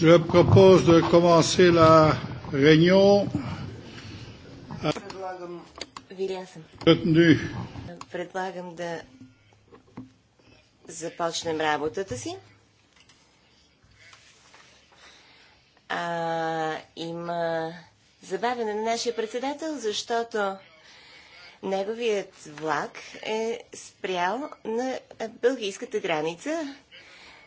Je propose de commencer la réunion Предлагам, Предлагам да започнем работата си. А, има забавяне на нашия председател, защото неговият влак е спрял на бългийската граница.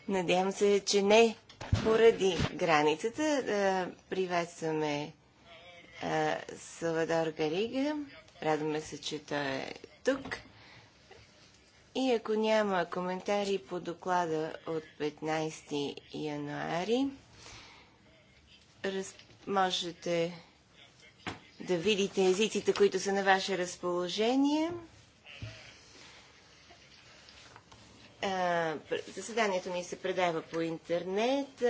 Надявам се, че не поради границата да приветстваме Салвадор Гарига. Радваме се, че той е тук. И ако няма коментари по доклада от 15 януари, раз... можете да видите езиците, които са на ваше разположение. заседанието ни се предава по интернет.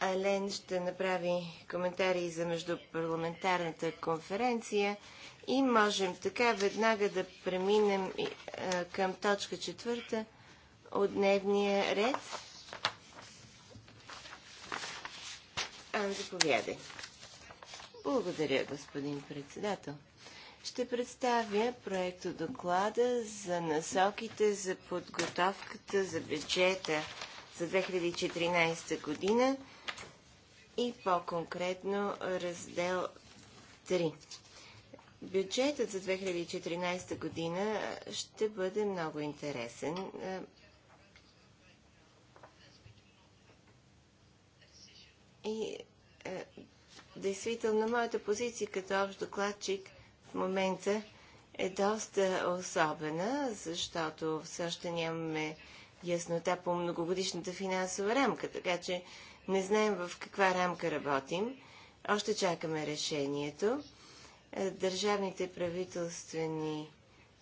Ален ще направи коментари за междупарламентарната конференция и можем така веднага да преминем към точка четвърта от дневния ред. Ан, заповядай. Благодаря, господин председател ще представя проекто доклада за насоките за подготовката за бюджета за 2014 година и по-конкретно раздел 3. Бюджетът за 2014 година ще бъде много интересен. И е, действително моята позиция като общ докладчик момента е доста особена, защото все още нямаме яснота по многогодишната финансова рамка, така че не знаем в каква рамка работим. Още чакаме решението. Е, държавните правителствени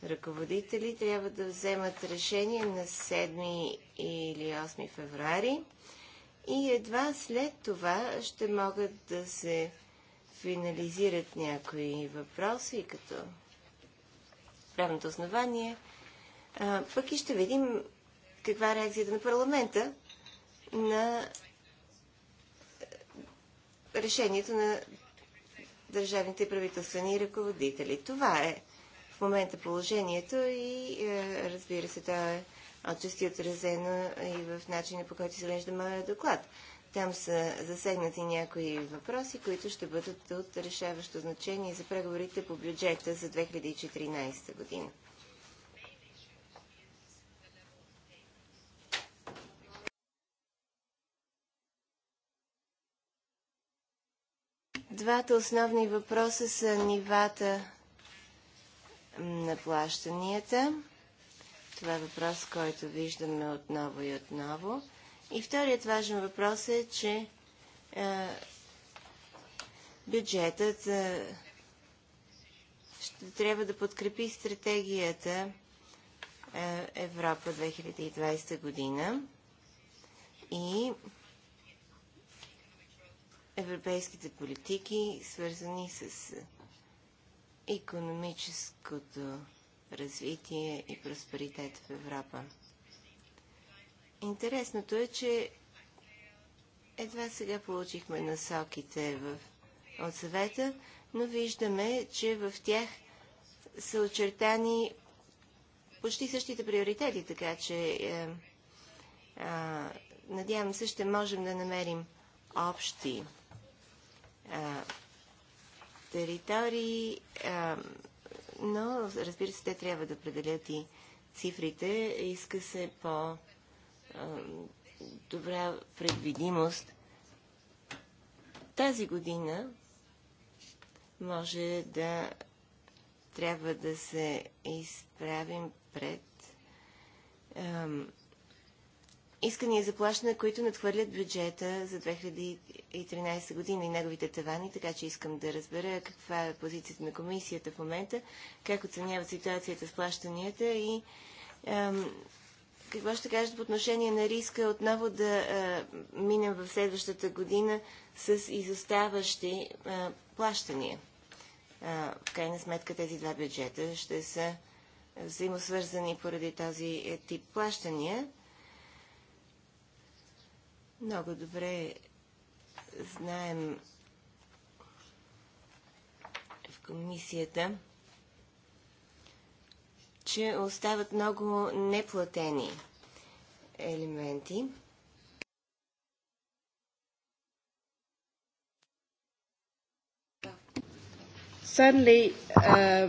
ръководители трябва да вземат решение на 7 или 8 февруари и едва след това ще могат да се финализират някои въпроси, като правното основание. А, пък и ще видим каква е реакцията на парламента на е, решението на държавните правителствени ръководители. Това е в момента положението и е, разбира се, това е отчасти отразено и в начина по който се лежда моя доклад. Там са засегнати някои въпроси, които ще бъдат от решаващо значение за преговорите по бюджета за 2014 година. Двата основни въпроса са нивата на плащанията. Това е въпрос, който виждаме отново и отново. И вторият важен въпрос е, че а, е, бюджетът а, е, ще трябва да подкрепи стратегията а, е, Европа 2020 година и европейските политики, свързани с економическото развитие и просперитет в Европа. Интересното е, че едва сега получихме насоките в, от съвета, но виждаме, че в тях са очертани почти същите приоритети, така че е, е, надявам се, ще можем да намерим общи е, територии, е, но разбира се, те трябва да определят и цифрите. Иска се по- добра предвидимост, тази година може да трябва да се изправим пред ем, искания за плащане, които надхвърлят бюджета за 2013 година и неговите тавани, така че искам да разбера каква е позицията на комисията в момента, как оценява ситуацията с плащанията и ем, какво ще кажете по отношение на риска отново да а, минем в следващата година с изоставащи а, плащания? А, в крайна сметка тези два бюджета ще са взаимосвързани поради този е, тип плащания. Много добре знаем в комисията, че остават много неплатени елементи. Suddenly, uh,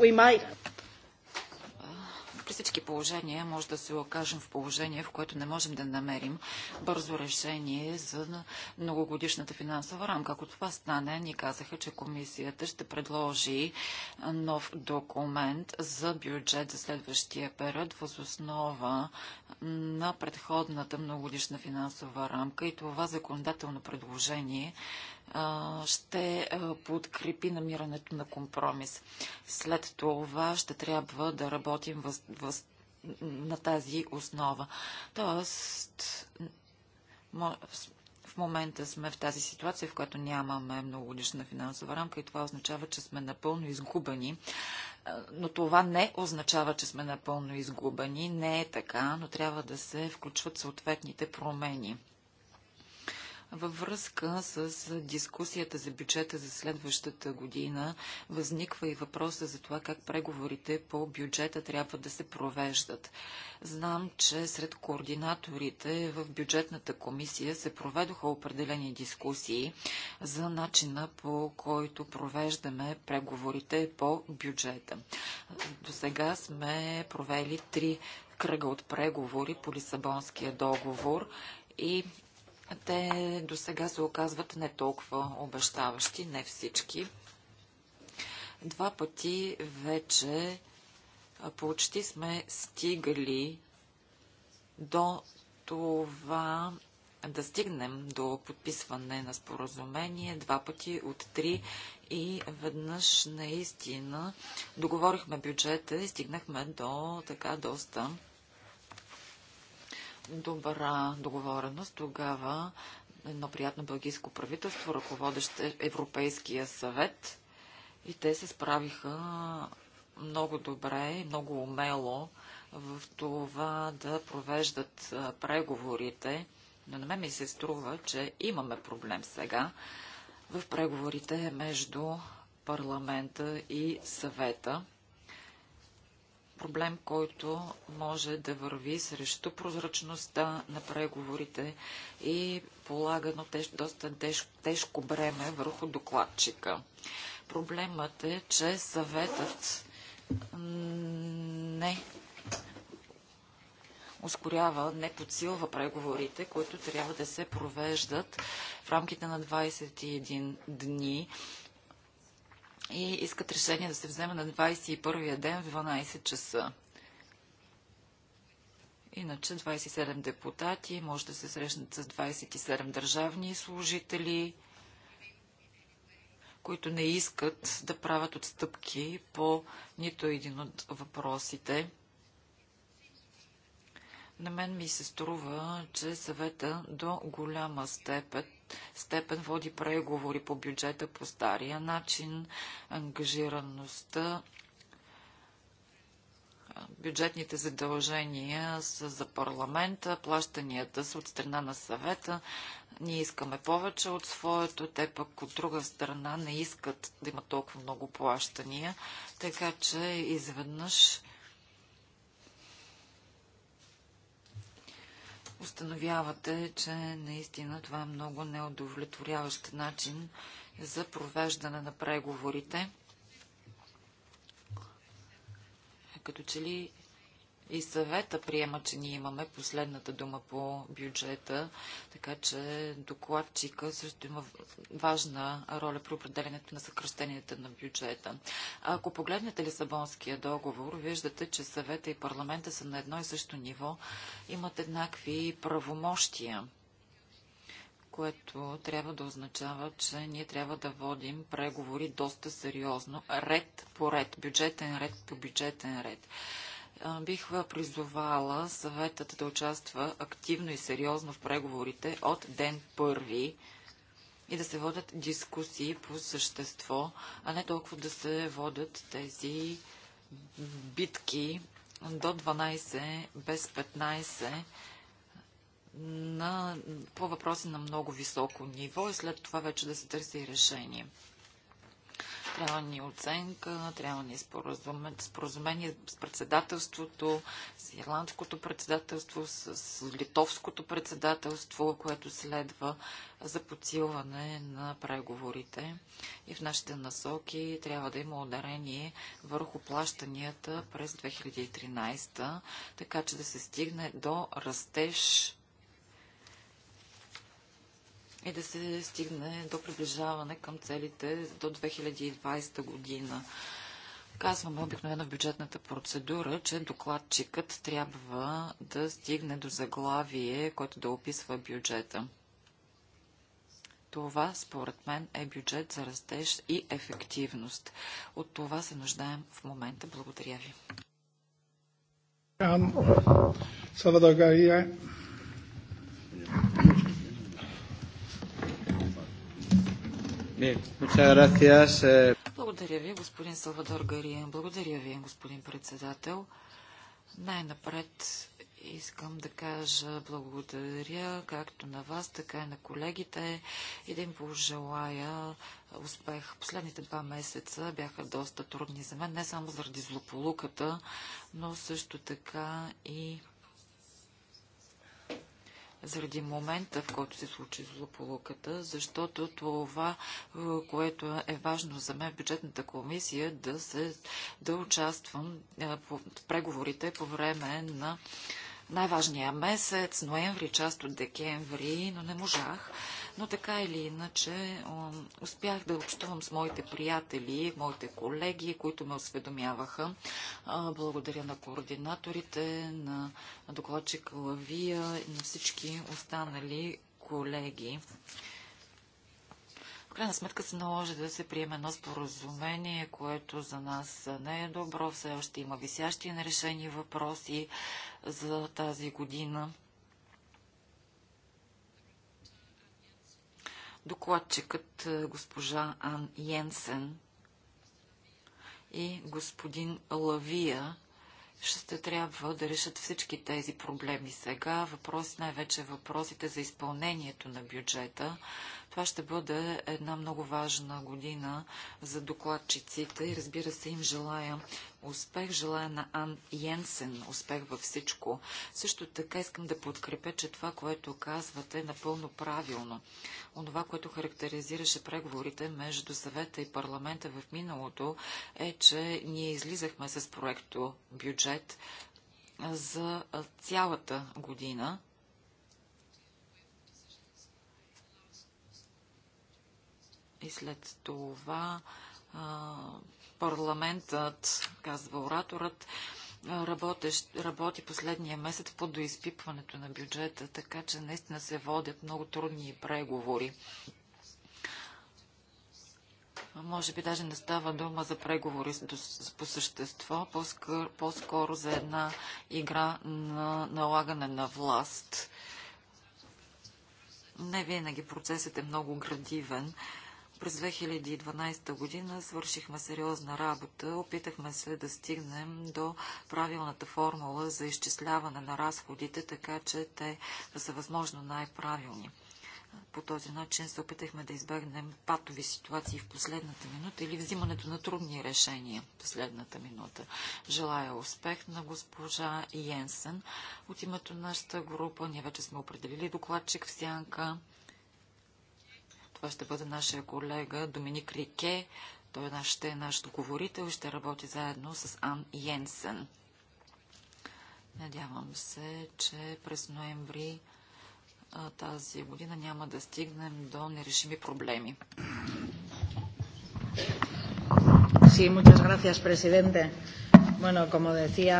we might при всички положения може да се окажем в положение, в което не можем да намерим бързо решение за многогодишната финансова рамка. Ако това стане, ни казаха, че комисията ще предложи нов документ за бюджет за следващия период въз основа на предходната многогодишна финансова рамка и това законодателно предложение ще подкрепи намирането на компромис. След това ще трябва да работим въз, въз, на тази основа. Тоест, в момента сме в тази ситуация, в която нямаме многогодишна финансова рамка и това означава, че сме напълно изгубени. Но това не означава, че сме напълно изгубени. Не е така, но трябва да се включват съответните промени. Във връзка с дискусията за бюджета за следващата година възниква и въпроса за това как преговорите по бюджета трябва да се провеждат. Знам, че сред координаторите в бюджетната комисия се проведоха определени дискусии за начина по който провеждаме преговорите по бюджета. До сега сме провели три кръга от преговори по Лисабонския договор и те до сега се оказват не толкова обещаващи, не всички. Два пъти вече почти сме стигали до това да стигнем до подписване на споразумение два пъти от три и веднъж наистина договорихме бюджета и стигнахме до така доста добра договореност, тогава едно приятно бългийско правителство, ръководещ е- Европейския съвет и те се справиха много добре и много умело в това да провеждат преговорите. Но на мен ми се струва, че имаме проблем сега в преговорите между парламента и съвета проблем, който може да върви срещу прозрачността на преговорите и полагано теж, доста теж, тежко бреме върху докладчика. Проблемът е, че съветът не ускорява, не подсилва преговорите, които трябва да се провеждат в рамките на 21 дни и искат решение да се вземе на 21-я ден в 12 часа. Иначе 27 депутати може да се срещнат с 27 държавни служители, които не искат да правят отстъпки по нито един от въпросите. На мен ми се струва, че съвета до голяма степен степен води преговори по бюджета по стария начин, ангажираността бюджетните задължения са за парламента, плащанията са от страна на съвета. Ние искаме повече от своето, те пък от друга страна не искат да има толкова много плащания. Така че изведнъж установявате, че наистина това е много неудовлетворяващ начин за провеждане на преговорите. Като че ли и съвета приема, че ние имаме последната дума по бюджета, така че докладчика също има важна роля при определенето на съкръщенията на бюджета. Ако погледнете Лисабонския договор, виждате, че съвета и парламента са на едно и също ниво, имат еднакви правомощия което трябва да означава, че ние трябва да водим преговори доста сериозно, ред по ред, бюджетен ред по бюджетен ред бих призовала съветът да участва активно и сериозно в преговорите от ден първи и да се водят дискусии по същество, а не толкова да се водят тези битки до 12 без 15 на, по въпроси на много високо ниво и след това вече да се търси решение. Трябва ни оценка, трябва ни споразумение, с председателството, с ирландското председателство, с литовското председателство, което следва за подсилване на преговорите. И в нашите насоки трябва да има ударение върху плащанията през 2013, така че да се стигне до растеж и да се стигне до приближаване към целите до 2020 година. Казваме обикновено в бюджетната процедура, че докладчикът трябва да стигне до заглавие, което да описва бюджета. Това, според мен, е бюджет за растеж и ефективност. От това се нуждаем в момента. Благодаря ви. Salvador Garriga. Eh. Благодаря ви, господин Салвадор Гария. Благодаря ви, господин председател. Най-напред искам да кажа благодаря както на вас, така и на колегите и да им пожелая успех. Последните два месеца бяха доста трудни за мен, не само заради злополуката, но също така и заради момента, в който се случи злополуката, защото това, е, което е важно за мен в бюджетната комисия, да, се, да участвам в е, преговорите по време на най-важния месец, ноември, част от декември, но не можах но така или иначе успях да общувам с моите приятели, моите колеги, които ме осведомяваха. Благодаря на координаторите, на докладчик Лавия и на всички останали колеги В крайна сметка се наложи да се приеме едно споразумение, което за нас не е добро. Все още има висящи нерешени въпроси за тази година. докладчикът е, госпожа Ан Йенсен и господин Лавия ще трябва да решат всички тези проблеми сега. Въпрос най-вече въпросите за изпълнението на бюджета, това ще бъде една много важна година за докладчиците и разбира се им желая успех, желая на Ан Йенсен успех във всичко. Също така искам да подкрепя, че това, което казвате е напълно правилно. Онова, което характеризираше преговорите между съвета и парламента в миналото е, че ние излизахме с проекто бюджет за цялата година И след това а, парламентът, казва ораторът, работещ, работи последния месец по доизпипването на бюджета, така че наистина се водят много трудни преговори. Може би даже не става дума за преговори по същество, по-скоро за една игра на налагане на власт. Не винаги процесът е много градивен през 2012 година свършихме сериозна работа. Опитахме се да стигнем до правилната формула за изчисляване на разходите, така че те да са възможно най-правилни. По този начин се опитахме да избегнем патови ситуации в последната минута или взимането на трудни решения в последната минута. Желая успех на госпожа Йенсен. От името на нашата група ние вече сме определили докладчик в сянка. Това ще бъде нашия колега Доминик Рике. Той е ще е наш говорител и ще работи заедно с Ан Йенсен. Надявам се, че през ноември тази година няма да стигнем до нерешими проблеми. Sí, muchas gracias, presidente. Bueno, como decía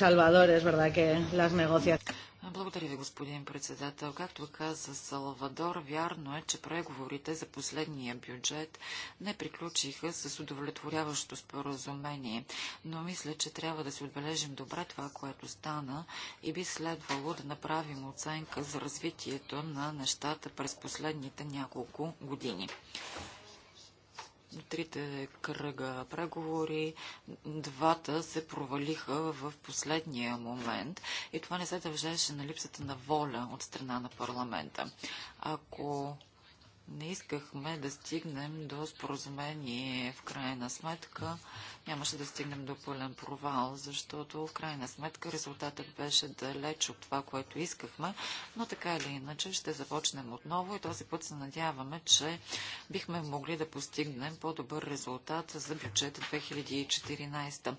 Salvador, es verdad que las negociaciones. Благодаря ви, господин председател. Както каза Салвадор, вярно е, че преговорите за последния бюджет не приключиха с удовлетворяващо споразумение, но мисля, че трябва да се отбележим добре това, което стана и би следвало да направим оценка за развитието на нещата през последните няколко години трите кръга преговори, двата се провалиха в последния момент и това не се дължеше на липсата на воля от страна на парламента. Ако не искахме да стигнем до споразумение в крайна сметка. Нямаше да стигнем до пълен провал, защото в крайна сметка резултатът беше далеч от това, което искахме, но така или иначе ще започнем отново и този път се надяваме, че бихме могли да постигнем по-добър резултат за бюджет 2014.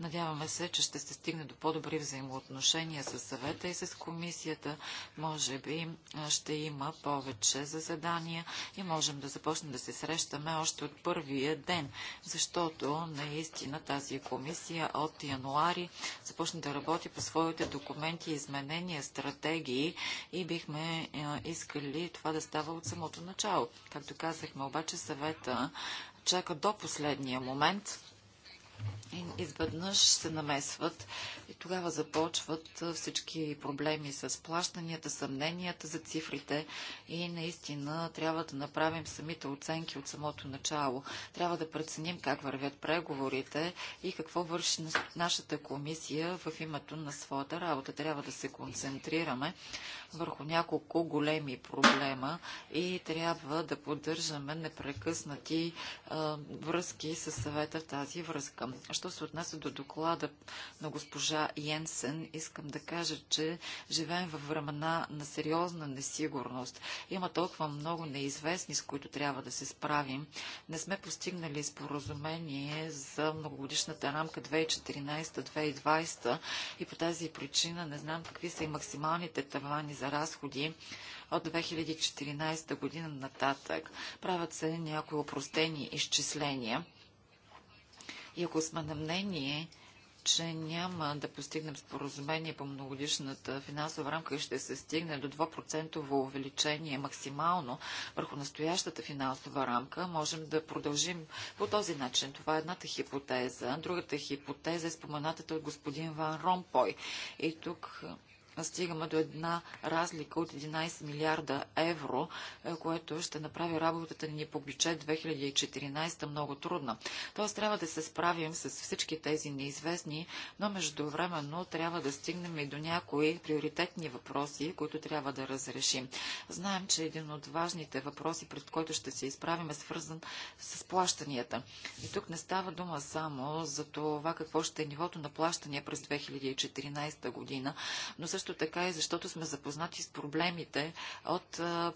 Надяваме се, че ще се стигне до по-добри взаимоотношения с съвета и с комисията. Може би ще има повече заседания, и можем да започнем да се срещаме още от първия ден, защото наистина тази комисия от януари започна да работи по своите документи, изменения, стратегии и бихме е, искали това да става от самото начало. Както казахме, обаче съвета чака до последния момент изведнъж се намесват и тогава започват всички проблеми с плащанията, съмненията за цифрите и наистина трябва да направим самите оценки от самото начало. Трябва да преценим как вървят преговорите и какво върши нашата комисия в името на своята работа. Трябва да се концентрираме върху няколко големи проблема и трябва да поддържаме непрекъснати връзки с съвета в тази връзка. Що Що се отнася до доклада на госпожа Йенсен, искам да кажа, че живеем във времена на сериозна несигурност. Има толкова много неизвестни, с които трябва да се справим. Не сме постигнали споразумение за многогодишната рамка 2014-2020 и по тази причина не знам какви са и максималните тавани за разходи от 2014 година нататък. Правят се някои опростени изчисления и ако сме на мнение, че няма да постигнем споразумение по многогодишната финансова рамка и ще се стигне до 2% увеличение максимално върху настоящата финансова рамка, можем да продължим по този начин. Това е едната хипотеза. Другата хипотеза е споменатата от господин Ван Ромпой. И тук стигаме до една разлика от 11 милиарда евро, е, което ще направи работата ни по бюджет 2014 много трудна. Тоест трябва да се справим с всички тези неизвестни, но междувременно трябва да стигнем и до някои приоритетни въпроси, които трябва да разрешим. Знаем, че един от важните въпроси, пред който ще се изправим, е свързан с плащанията. И тук не става дума само за това какво ще е нивото на плащания през 2014 година, но също също така и защото сме запознати с проблемите от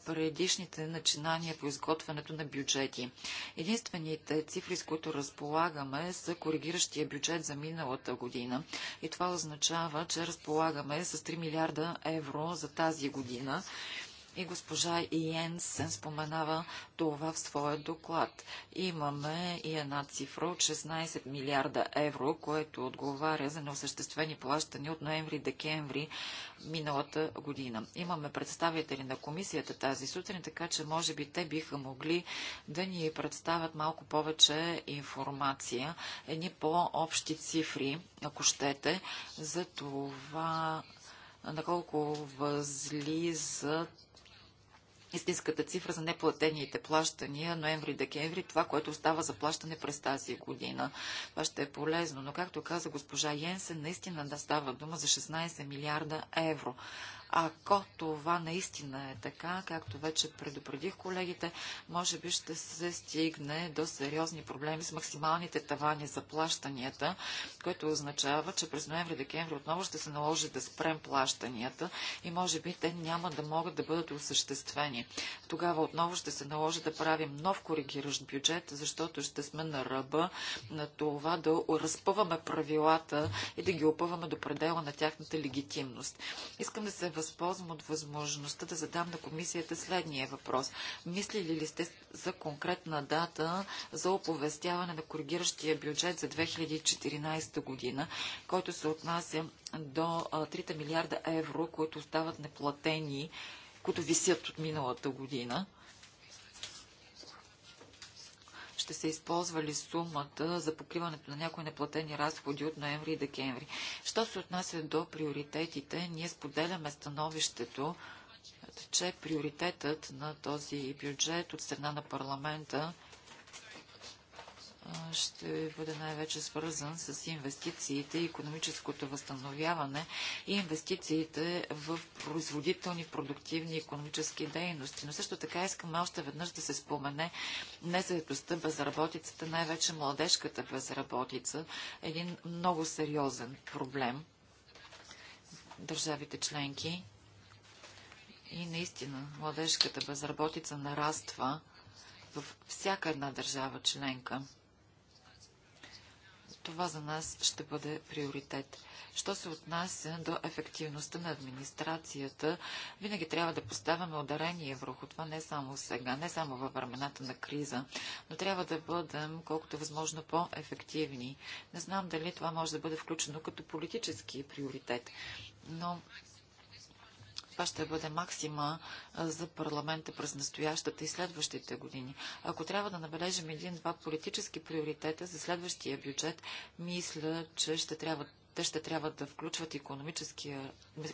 предишните начинания по изготвянето на бюджети. Единствените цифри, с които разполагаме, са коригиращия бюджет за миналата година. И това означава, че разполагаме с 3 милиарда евро за тази година и госпожа Йенсен споменава това в своя доклад. Имаме и една цифра от 16 милиарда евро, което отговаря за неосъществени плащания от ноември-декември миналата година. Имаме представители на комисията тази сутрин, така че може би те биха могли да ни представят малко повече информация, едни по-общи цифри, ако щете, за това на колко възлизат истинската цифра за неплатените плащания ноември-декември, това, което остава за плащане през тази година. Това ще е полезно, но както каза госпожа Йенсен, наистина да става дума за 16 милиарда евро. Ако това наистина е така, както вече предупредих колегите, може би ще се стигне до сериозни проблеми с максималните тавани за плащанията, което означава, че през ноември-декември отново ще се наложи да спрем плащанията и може би те няма да могат да бъдат осъществени. Тогава отново ще се наложи да правим нов коригиращ бюджет, защото ще сме на ръба на това да разпъваме правилата и да ги опъваме до предела на тяхната легитимност. Искам да се възползвам от възможността да задам на комисията следния въпрос. Мислили ли сте за конкретна дата за оповестяване на коригиращия бюджет за 2014 година, който се отнася до 3 милиарда евро, които остават неплатени, които висят от миналата година? ще се използва ли сумата за покриването на някои неплатени разходи от ноември и декември. Що се отнася до приоритетите, ние споделяме становището, че приоритетът на този бюджет от страна на парламента ще бъде най-вече свързан с инвестициите и економическото възстановяване и инвестициите в производителни, продуктивни економически дейности. Но също така искам още веднъж да се спомене незаедостта, безработицата, най-вече младежката безработица. Един много сериозен проблем. Държавите членки и наистина младежката безработица нараства във всяка една държава членка. Това за нас ще бъде приоритет. Що се отнася до ефективността на администрацията, винаги трябва да поставяме ударение върху това не само сега, не само във времената на криза, но трябва да бъдем колкото е възможно по-ефективни. Не знам дали това може да бъде включено като политически приоритет, но това ще бъде максима за парламента през настоящата и следващите години. Ако трябва да набележим един-два политически приоритета за следващия бюджет, мисля, че ще трябва те ще трябва да включват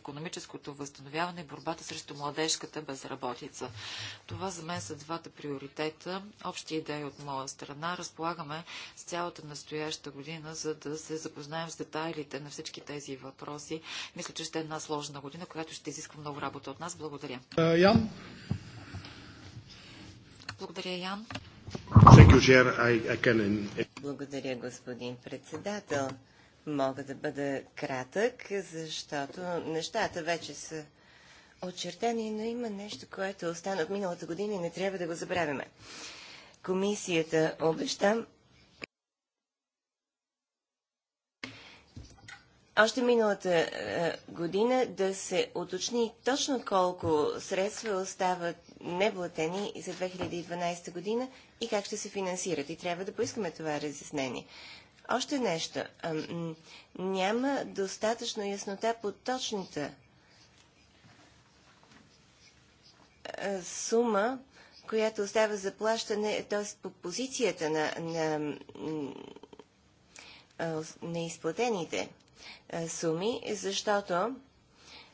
економическото възстановяване и борбата срещу младежката безработица. Това за мен са двата приоритета. Общи идеи от моя страна. Разполагаме с цялата настояща година, за да се запознаем с детайлите на всички тези въпроси. Мисля, че ще е една сложна година, която ще изисква много работа от нас. Благодаря. Е, Ян? Благодаря, Ян. Благодаря, господин председател мога да бъда кратък, защото нещата вече са очертени, но има нещо, което остана от миналата година и не трябва да го забравяме. Комисията обеща още миналата е, година да се уточни точно колко средства остават неплатени за 2012 година и как ще се финансират. И трябва да поискаме това разяснение. Още нещо. Няма достатъчно яснота по точната сума, която остава за плащане, т.е. по позицията на, на, на изплатените суми, защото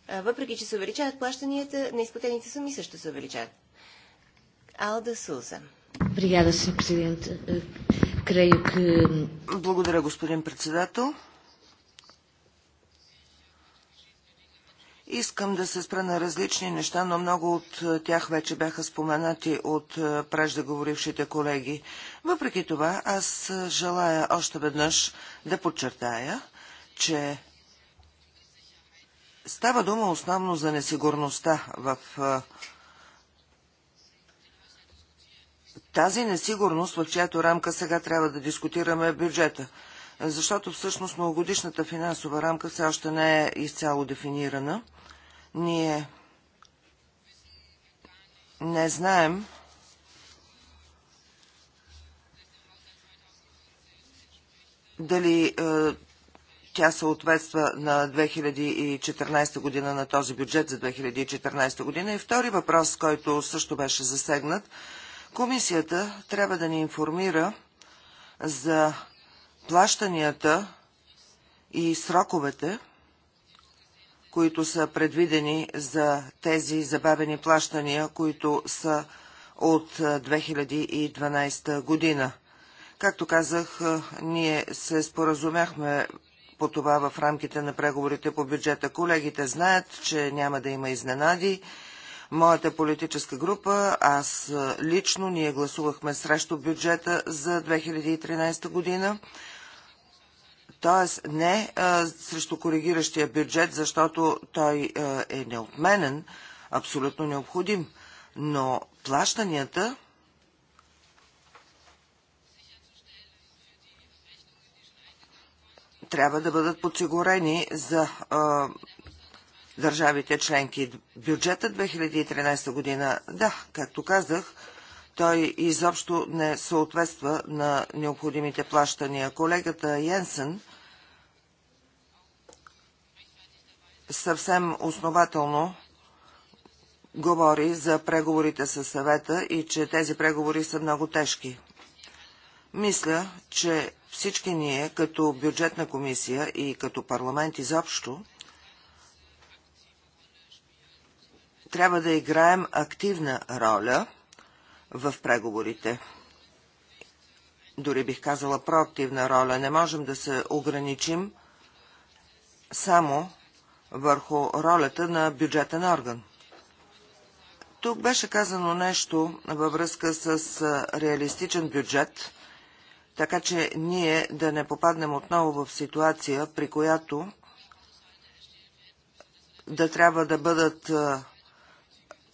въпреки, че се увеличават плащанията, неизплатените суми също се увеличават. Алда Суза. Президент. Е, Благодаря, господин председател. Искам да се спра на различни неща, но много от е, тях вече бяха споменати от е, преждеговорившите колеги. Въпреки това, аз желая още веднъж да подчертая, че става дума основно за несигурността в тази несигурност, в чиято рамка сега трябва да дискутираме е бюджета, защото всъщност многогодишната финансова рамка все още не е изцяло дефинирана. Ние не знаем дали е, тя съответства на 2014 година, на този бюджет за 2014 година. И втори въпрос, който също беше засегнат – Комисията трябва да ни информира за плащанията и сроковете, които са предвидени за тези забавени плащания, които са от 2012 година. Както казах, ние се споразумяхме по това в рамките на преговорите по бюджета. Колегите знаят, че няма да има изненади моята политическа група, аз лично, ние гласувахме срещу бюджета за 2013 година. Т.е. не а, срещу коригиращия бюджет, защото той а, е неотменен, абсолютно необходим, но плащанията трябва да бъдат подсигурени за а, държавите членки. Бюджета 2013 година, да, както казах, той изобщо не съответства на необходимите плащания. Колегата Йенсен съвсем основателно говори за преговорите със съвета и че тези преговори са много тежки. Мисля, че всички ние, като бюджетна комисия и като парламент изобщо, трябва да играем активна роля в преговорите. Дори бих казала проактивна роля. Не можем да се ограничим само върху ролята на бюджетен орган. Тук беше казано нещо във връзка с реалистичен бюджет, така че ние да не попаднем отново в ситуация, при която да трябва да бъдат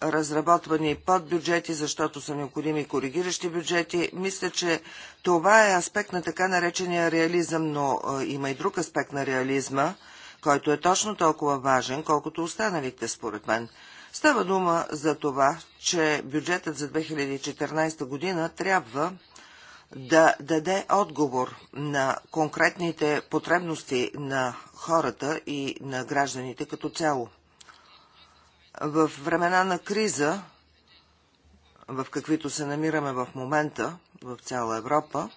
разработвани под бюджети, защото са необходими коригиращи бюджети. Мисля, че това е аспект на така наречения реализъм, но има и друг аспект на реализма, който е точно толкова важен, колкото останалите, според мен. Става дума за това, че бюджетът за 2014 година трябва да даде отговор на конкретните потребности на хората и на гражданите като цяло. В времена на криза, в каквито се намираме в момента в цяла Европа,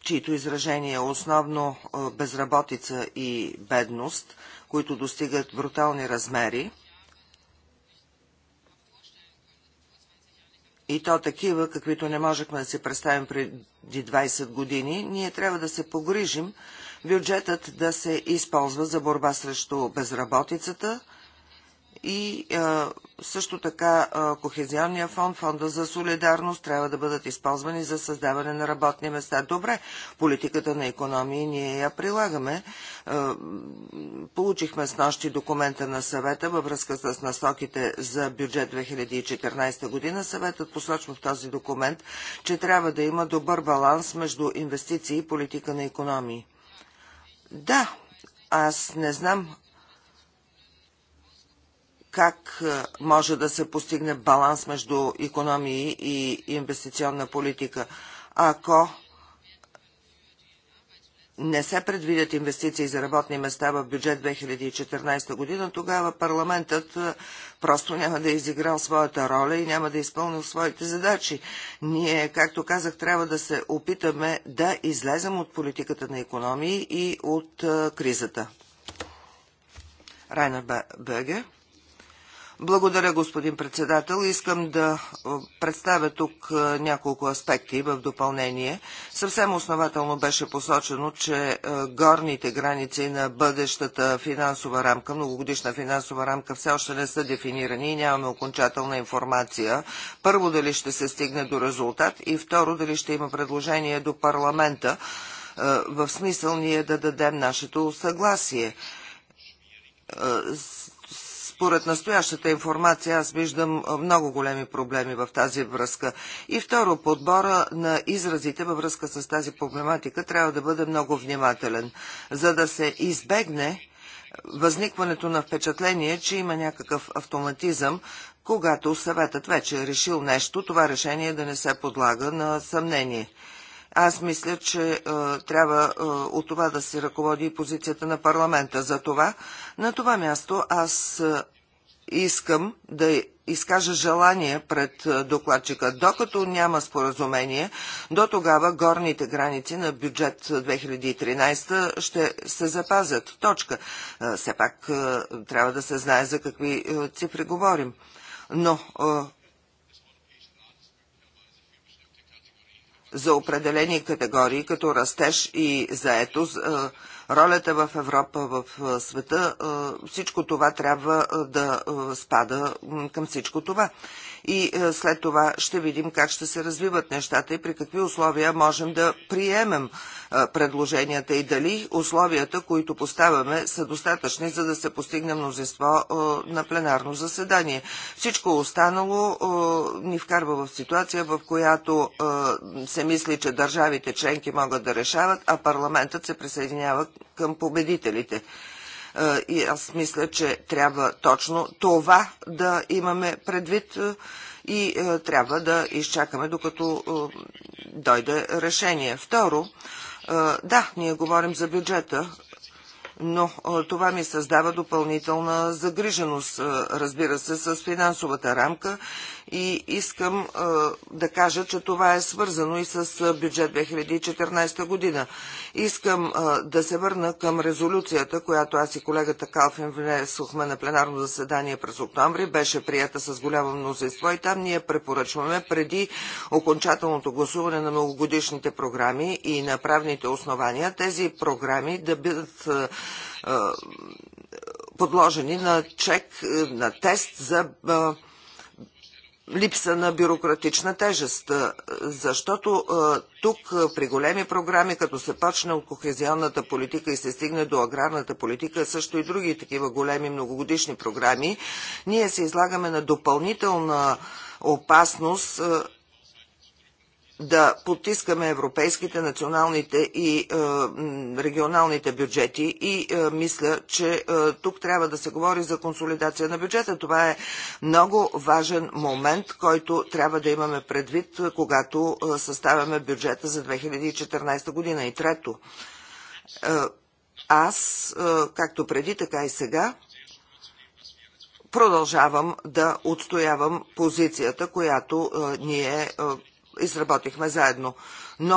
чието изражение е основно безработица и бедност, които достигат брутални размери, и то такива, каквито не можехме да си представим преди 20 години, ние трябва да се погрижим бюджетът да се използва за борба срещу безработицата и също така е, Кохезионния фонд, фонда за солидарност трябва да бъдат използвани за създаване на работни места. Добре, политиката на економии ние я прилагаме. получихме с нощи документа на съвета във връзка с насоките за бюджет 2014 година. Съветът посочва в този документ, че трябва да има добър баланс между инвестиции и политика на економии. Да, аз не знам как е, може да се постигне баланс между економии и инвестиционна политика, ако не се предвидят инвестиции за работни места в бюджет 2014 година, тогава парламентът просто няма да е изиграл своята роля и няма да е изпълнил своите задачи. Ние, както казах, трябва да се опитаме да излезем от политиката на економии и от кризата. Райна Беге. Благодаря, господин председател. Искам да е, представя тук е, няколко аспекти в допълнение. Съвсем основателно беше посочено, че е, горните граници на бъдещата финансова рамка, многогодишна финансова рамка, все още не са дефинирани и нямаме окончателна информация. Първо, дали ще се стигне до резултат и второ, дали ще има предложение до парламента, в смисъл ние да дадем нашето съгласие според настоящата информация аз виждам много големи проблеми в тази връзка. И второ, подбора на изразите във връзка с тази проблематика трябва да бъде много внимателен, за да се избегне възникването на впечатление, че има някакъв автоматизъм, когато съветът вече е решил нещо, това решение да не се подлага на съмнение. Аз мисля, че е, трябва е, от това да се ръководи позицията на парламента. За това на това място аз е, искам да изкажа желание пред е, докладчика. Докато няма споразумение, до тогава горните граници на бюджет 2013 ще се запазят. Точка. Е, все пак е, трябва да се знае за какви цифри говорим. Но за определени категории, като растеж и заетост, е, ролята в Европа, в е, света, е, всичко това трябва да спада към всичко това и е, след това ще видим как ще се развиват нещата и при какви условия можем да приемем е, предложенията и дали условията, които поставяме, са достатъчни, за да се постигне мнозинство е, на пленарно заседание. Всичко останало ни вкарва в ситуация, в която се мисли, че държавите членки могат да решават, а парламентът се присъединява към победителите. Е, и аз мисля, че трябва точно това да имаме предвид е, и е, трябва да изчакаме докато дойде решение. Второ, да, ние говорим за бюджета, но това ми създава допълнителна загриженост, разбира се, с финансовата рамка и искам да кажа, че това е свързано и с бюджет 2014 година. Искам да се върна към резолюцията, която аз и колегата Калфин внесохме на пленарно заседание през октомври. Беше прията с голямо мнозинство и там ние препоръчваме преди окончателното гласуване на многогодишните програми и на правните основания тези програми да бъдат подложени на чек, на тест за липса на бюрократична тежест, защото тук при големи програми, като се почне от кохезионната политика и се стигне до аграрната политика, също и други такива големи многогодишни програми, ние се излагаме на допълнителна опасност да потискаме европейските, националните и е, регионалните бюджети и е, мисля, че е, тук трябва да се говори за консолидация на бюджета. Това е много важен момент, който трябва да имаме предвид, е, когато е, съставяме бюджета за 2014 година. И трето, е, аз, е, както преди, така и сега, продължавам да отстоявам позицията, която е, ние е, изработихме заедно. Но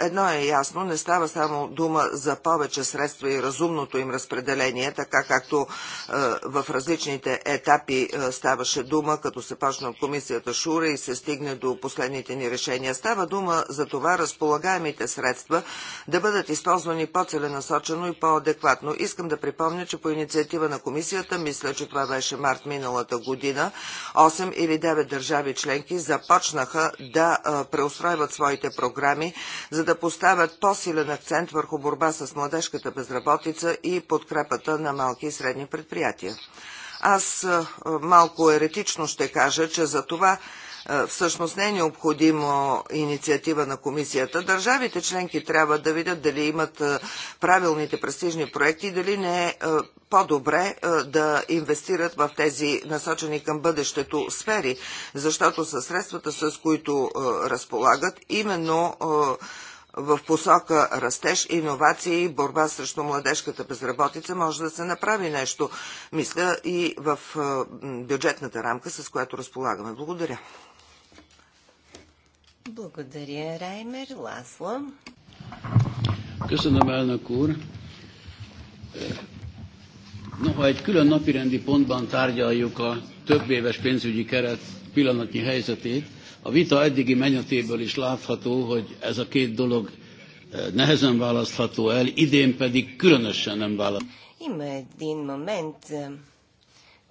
е, едно е ясно, не става само дума за повече средства и разумното им разпределение, така както е, в различните етапи е, ставаше дума, като се почна от комисията Шура и се стигне до последните ни решения. Става дума за това разполагаемите средства да бъдат използвани по-целенасочено и по-адекватно. Искам да припомня, че по инициатива на комисията, мисля, че това беше март миналата година, 8 или 9 държави членки започнаха да преустройват своите програми програми, за да поставят по-силен акцент върху борба с младежката безработица и подкрепата на малки и средни предприятия. Аз малко еретично ще кажа, че за това е, всъщност не е необходимо инициатива на комисията. Държавите членки трябва да видят дали имат е, правилните престижни проекти и дали не е, е по-добре да инвестират в тези насочени към бъдещето сфери, защото са средствата, с които разполагат, именно в посока растеж, иновации и борба срещу младежката безработица може да се направи нещо, мисля, и в бюджетната рамка, с която разполагаме. Благодаря. Благодаря, Раймер. Ласло. Köszönöm, elnök úr. Noha egy külön napirendi pontban tárgyaljuk a több éves pénzügyi keret pillanatnyi helyzetét, a vita eddigi menyetéből is látható, hogy ez a két dolog nehezen választható el, idén pedig különösen nem választható. Има един момент,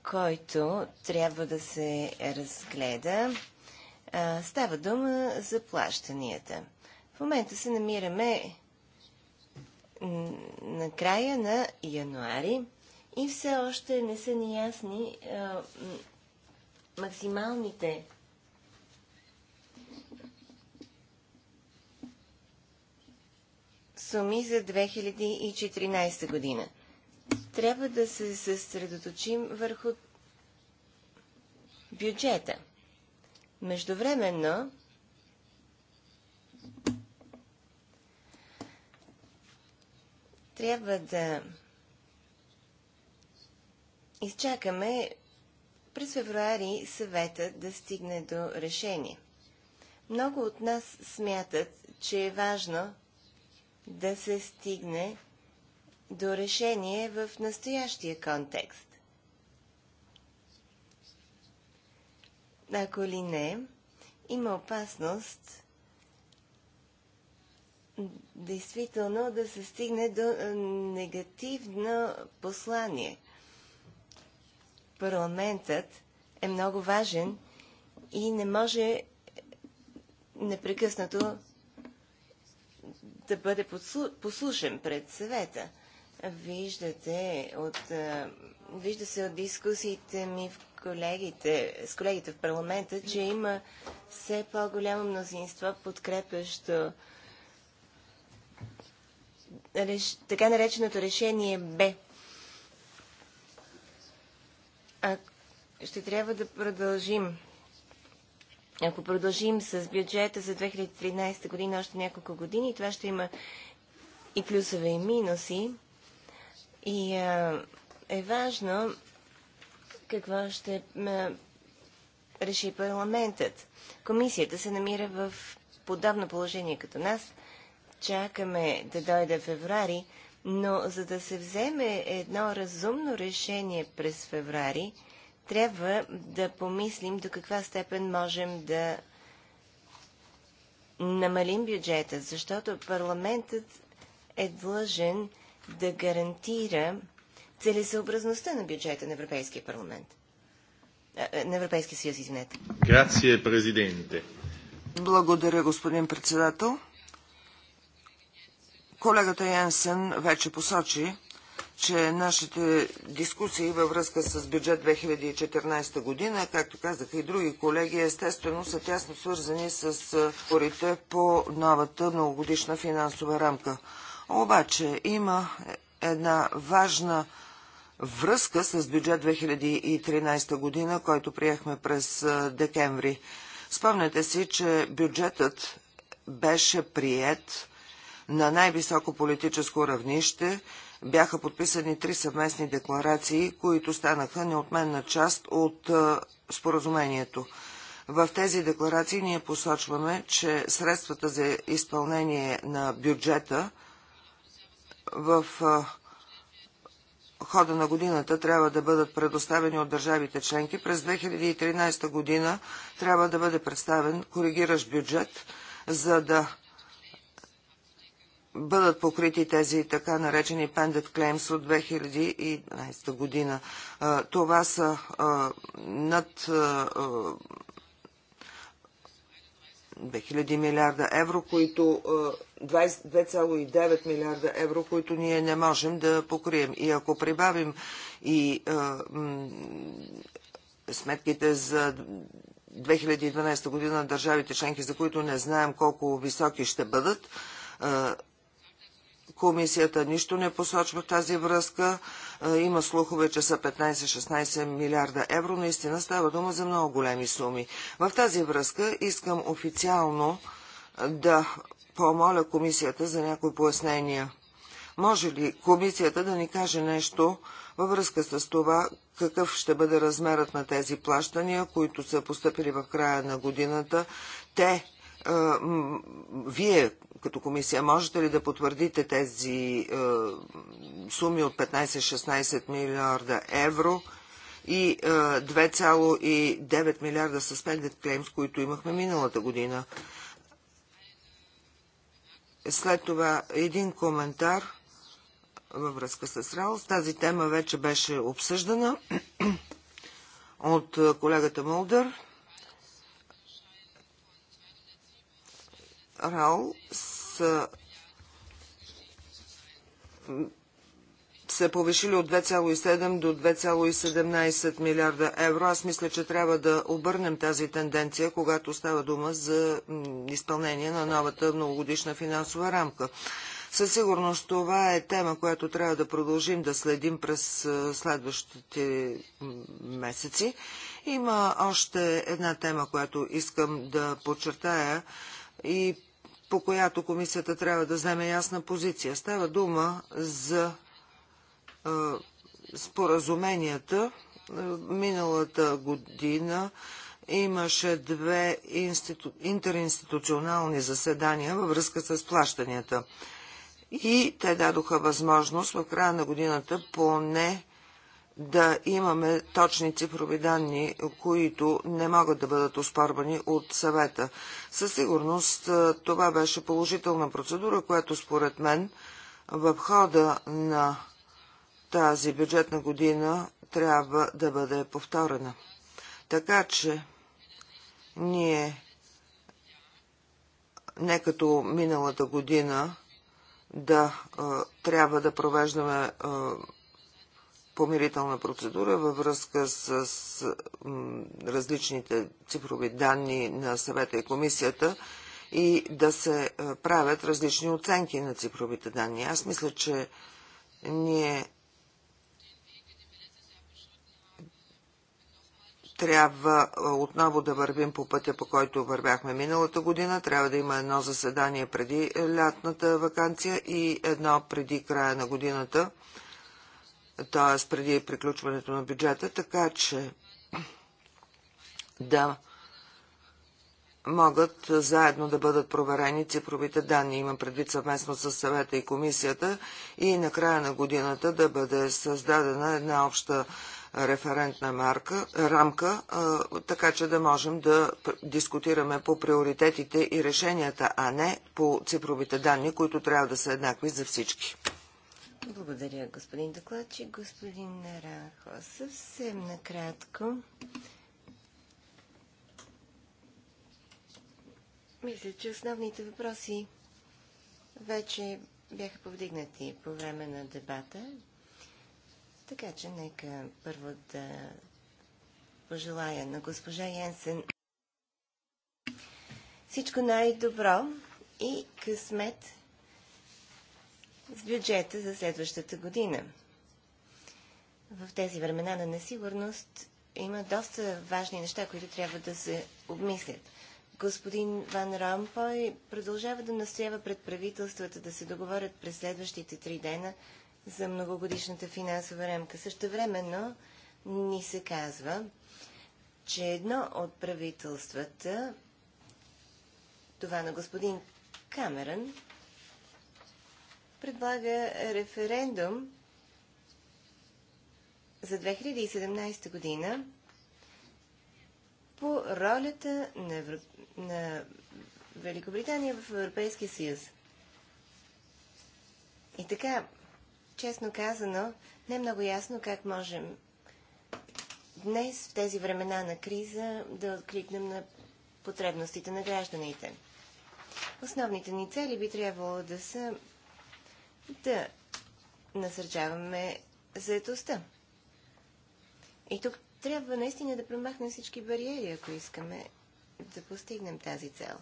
който трябва да се разгледа става дума за плащанията. В момента се намираме на края на януари и все още не са ни ясни максималните суми за 2014 година. Трябва да се съсредоточим върху бюджета. Междувременно, трябва да изчакаме през февруари съвета да стигне до решение. Много от нас смятат, че е важно да се стигне до решение в настоящия контекст. Ако ли не, има опасност действително да се стигне до е, негативно послание. Парламентът е много важен и не може непрекъснато да бъде послушен пред съвета. Виждате от, е, вижда се от дискусиите ми в колегите, с колегите в парламента, че има все по-голямо мнозинство, подкрепящо реш... така нареченото решение Б. А ще трябва да продължим. Ако продължим с бюджета за 2013 година още няколко години, това ще има и плюсове и минуси. И а, е важно какво ще реши парламентът. Комисията се намира в подобно положение като нас. Чакаме да дойде феврари, но за да се вземе едно разумно решение през феврари, трябва да помислим до каква степен можем да намалим бюджета, защото парламентът е длъжен да гарантира целесъобразността на бюджета на Европейския парламент. На Европейския съюз, извинете. Грация, президенте. Благодаря, господин председател. Колегата Янсен вече посочи, че нашите дискусии във връзка с бюджет 2014 година, както казаха и други колеги, естествено са тясно свързани с спорите по новата многогодишна финансова рамка. Обаче има една важна връзка с бюджет 2013 година, който приехме през декември. Спомняте си, че бюджетът беше прият на най-високо политическо равнище. Бяха подписани три съвместни декларации, които станаха неотменна част от споразумението. В тези декларации ние посочваме, че средствата за изпълнение на бюджета в хода на годината трябва да бъдат предоставени от държавите членки, през 2013 година трябва да бъде представен коригиращ бюджет, за да бъдат покрити тези така наречени pendant claims от 2011 година. Това са над 2000 милиарда евро, които 2,9 е, милиарда евро, които ние не можем да покрием. И ако прибавим и е, сметките за 2012 година държавите членки, за които не знаем колко високи ще бъдат, е, комисията нищо не посочва в тази връзка. Има слухове, че са 15-16 милиарда евро. Наистина става дума за много големи суми. В тази връзка искам официално да помоля комисията за някои пояснения. Може ли комисията да ни каже нещо във връзка с това, какъв ще бъде размерът на тези плащания, които са поступили в края на годината? Те вие като комисия можете ли да потвърдите тези суми от 15-16 милиарда евро и 2,9 милиарда suspended claims, които имахме миналата година? След това един коментар във връзка с Раус. Тази тема вече беше обсъждана от колегата Молдър. Рао са се повишили от 2,7 до 2,17 милиарда евро. Аз мисля, че трябва да обърнем тази тенденция, когато става дума за изпълнение на новата многогодишна финансова рамка. Със сигурност това е тема, която трябва да продължим да следим през следващите месеци. Има още една тема, която искам да подчертая и по която комисията трябва да вземе ясна позиция. Става дума за а, споразуменията. Миналата година имаше две институ... интеринституционални заседания във връзка с плащанията. И те дадоха възможност в края на годината поне да имаме точни цифрови данни, които не могат да бъдат оспорвани от съвета. Със сигурност е, това беше положителна процедура, която според мен в хода на тази бюджетна година трябва да бъде повторена. Така че ние не като миналата година да е, трябва да провеждаме а, е, помирителна процедура във връзка с, различните цифрови данни на съвета и комисията и да се правят различни оценки на цифровите данни. Аз мисля, че ние трябва отново да вървим по пътя, по който вървяхме миналата година. Трябва да има едно заседание преди лятната вакансия и едно преди края на годината т.е. преди приключването на бюджета, така че да могат заедно да бъдат проверени цифровите данни. Има предвид съвместно с съвета и комисията и на края на годината да бъде създадена една обща референтна марка, рамка, така че да можем да дискутираме по приоритетите и решенията, а не по цифровите данни, които трябва да са еднакви за всички. Благодаря, господин докладчик. Господин Нарахо, съвсем накратко. Мисля, че основните въпроси вече бяха повдигнати по време на дебата. Така че нека първо да пожелая на госпожа Янсен всичко най-добро и късмет с бюджета за следващата година. В тези времена на несигурност има доста важни неща, които трябва да се обмислят. Господин Ван Ромпой продължава да настоява пред правителствата да се договорят през следващите три дена за многогодишната финансова рамка. Също времено ни се казва, че едно от правителствата, това на господин Камерън, предлага референдум за 2017 година по ролята на, Европ... на Великобритания в Европейския съюз. И така, честно казано, не е много ясно как можем днес, в тези времена на криза, да откликнем на потребностите на гражданите. Основните ни цели би трябвало да са да насърчаваме заедостта. И тук трябва наистина да премахнем всички бариери, ако искаме да постигнем тази цел.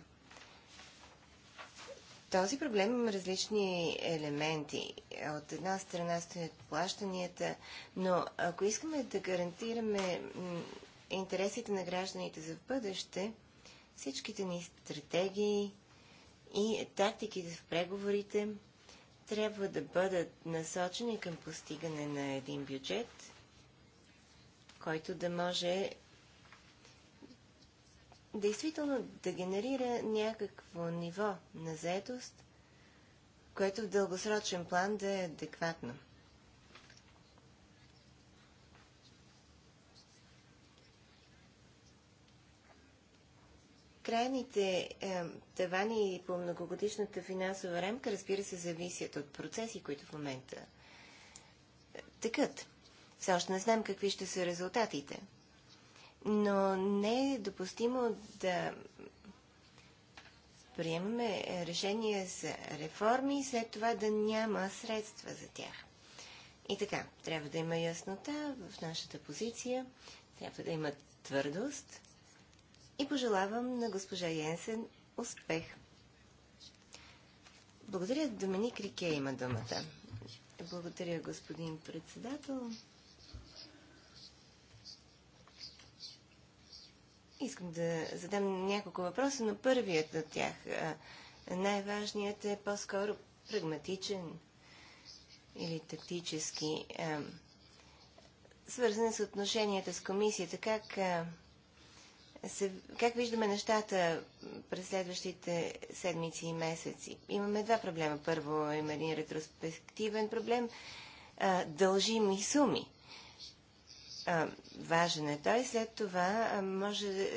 Този проблем има различни елементи. От една страна стоят плащанията, но ако искаме да гарантираме интересите на гражданите за бъдеще, всичките ни стратегии и тактиките в преговорите – трябва да бъдат насочени към постигане на един бюджет, който да може действително да генерира някакво ниво на заетост, което в дългосрочен план да е адекватно. крайните е, тавани по многогодишната финансова рамка, разбира се, зависят от процеси, които в момента е, тъкат. Все още не знам какви ще са резултатите. Но не е допустимо да приемаме решения за реформи и след това да няма средства за тях. И така, трябва да има яснота в нашата позиция, трябва да има твърдост и пожелавам на госпожа Йенсен успех. Благодаря. Доминик Рике има думата. Благодаря, господин председател. Искам да задам няколко въпроса, но първият от тях, най-важният е по-скоро прагматичен или тактически. Свързан с отношенията с комисията, как се, как виждаме нещата през следващите седмици и месеци? Имаме два проблема. Първо има един ретроспективен проблем. А, дължими суми. А, важен е той. След това а, може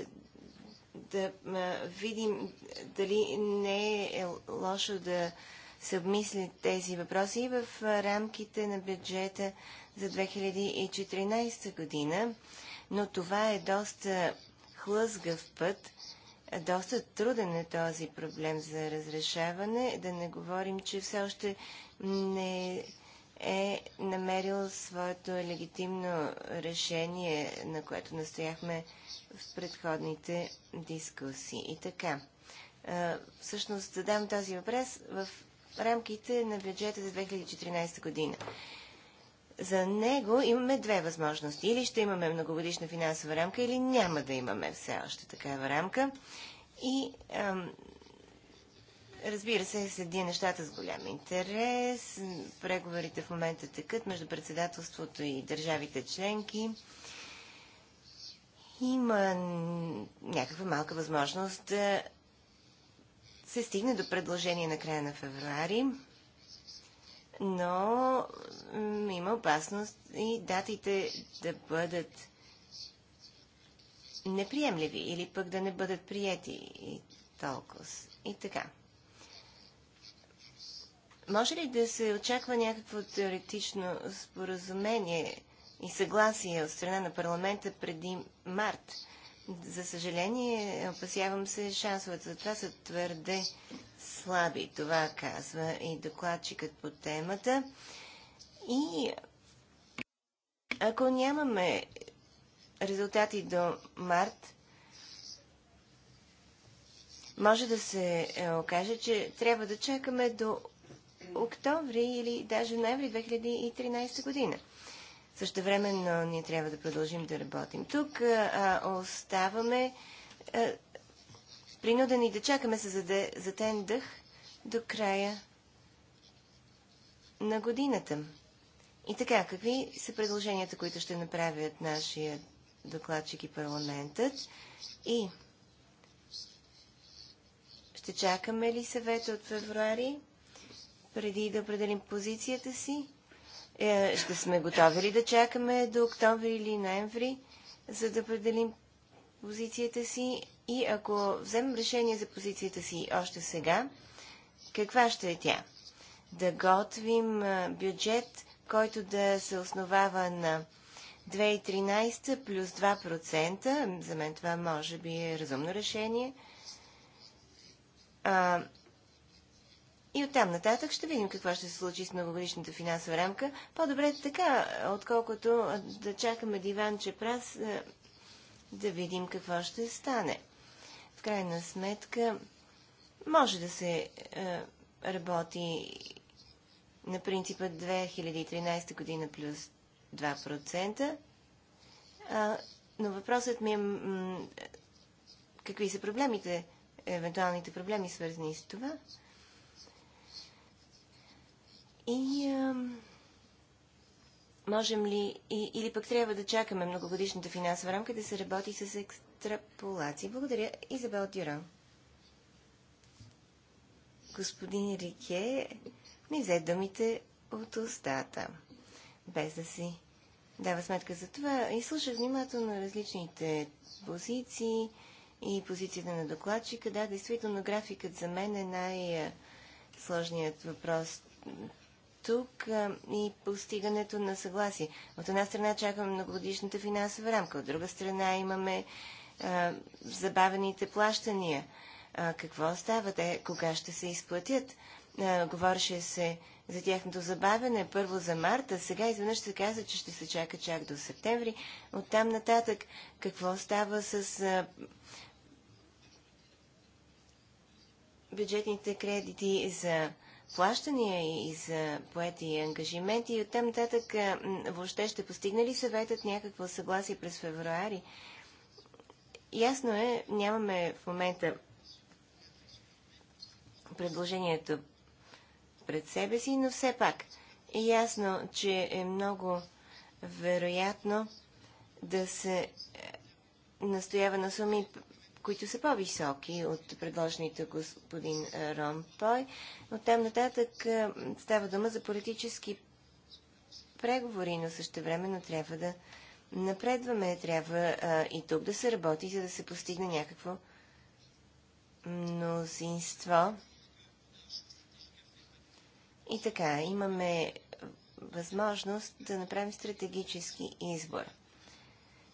да а, видим дали не е лошо да се обмислят тези въпроси и в рамките на бюджета за 2014 година. Но това е доста хлъзгав път. Е, доста труден е този проблем за разрешаване. Да не говорим, че все още не е намерил своето легитимно решение, на което настояхме в предходните дискусии. И така, е, всъщност задам този въпрос в рамките на бюджета за 2014 година за него имаме две възможности. Или ще имаме многогодишна финансова рамка, или няма да имаме все още такава рамка. И ам, разбира се, следи нещата с голям интерес. Преговорите в момента текат между председателството и държавите членки. Има някаква малка възможност да се стигне до предложение на края на февруари но има опасност и датите да бъдат неприемливи или пък да не бъдат приети и толкова. И така. Може ли да се очаква някакво теоретично споразумение и съгласие от страна на парламента преди март? За съжаление, опасявам се, шансовете за това са твърде слаби. Това казва и докладчикът по темата. И ако нямаме резултати до март, може да се е, окаже, че трябва да чакаме до октомври или даже ноември 2013 година. Също времено ние трябва да продължим да работим. Тук а, оставаме а, принудени да чакаме се за, за тен дъх до края на годината. И така, какви са предложенията, които ще направят нашия докладчик и парламентът? И ще чакаме ли съвета от февруари, преди да определим позицията си? Е, ще сме готови ли да чакаме до октомври или ноември, за да определим позицията си? И ако вземем решение за позицията си още сега, каква ще е тя? Да готвим бюджет, който да се основава на 2013 плюс 2%. За мен това може би е разумно решение. И оттам нататък ще видим какво ще се случи с многогодишната финансова рамка. По-добре е така, отколкото да чакаме диванче праз, да видим какво ще стане. В крайна сметка, може да се е, работи на принципа 2013 година плюс 2%, а, но въпросът ми е какви са проблемите, евентуалните проблеми, свързани с това. И а, можем ли, и, или пък трябва да чакаме многогодишната финансова рамка да се работи с екстраполации. Благодаря, Изабел Дюра. Господин Рике ми взе думите от устата, без да си дава сметка за това. И слуша внимателно различните позиции и позицията на докладчика. Да, действително графикът за мен е най-сложният въпрос тук а, и постигането на съгласие. От една страна чакаме многогодишната финансова рамка, от друга страна имаме а, забавените плащания. А, какво става те? Кога ще се изплатят? А, говореше се за тяхното забавяне първо за марта, сега изведнъж се каза, че ще се чака чак до септември. Оттам нататък какво става с а, бюджетните кредити за плащания и за поети ангажименти и оттам нататък въобще ще постигне ли съветът някакво съгласие през февруари? Ясно е, нямаме в момента предложението пред себе си, но все пак е ясно, че е много вероятно да се настоява на суми които са по-високи от предложените господин е, Ромпой. От там нататък е, става дума за политически преговори, но също времено трябва да напредваме. Трябва а, е, и тук да се работи, за да се постигне някакво мнозинство. И така, имаме възможност да направим стратегически избор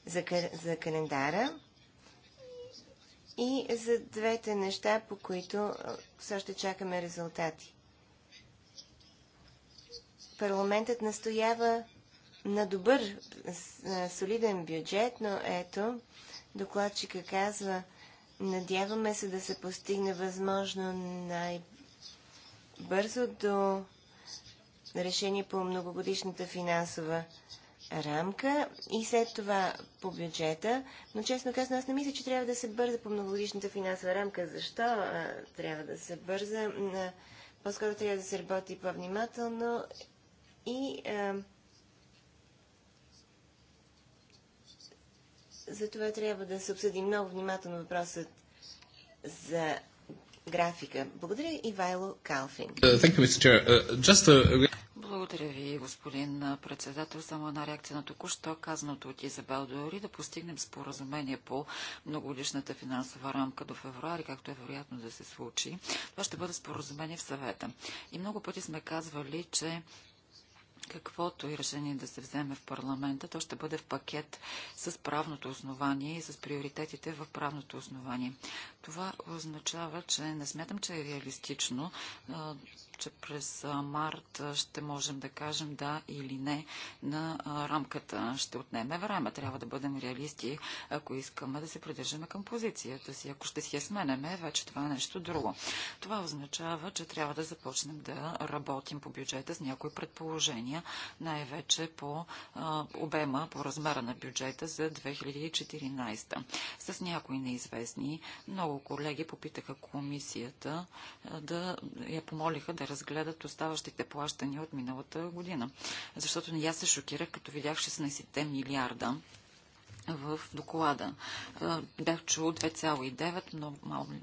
за, за календара и за двете неща, по които все още чакаме резултати. Парламентът настоява на добър, солиден бюджет, но ето, докладчика казва, надяваме се да се постигне възможно най-бързо до решение по многогодишната финансова рамка и след това по бюджета. Но честно казано, аз не мисля, че трябва да се бърза по многогодишната финансова рамка. Защо а, трябва да се бърза? По-скоро трябва да се работи по-внимателно и а, за това трябва да се обсъди много внимателно въпросът за графика. Благодаря, Ивайло Калфин. Uh, you, uh, a... Благодаря ви, господин председател. Само една реакция на току-що казаното от Изабел Дори да постигнем споразумение по многогодишната финансова рамка до февруари, както е вероятно да се случи. Това ще бъде споразумение в съвета. И много пъти сме казвали, че каквото и решение да се вземе в парламента, то ще бъде в пакет с правното основание и с приоритетите в правното основание. Това означава, че не смятам, че е реалистично че през март ще можем да кажем да или не на рамката. Ще отнеме време. Трябва да бъдем реалисти, ако искаме да се придържаме към позицията си. Ако ще си я сменяме, вече това е нещо друго. Това означава, че трябва да започнем да работим по бюджета с някои предположения, най-вече по обема, по размера на бюджета за 2014. С някои неизвестни, много колеги попитаха комисията да я помолиха да се разгледат оставащите плащания от миналата година. Защото и аз се шокирах, като видях 16 милиарда в доклада. Бях чул 2,9, но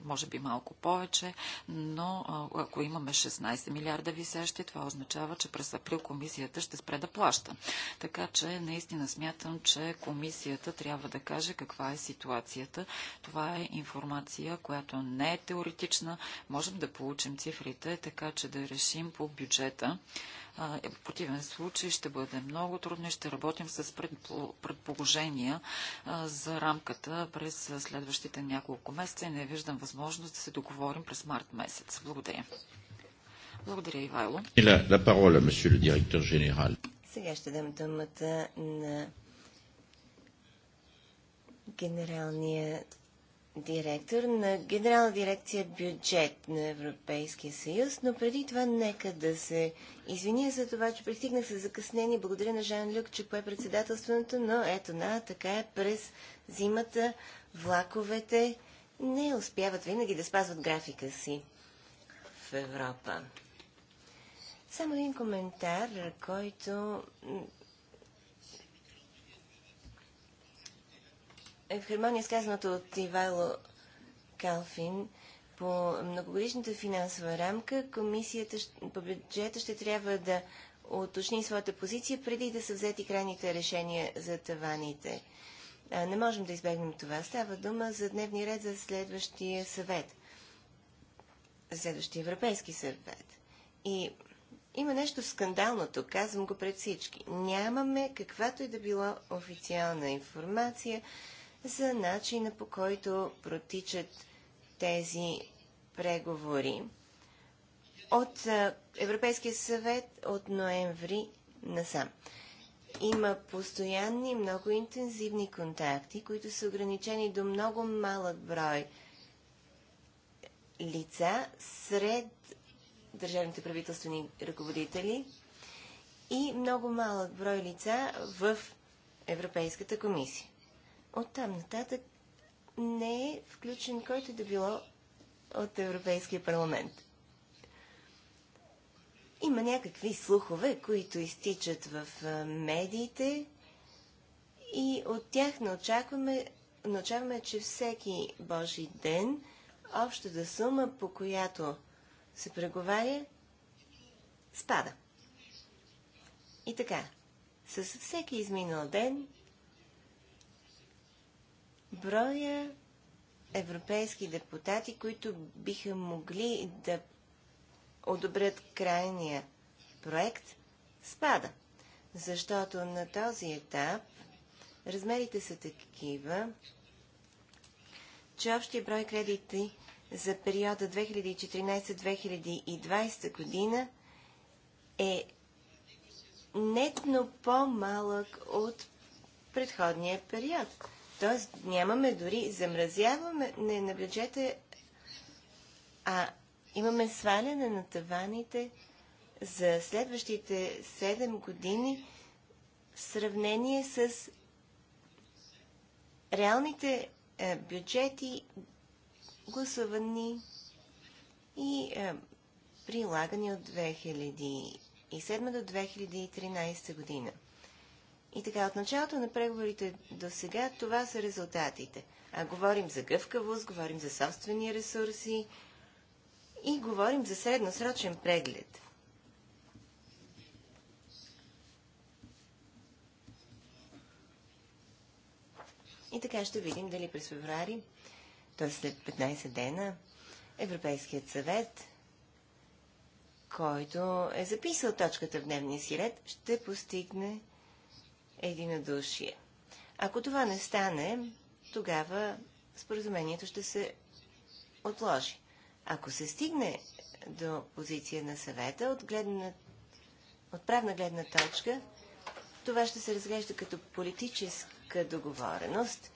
може би малко повече, но ако имаме 16 милиарда висящи, това означава, че през април комисията ще спре да плаща. Така че наистина смятам, че комисията трябва да каже каква е ситуацията. Това е информация, която не е теоретична. Можем да получим цифрите, така че да решим по бюджета. В противен случай ще бъде много трудно и ще работим с предположения за рамката през следващите няколко месеца и не виждам възможност да се договорим през март месец. Благодаря. Благодаря, Ивайло. Сега ще дам думата на генералния директор на Генерална дирекция бюджет на Европейския съюз, но преди това нека да се извиня за това, че пристигнах с закъснение. Благодаря на Жан Люк, че пое председателството, но ето на, така е през зимата влаковете не успяват винаги да спазват графика си в Европа. Само един коментар, който е в хармония с казаното от Ивайло Калфин. По многогодишната финансова рамка комисията по бюджета ще трябва да уточни своята позиция преди да са взети крайните решения за таваните. не можем да избегнем това. Става дума за дневни ред за следващия съвет. За следващия Европейски съвет. И има нещо скандално тук, казвам го пред всички. Нямаме каквато и да било официална информация за начина по който протичат тези преговори от Европейския съвет от ноември насам. Има постоянни, много интензивни контакти, които са ограничени до много малък брой лица сред държавните правителствени ръководители и много малък брой лица в Европейската комисия. Оттам нататък не е включен който да било от Европейския парламент. Има някакви слухове, които изтичат в медиите и от тях научаваме, научаваме че всеки Божий ден общата сума, по която се преговаря, спада. И така, с всеки изминал ден броя европейски депутати, които биха могли да одобрят крайния проект, спада. Защото на този етап размерите са такива, че общия брой кредити за периода 2014-2020 година е нетно по-малък от предходния период. Тоест нямаме дори замразяване на бюджета, а имаме сваляне на таваните за следващите 7 години в сравнение с реалните е, бюджети, гласувани и е, прилагани от 2007 до 2013 година. И така, от началото на преговорите до сега това са резултатите. А говорим за гъвкавост, говорим за собствени ресурси и говорим за средносрочен преглед. И така ще видим дали през феврари, т.е. след 15 дена, Европейският съвет, който е записал точката в дневния си ред, ще постигне единодушие. Ако това не стане, тогава споразумението ще се отложи. Ако се стигне до позиция на съвета, от, гледна, от правна гледна точка, това ще се разглежда като политическа договореност,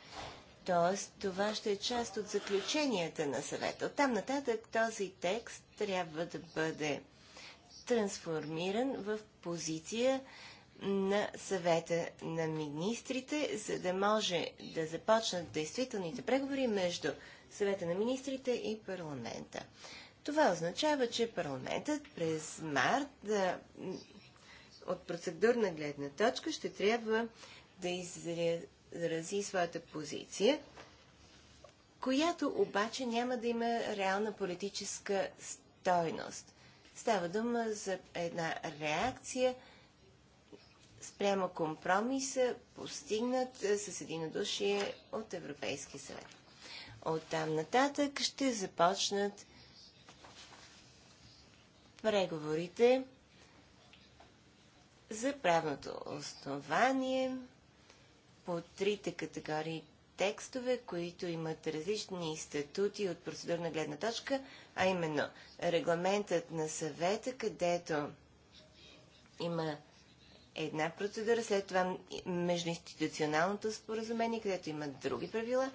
т.е. това ще е част от заключенията на съвета. От там нататък този текст трябва да бъде трансформиран в позиция на съвета на министрите, за да може да започнат действителните преговори между съвета на министрите и парламента. Това означава, че парламентът през март да, от процедурна гледна точка ще трябва да изрази своята позиция, която обаче няма да има реална политическа стойност. Става дума за една реакция – спрямо компромиса, постигнат е, с единодушие от Европейския съвет. От там нататък ще започнат преговорите за правното основание по трите категории текстове, които имат различни статути от процедурна гледна точка, а именно регламентът на съвета, където има една процедура, след това междуинституционалното споразумение, където имат други правила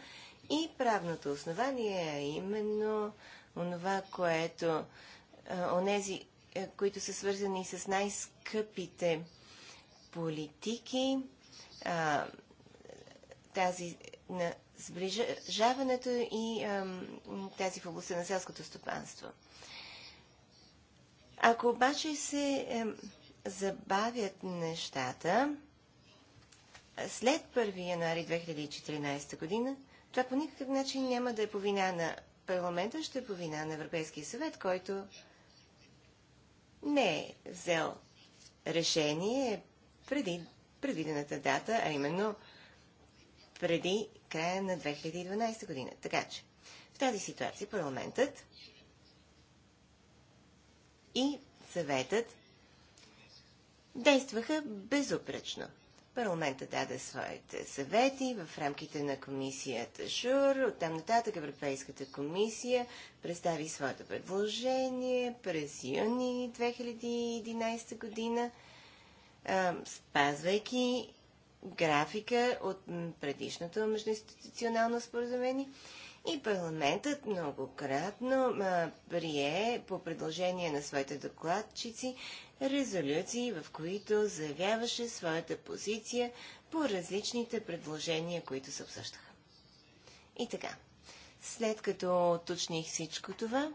и правното основание, а е именно онова, което онези, които са свързани с най-скъпите политики, тази на сближаването и тази в областта на селското стопанство. Ако обаче се забавят нещата след 1 януари 2014 година, това по никакъв начин няма да е повина на парламента, ще е повина на Европейския съвет, който не е взел решение преди предвидената дата, а именно преди края на 2012 година. Така че, в тази ситуация парламентът и съветът действаха безупречно. Парламентът даде своите съвети в рамките на комисията ШУР, оттам нататък Европейската комисия представи своето предложение през юни 2011 година, спазвайки графика от предишното междуинституционално споразумение и парламентът многократно а, прие по предложение на своите докладчици резолюции, в които заявяваше своята позиция по различните предложения, които се обсъждаха. И така, след като уточних всичко това,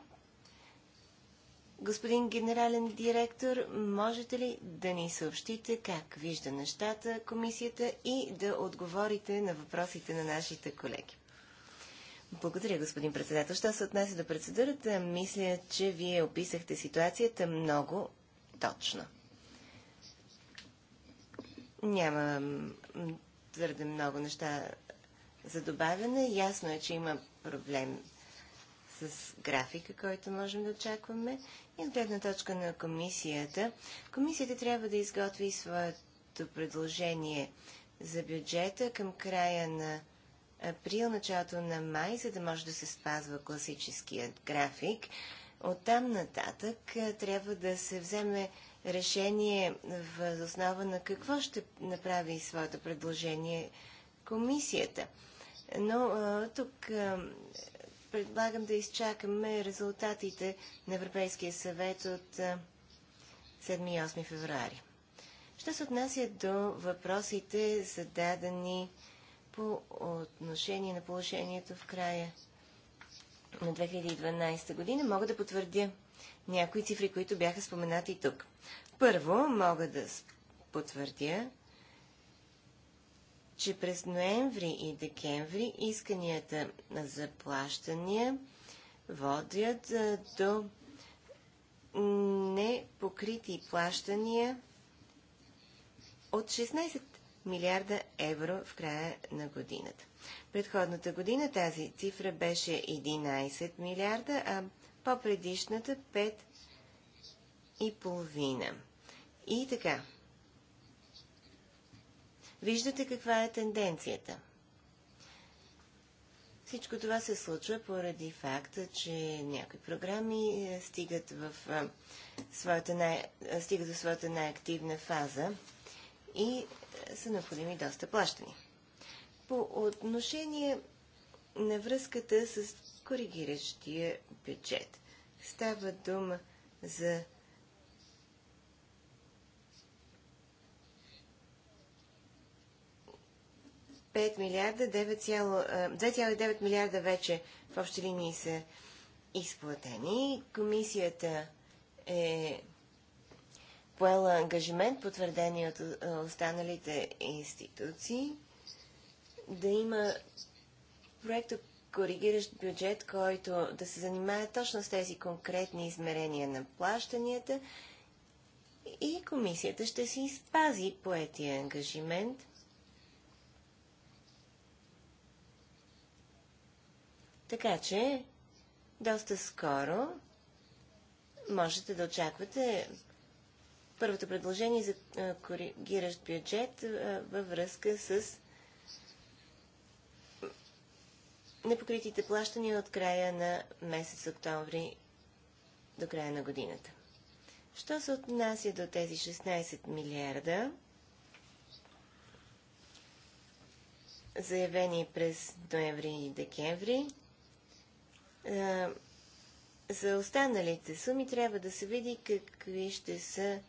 господин генерален директор, можете ли да ни съобщите как вижда нещата комисията и да отговорите на въпросите на нашите колеги? Благодаря, господин председател. Що се отнася до процедурата, мисля, че вие описахте ситуацията много точно. Няма твърде много неща за добавяне. Ясно е, че има проблем с графика, който можем да очакваме. И от гледна точка на комисията, комисията трябва да изготви своето предложение за бюджета към края на април, началото на май, за да може да се спазва класическият график. От там нататък трябва да се вземе решение в основа на какво ще направи своето предложение комисията. Но тук предлагам да изчакаме резултатите на Европейския съвет от 7 и 8 феврари. Що се отнася до въпросите, зададени по отношение на положението в края на 2012 година, мога да потвърдя някои цифри, които бяха споменати тук. Първо, мога да потвърдя, че през ноември и декември исканията на заплащания водят до непокрити плащания от 16 милиарда евро в края на годината. Предходната година тази цифра беше 11 милиарда, а по-предишната 5 и половина. И така. Виждате каква е тенденцията. Всичко това се случва поради факта, че някои програми е, стигат, в, е, своята най... Е, стигат до своята най-активна фаза и са необходими доста плащани. По отношение на връзката с коригиращия бюджет. Става дума за милиарда, 2,9 милиарда вече в общи линии са изплатени. Комисията е поела ангажимент, потвърдени от останалите институции, да има проекто коригиращ бюджет, който да се занимае точно с тези конкретни измерения на плащанията и комисията ще си изпази поетия ангажимент. Така че, доста скоро можете да очаквате първото предложение за коригиращ бюджет във връзка с непокритите плащания от края на месец октомври до края на годината. Що се отнася до тези 16 милиарда, заявени през ноември и декември, за останалите суми трябва да се види какви ще са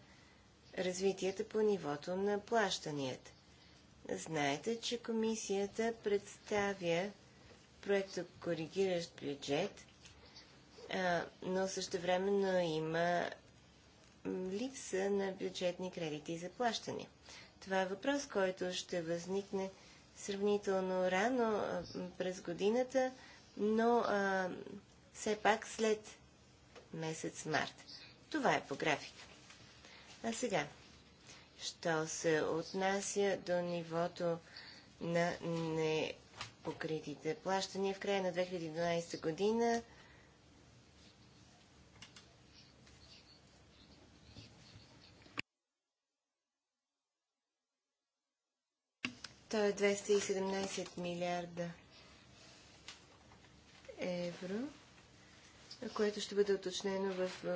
развитията по нивото на плащанията. Знаете, че комисията представя проекта коригиращ бюджет, но същевременно има липса на бюджетни кредити за плащане. Това е въпрос, който ще възникне сравнително рано през годината, но а, все пак след месец март. Това е по графика. А сега, що се отнася до нивото на непокритите плащания в края на 2012 година, То е 217 милиарда евро което ще бъде уточнено в, е,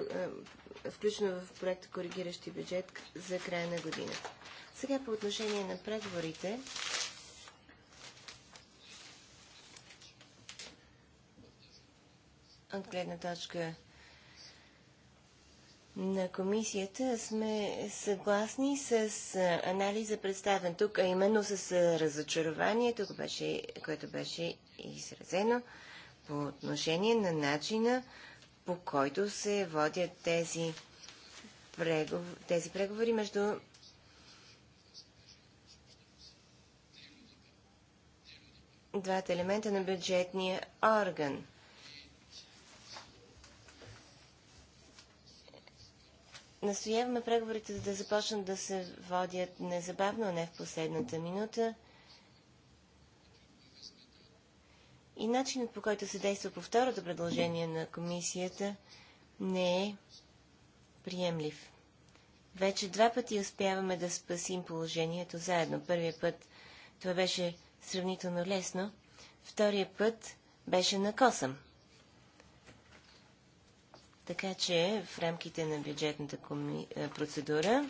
е, включено в проекта Коригиращи бюджет за края на годината. Сега по отношение на преговорите. От гледна точка на комисията сме съгласни с е, анализа представен тук, а именно с разочарованието, което беше изразено по отношение на начина по който се водят тези, преговори, тези преговори между двата елемента на бюджетния орган. Настояваме преговорите да започнат да се водят незабавно, а не в последната минута – И начинът по който се действа по второто предложение на комисията не е приемлив. Вече два пъти успяваме да спасим положението заедно. Първият път това беше сравнително лесно, втория път беше на косъм. Така че в рамките на бюджетната е, процедура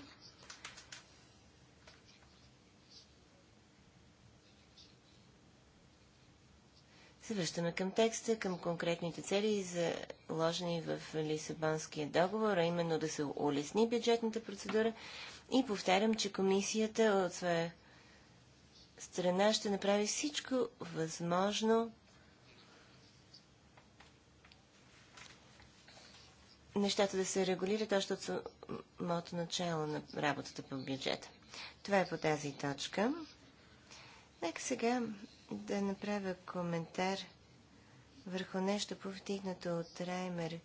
се връщаме към текста, към конкретните цели, заложени в Лисабонския договор, а именно да се улесни бюджетната процедура. И повтарям, че комисията от своя страна ще направи всичко възможно нещата да се регулират още от самото начало на работата по бюджета. Това е по тази точка. Нека сега да направя коментар върху нещо повдигнато от Раймер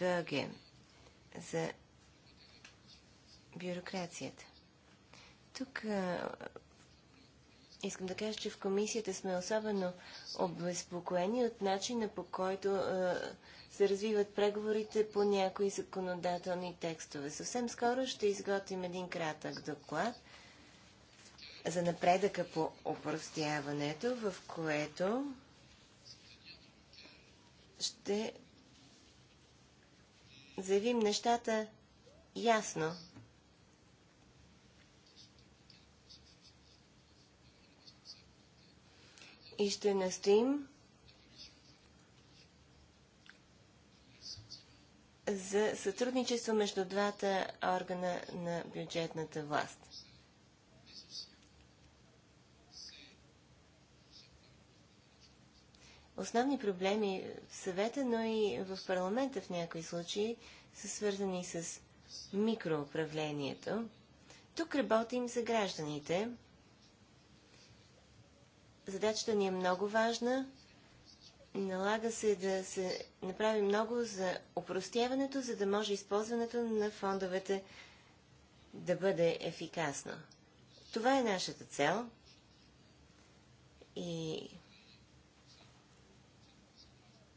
Бълге за бюрокрацията. Тук а, искам да кажа, че в комисията сме особено обезпокоени от начина по който а, се развиват преговорите по някои законодателни текстове. Съвсем скоро ще изготвим един кратък доклад за напредъка по опростяването, в което ще заявим нещата ясно. И ще настоим за сътрудничество между двата органа на бюджетната власт. основни проблеми в съвета, но и в парламента в някои случаи са свързани с микроуправлението. Тук работим за гражданите. Задачата ни е много важна. Налага се да се направи много за опростяването, за да може използването на фондовете да бъде ефикасно. Това е нашата цел. И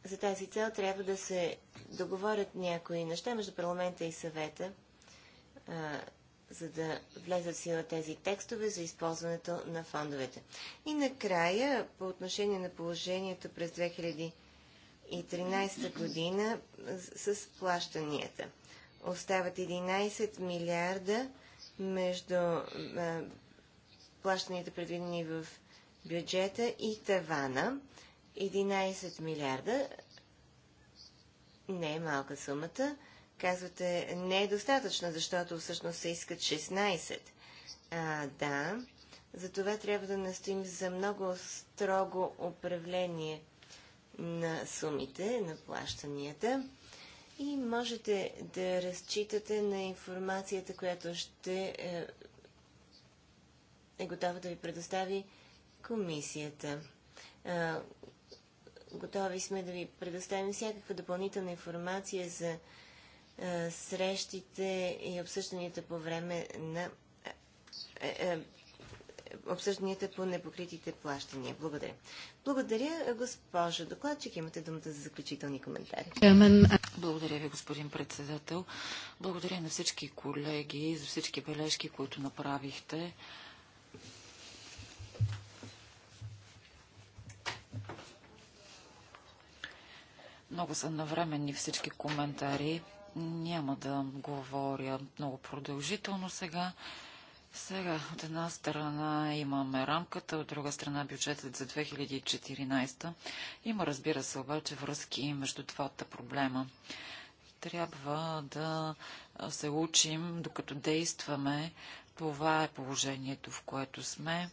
за тази цел трябва да се договорят някои неща между парламента и съвета, а, за да влезат в сила тези текстове за използването на фондовете. И накрая, по отношение на положението през 2013 година с плащанията. Остават 11 милиарда между а, плащанията предвидени в бюджета и тавана. 11 милиарда. Не е малка сумата. Казвате, не е достатъчна, защото всъщност се искат 16. А, да, затова трябва да настоим за много строго управление на сумите, на плащанията и можете да разчитате на информацията, която ще е, е готова да ви предостави комисията. Готови сме да ви предоставим всякаква допълнителна информация за а, срещите и обсъжданията по време на обсъжданията по непокритите плащания. Благодаря. Благодаря, госпожо докладчик. Имате думата за заключителни коментари. Благодаря ви, господин председател. Благодаря на всички колеги за всички бележки, които направихте. Много са навременни всички коментари. Няма да говоря много продължително сега. Сега от една страна имаме рамката, от друга страна бюджетът за 2014. Има, разбира се, обаче връзки между двата проблема. Трябва да се учим, докато действаме. Това е положението, в което сме.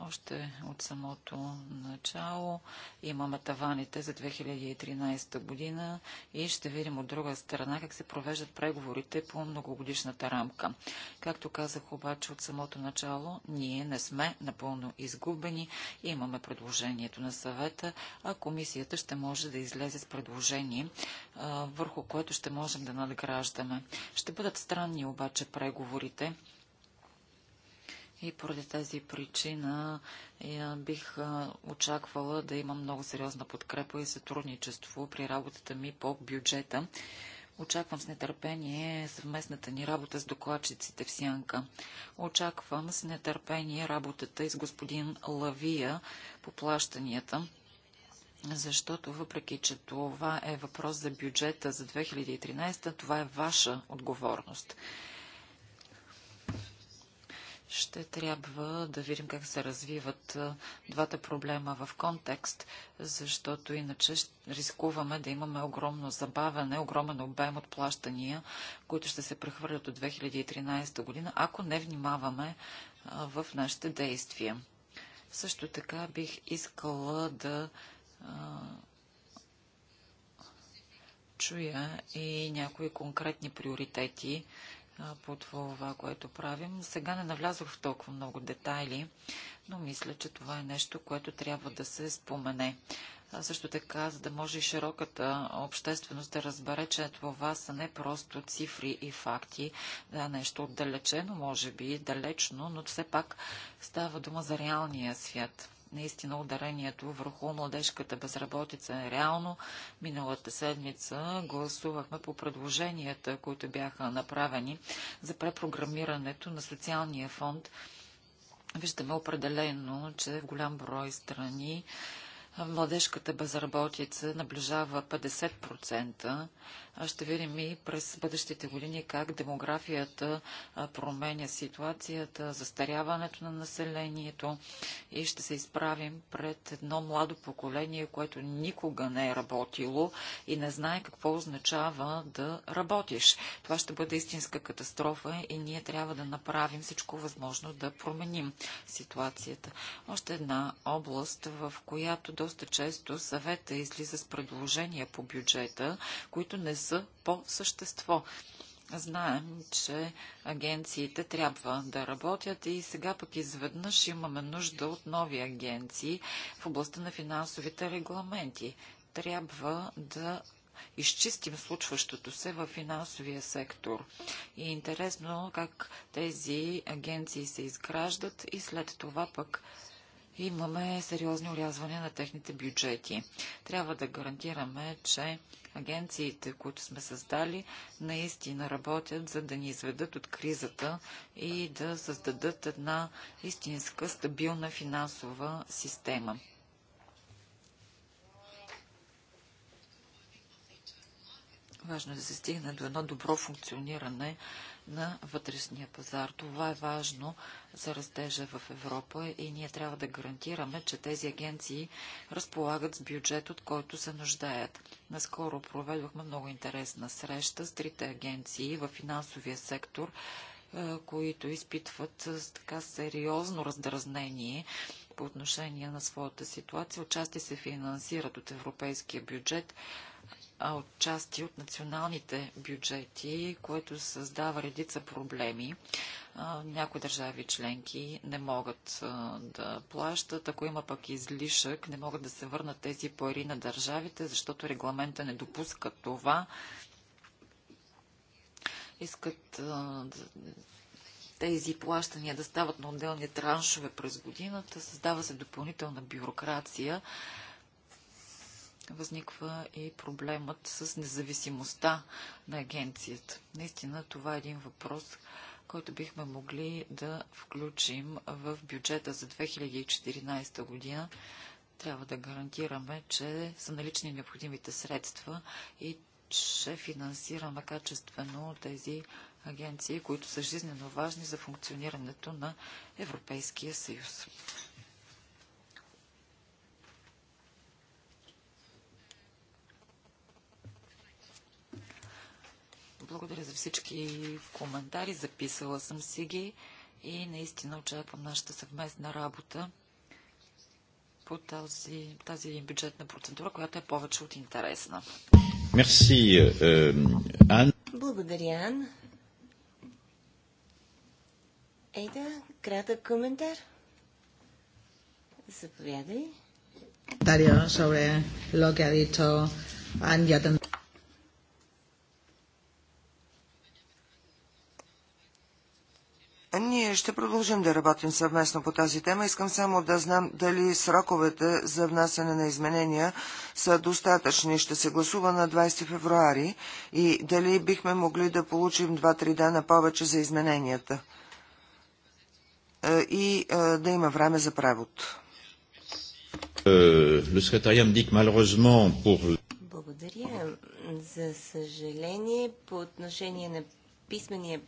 Още от самото начало имаме таваните за 2013 година и ще видим от друга страна как се провеждат преговорите по многогодишната рамка. Както казах обаче от самото начало, ние не сме напълно изгубени. Имаме предложението на съвета, а комисията ще може да излезе с предложение, върху което ще можем да надграждаме. Ще бъдат странни обаче преговорите, и поради тази причина бих очаквала да има много сериозна подкрепа и сътрудничество при работата ми по бюджета. Очаквам с нетърпение съвместната ни работа с докладчиците в Сянка. Очаквам с нетърпение работата и с господин Лавия по плащанията, защото въпреки, че това е въпрос за бюджета за 2013, това е ваша отговорност ще трябва да видим как се развиват двата проблема в контекст, защото иначе рискуваме да имаме огромно забавяне, огромен обем от плащания, които ще се прехвърлят от 2013 година, ако не внимаваме в нашите действия. Също така бих искала да чуя и някои конкретни приоритети, по това, което правим. Сега не навлязох в толкова много детайли, но мисля, че това е нещо, което трябва да се спомене. А също така, за да може и широката общественост да разбере, че това са не просто цифри и факти, да, нещо отдалечено, може би, далечно, но все пак става дума за реалния свят наистина ударението върху младежката безработица е реално. Миналата седмица гласувахме по предложенията, които бяха направени за препрограмирането на социалния фонд. Виждаме определено, че в голям брой страни Младежката безработица наближава 50%. Ще видим и през бъдещите години как демографията променя ситуацията, застаряването на населението и ще се изправим пред едно младо поколение, което никога не е работило и не знае какво означава да работиш. Това ще бъде истинска катастрофа и ние трябва да направим всичко възможно да променим ситуацията. Още една област, в която до доста често съвета излиза с предложения по бюджета, които не са по същество. Знаем, че агенциите трябва да работят и сега пък изведнъж имаме нужда от нови агенции в областта на финансовите регламенти. Трябва да изчистим случващото се в финансовия сектор. И е интересно как тези агенции се изграждат и след това пък имаме сериозни урязвания на техните бюджети. Трябва да гарантираме, че агенциите, които сме създали, наистина работят, за да ни изведат от кризата и да създадат една истинска стабилна финансова система. Важно е да се стигне до едно добро функциониране на вътрешния пазар. Това е важно за растежа в Европа и ние трябва да гарантираме, че тези агенции разполагат с бюджет, от който се нуждаят. Наскоро проведохме много интересна среща с трите агенции в финансовия сектор, които изпитват така сериозно раздразнение по отношение на своята ситуация. Отчасти се финансират от европейския бюджет, а отчасти от националните бюджети, което създава редица проблеми. Някои държави членки не могат да плащат. Ако има пък излишък, не могат да се върнат тези пари на държавите, защото регламента не допуска това. Искат тези плащания да стават на отделни траншове през годината. Създава се допълнителна бюрокрация възниква и проблемът с независимостта на агенцията. Наистина това е един въпрос, който бихме могли да включим в бюджета за 2014 година. Трябва да гарантираме, че са налични необходимите средства и че финансираме качествено тези агенции, които са жизненно важни за функционирането на Европейския съюз. Благодаря за всички коментари, записала съм си ги и наистина очаквам нашата съвместна работа по тази, тази бюджетна процедура, която е повече от интересна. Мерси, Ан. Euh, Благодаря, Ан. Ейда, кратък коментар. Заповядай. Sobre lo que ha dicho Ние ще продължим да работим съвместно по тази тема. Искам само да знам дали сроковете за внасяне на изменения са достатъчни. Ще се гласува на 20 февруари и дали бихме могли да получим 2-3 дена повече за измененията е, и е, да има време за превод. Е, Благодаря. За съжаление, по отношение на писмения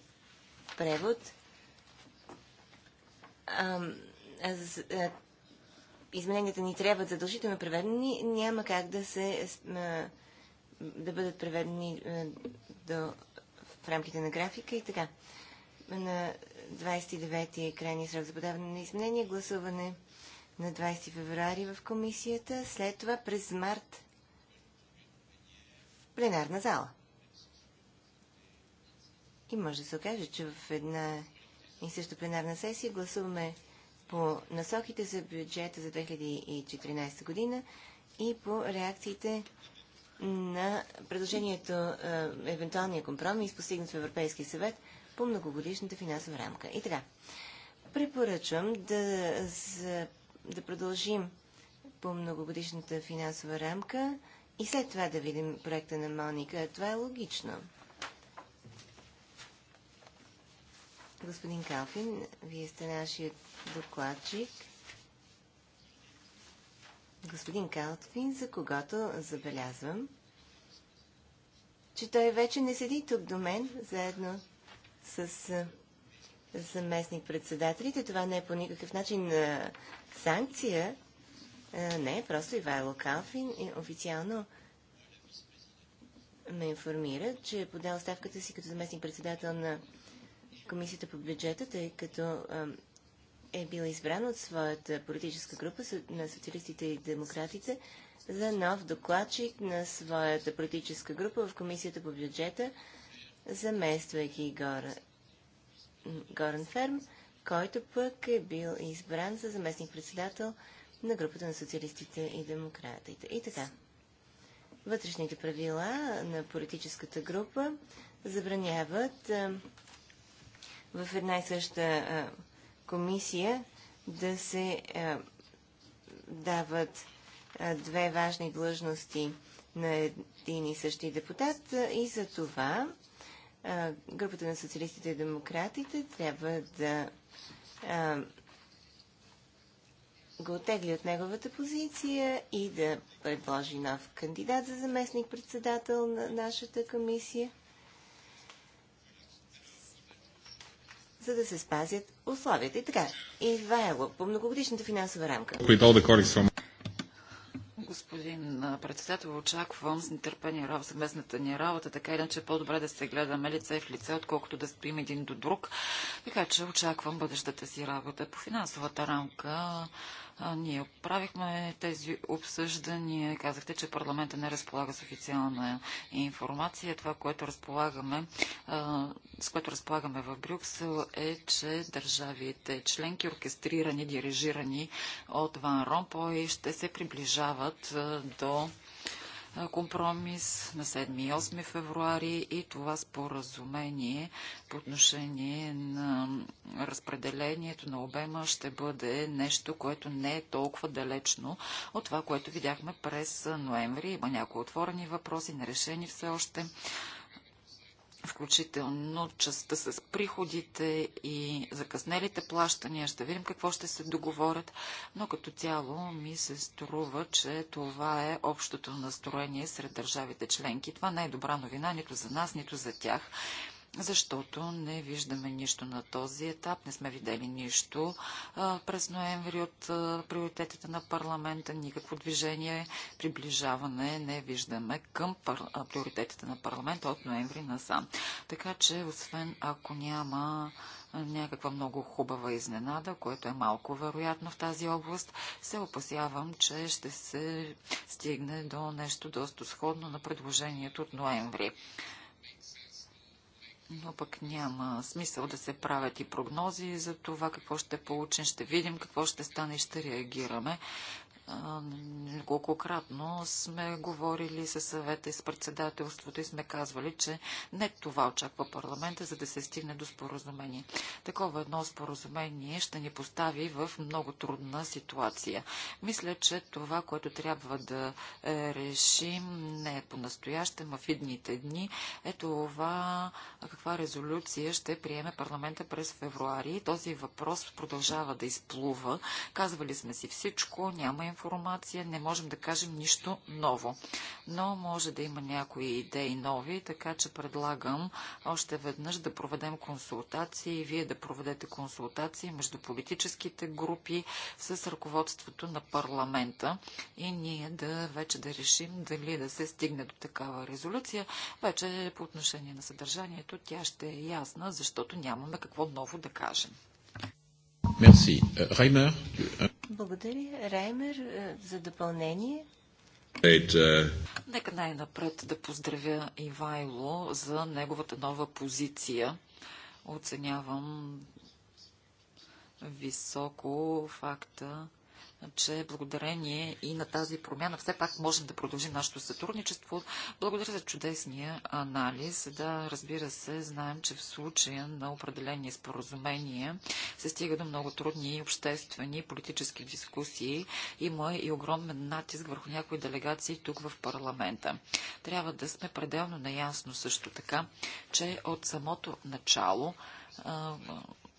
превод, а, а, е, измененията ни трябват задължително преведени, няма как да се а, да бъдат преведени а, е, до, в рамките на графика и така. На 29 е крайния срок за подаване на изменения, гласуване на 20 февруари в комисията, след това през март в пленарна зала. И може да се окаже, че в една и също пленарна сесия. Гласуваме по насоките за бюджета за 2014 година и по реакциите на предложението, е, евентуалния компромис, постигнат в Европейския съвет по многогодишната финансова рамка. И така, препоръчвам да, за, да продължим по многогодишната финансова рамка и след това да видим проекта на Моника. Това е логично. Господин Калфин, вие сте нашият докладчик. Господин Калфин, за когато забелязвам, че той вече не седи тук до мен, заедно с заместник-председателите. Това не е по никакъв начин а, санкция. А, не, просто Ивайло Калфин официално ме информира, че е подал ставката си като заместник-председател на Комисията по бюджета, тъй като е била избрана от своята политическа група на социалистите и демократите за нов докладчик на своята политическа група в Комисията по бюджета, замествайки Гора... Горен Ферм, който пък е бил избран за заместник-председател на групата на социалистите и демократите. И така. Вътрешните правила на политическата група забраняват в една и съща комисия да се дават две важни длъжности на един и същи депутат и за това групата на социалистите и демократите трябва да го отегли от неговата позиция и да предложи нов кандидат за заместник-председател на нашата комисия. за да се спазят условията. И така, Ивайло, по многогодишната финансова рамка. Господин председател, очаквам с нетърпение съвместната ни работа. Така иначе по-добре да се гледаме лице в лице, отколкото да спим един до друг. Така че очаквам бъдещата си работа. По финансовата рамка ние правихме тези обсъждания. Казахте, че парламента не разполага с официална информация. Това, което разполагаме, с което разполагаме в Брюксел е, че държавите членки, оркестрирани, дирижирани от Ван Ромпой, ще се приближават до компромис на 7 и 8 февруари и това споразумение по отношение на разпределението на обема ще бъде нещо, което не е толкова далечно от това, което видяхме през ноември. Има някои отворени въпроси, нерешени все още включително частта с приходите и закъснелите плащания. Ще видим какво ще се договорят, но като цяло ми се струва, че това е общото настроение сред държавите членки. Това не е добра новина нито за нас, нито за тях защото не виждаме нищо на този етап, не сме видели нищо а, през ноември от а, приоритетите на парламента, никакво движение, приближаване не виждаме към пар... а, приоритетите на парламента от ноември насам. Така че, освен ако няма някаква много хубава изненада, което е малко вероятно в тази област, се опасявам, че ще се стигне до нещо доста сходно на предложението от ноември но пък няма смисъл да се правят и прогнози за това какво ще получим, ще видим какво ще стане и ще реагираме. Неколкократно сме говорили с съвета и с председателството и сме казвали, че не това очаква парламента, за да се стигне до споразумение. Такова едно споразумение ще ни постави в много трудна ситуация. Мисля, че това, което трябва да е, решим не е по настояще а в идните дни, е това каква резолюция ще приеме парламента през февруари. Този въпрос продължава да изплува. Казвали сме си всичко, няма информация информация, не можем да кажем нищо ново. Но може да има някои идеи нови, така че предлагам още веднъж да проведем консултации, вие да проведете консултации между политическите групи с ръководството на парламента и ние да вече да решим дали да се стигне до такава резолюция. Вече по отношение на съдържанието тя ще е ясна, защото нямаме какво ново да кажем. Merci. Reimer, благодаря. Раймер, е, за допълнение. Е, Нека най-напред да поздравя Ивайло за неговата нова позиция. Оценявам високо факта, че благодарение и на тази промяна все пак можем да продължим нашето сътрудничество. Благодаря за чудесния анализ. Да, разбира се, знаем, че в случая на определени споразумения се стига до много трудни обществени политически дискусии. Има и огромен натиск върху някои делегации тук в парламента. Трябва да сме пределно наясно също така, че от самото начало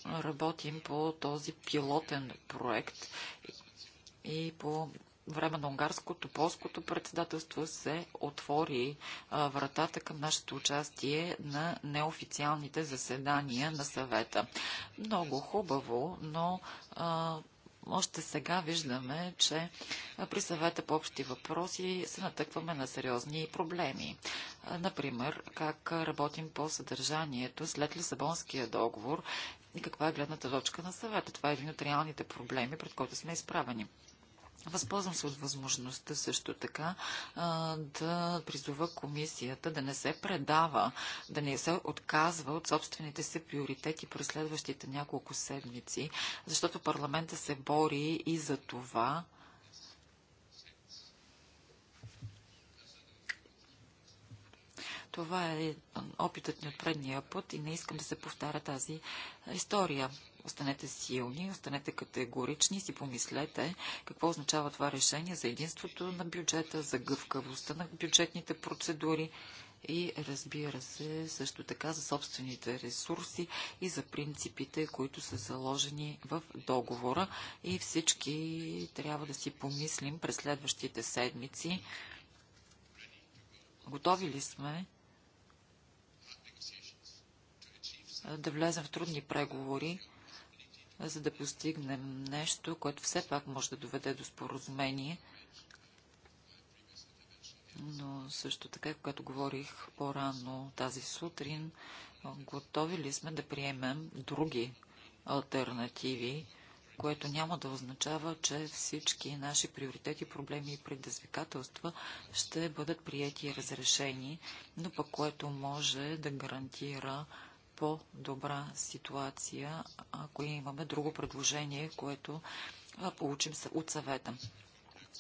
работим по този пилотен проект и по време на унгарското, полското председателство се отвори а, вратата към нашето участие на неофициалните заседания на съвета. Много хубаво, но а, още сега виждаме, че при съвета по общи въпроси се натъкваме на сериозни проблеми. Например, как работим по съдържанието след Лисабонския договор и каква е гледната точка на съвета. Това е един от реалните проблеми, пред който сме изправени. Възползвам се от възможността също така а, да призова комисията да не се предава, да не се отказва от собствените си приоритети през следващите няколко седмици, защото парламента се бори и за това. Това е опитът ни от предния път и не искам да се повтаря тази история. Останете силни, останете категорични си помислете какво означава това решение за единството на бюджета, за гъвкавостта на бюджетните процедури и разбира се също така за собствените ресурси и за принципите, които са заложени в договора и всички трябва да си помислим през следващите седмици. Готови ли сме да влезем в трудни преговори, за да постигнем нещо, което все пак може да доведе до споразумение. Но също така, когато говорих по-рано тази сутрин, готови ли сме да приемем други альтернативи, което няма да означава, че всички наши приоритети, проблеми и предизвикателства ще бъдат прияти и разрешени, но пък което може да гарантира по-добра ситуация, ако имаме друго предложение, което получим от съвета.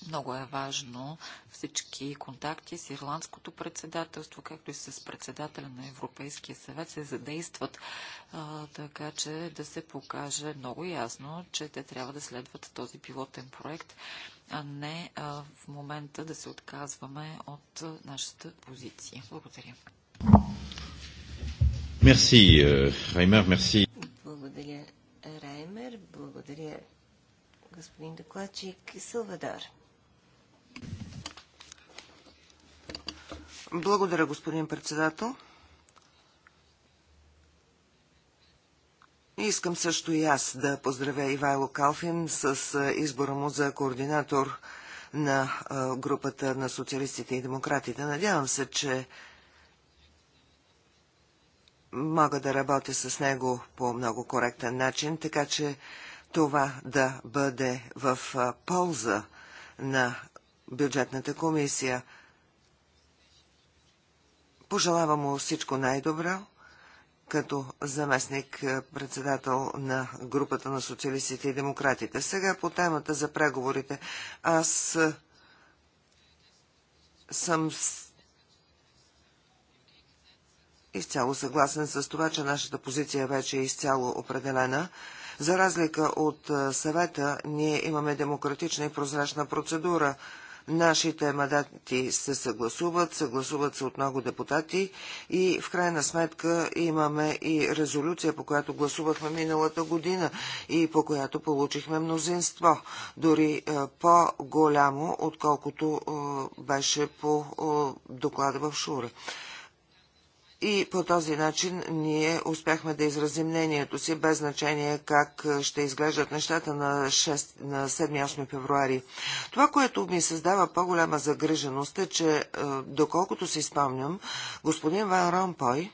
Много е важно всички контакти с Ирландското председателство, както и с председателя на Европейския съвет се задействат, а, така че да се покаже много ясно, че те трябва да следват този пилотен проект, а не а, в момента да се отказваме от нашата позиция. Благодаря. Мерси, Раймер, мерси. Благодаря, Раймер. Благодаря, господин докладчик Салвадор. Благодаря, господин председател. Искам също и аз да поздравя Ивайло Калфин с избора му за координатор на групата на социалистите и демократите. Надявам се, че мога да работя с него по много коректен начин, така че това да бъде в полза на бюджетната комисия. Пожелавам му всичко най-добро като заместник председател на групата на социалистите и демократите. Сега по темата за преговорите. Аз съм изцяло съгласен с това, че нашата позиция вече е изцяло определена. За разлика от съвета, ние имаме демократична и прозрачна процедура. Нашите мандати се съгласуват, съгласуват се от много депутати и в крайна сметка имаме и резолюция, по която гласувахме миналата година и по която получихме мнозинство, дори по-голямо, отколкото беше по доклада в Шура. И по този начин ние успяхме да изразим мнението си, без значение как е, ще изглеждат нещата на, 6, на 7-8 февруари. Това, което ми създава по-голяма загриженост е, че е, доколкото си спомням, господин Ван Ромпой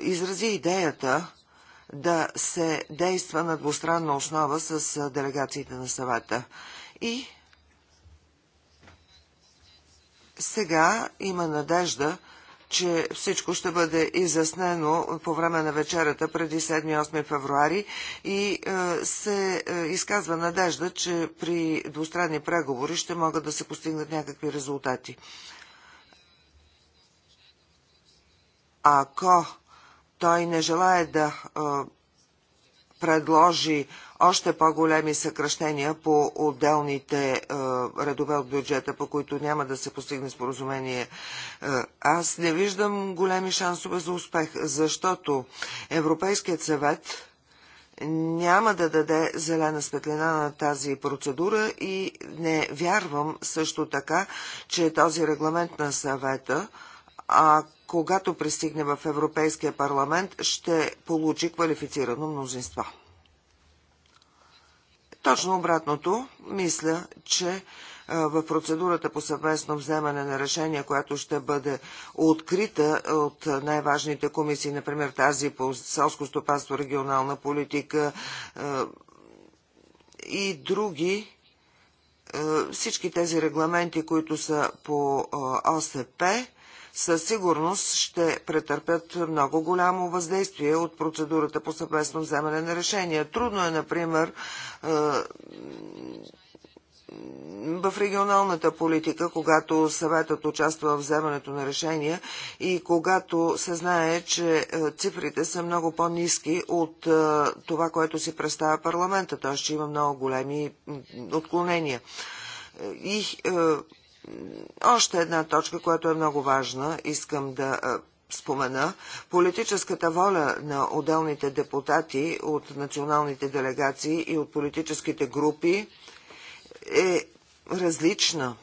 изрази идеята да се действа на двустранна основа с е, делегациите на съвета. И сега има надежда, че всичко ще бъде изяснено по време на вечерата преди 7-8 февруари и е, се е, изказва надежда, че при двустранни преговори ще могат да се постигнат някакви резултати. Ако той не желая да е, предложи още по-големи съкръщения по отделните е, редове от бюджета, по които няма да се постигне споразумение. Е, аз не виждам големи шансове за успех, защото Европейският съвет няма да даде зелена светлина на тази процедура и не вярвам също така, че този регламент на съвета, а когато пристигне в Европейския парламент, ще получи квалифицирано мнозинство. Точно обратното, мисля, че е, в процедурата по съвместно вземане на решение, която ще бъде открита от най-важните комисии, например тази по селско стопанство, регионална политика е, и други, е, всички тези регламенти, които са по ОСП, със сигурност ще претърпят много голямо въздействие от процедурата по съвместно вземане на решения. Трудно е, например, е, в регионалната политика, когато съветът участва в вземането на решения и когато се знае, че е, цифрите са много по-низки от е, това, което си представя парламента, т.е. че има много големи отклонения. И още една точка, която е много важна, искам да спомена, политическата воля на отделните депутати от националните делегации и от политическите групи е различна.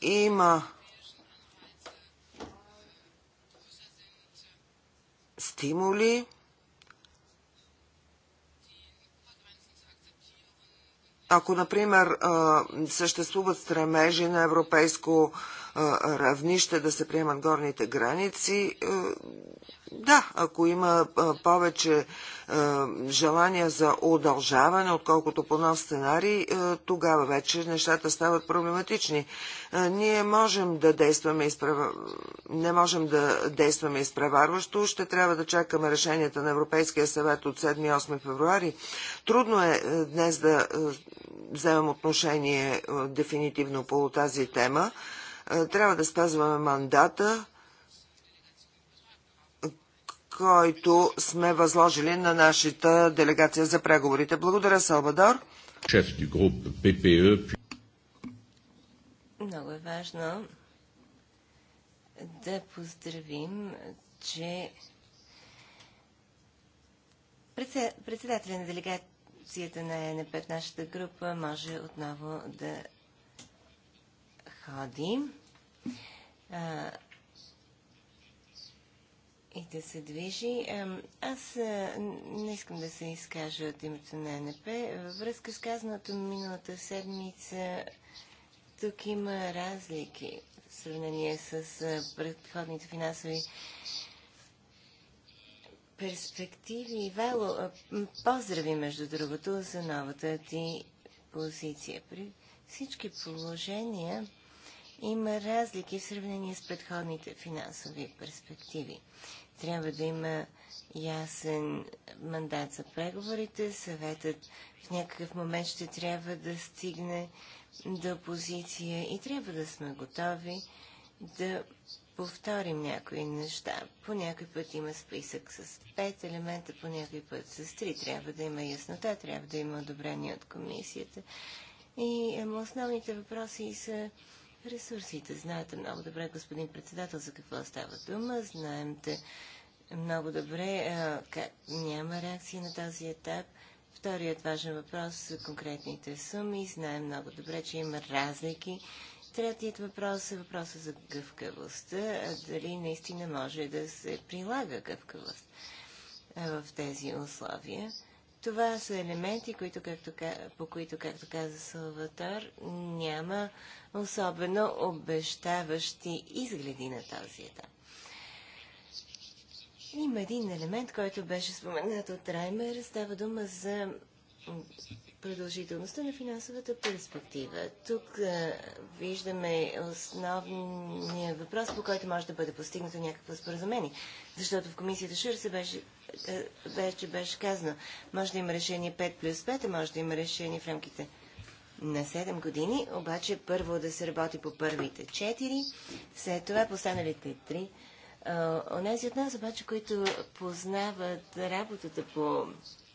Има стимули, Ако, например, съществуват стремежи на европейско равнище да се приемат горните граници, да, ако има повече желания за удължаване, отколкото по нов сценарий, тогава вече нещата стават проблематични. Ние можем да действаме изправ... не можем да действаме изпреварващо, ще трябва да чакаме решенията на Европейския съвет от 7-8 февруари. Трудно е днес да вземем отношение дефинитивно по тази тема. Трябва да спазваме мандата, който сме възложили на нашата делегация за преговорите. Благодаря, Салвадор. Много е важно да поздравим, че председателя на делегацията на ЕНП в нашата група може отново да ходи и да се движи. Аз не искам да се изкажа от името на НП. Във връзка с казаното миналата седмица, тук има разлики в сравнение с предходните финансови перспективи. Вало, поздрави между другото за новата ти позиция. При всички положения има разлики в сравнение с предходните финансови перспективи. Трябва да има ясен мандат за преговорите. Съветът в някакъв момент ще трябва да стигне до позиция и трябва да сме готови да повторим някои неща. По някой път има списък с пет елемента, по някой път с три. Трябва да има яснота, трябва да има одобрение от комисията. И основните въпроси са ресурсите. Знаете много добре, господин председател, за какво става дума. Знаем те много добре как няма реакции на този етап. Вторият важен въпрос са конкретните суми. Знаем много добре, че има разлики. Третият въпрос е въпроса за гъвкавостта. Дали наистина може да се прилага гъвкавост в тези условия. Това са елементи, които, както, по които, както каза Салватор, няма особено обещаващи изгледи на този етап. Има един елемент, който беше споменат от Раймер. Става дума за продължителността на финансовата перспектива. Тук а, виждаме основния въпрос, по който може да бъде постигнато някакво споразумение. Защото в комисията Шур се беше е, вече беше казано. Може да има решение 5 плюс 5, може да има решение в рамките на 7 години, обаче първо да се работи по първите 4, след това последналите 3. Онези от нас обаче, които познават работата по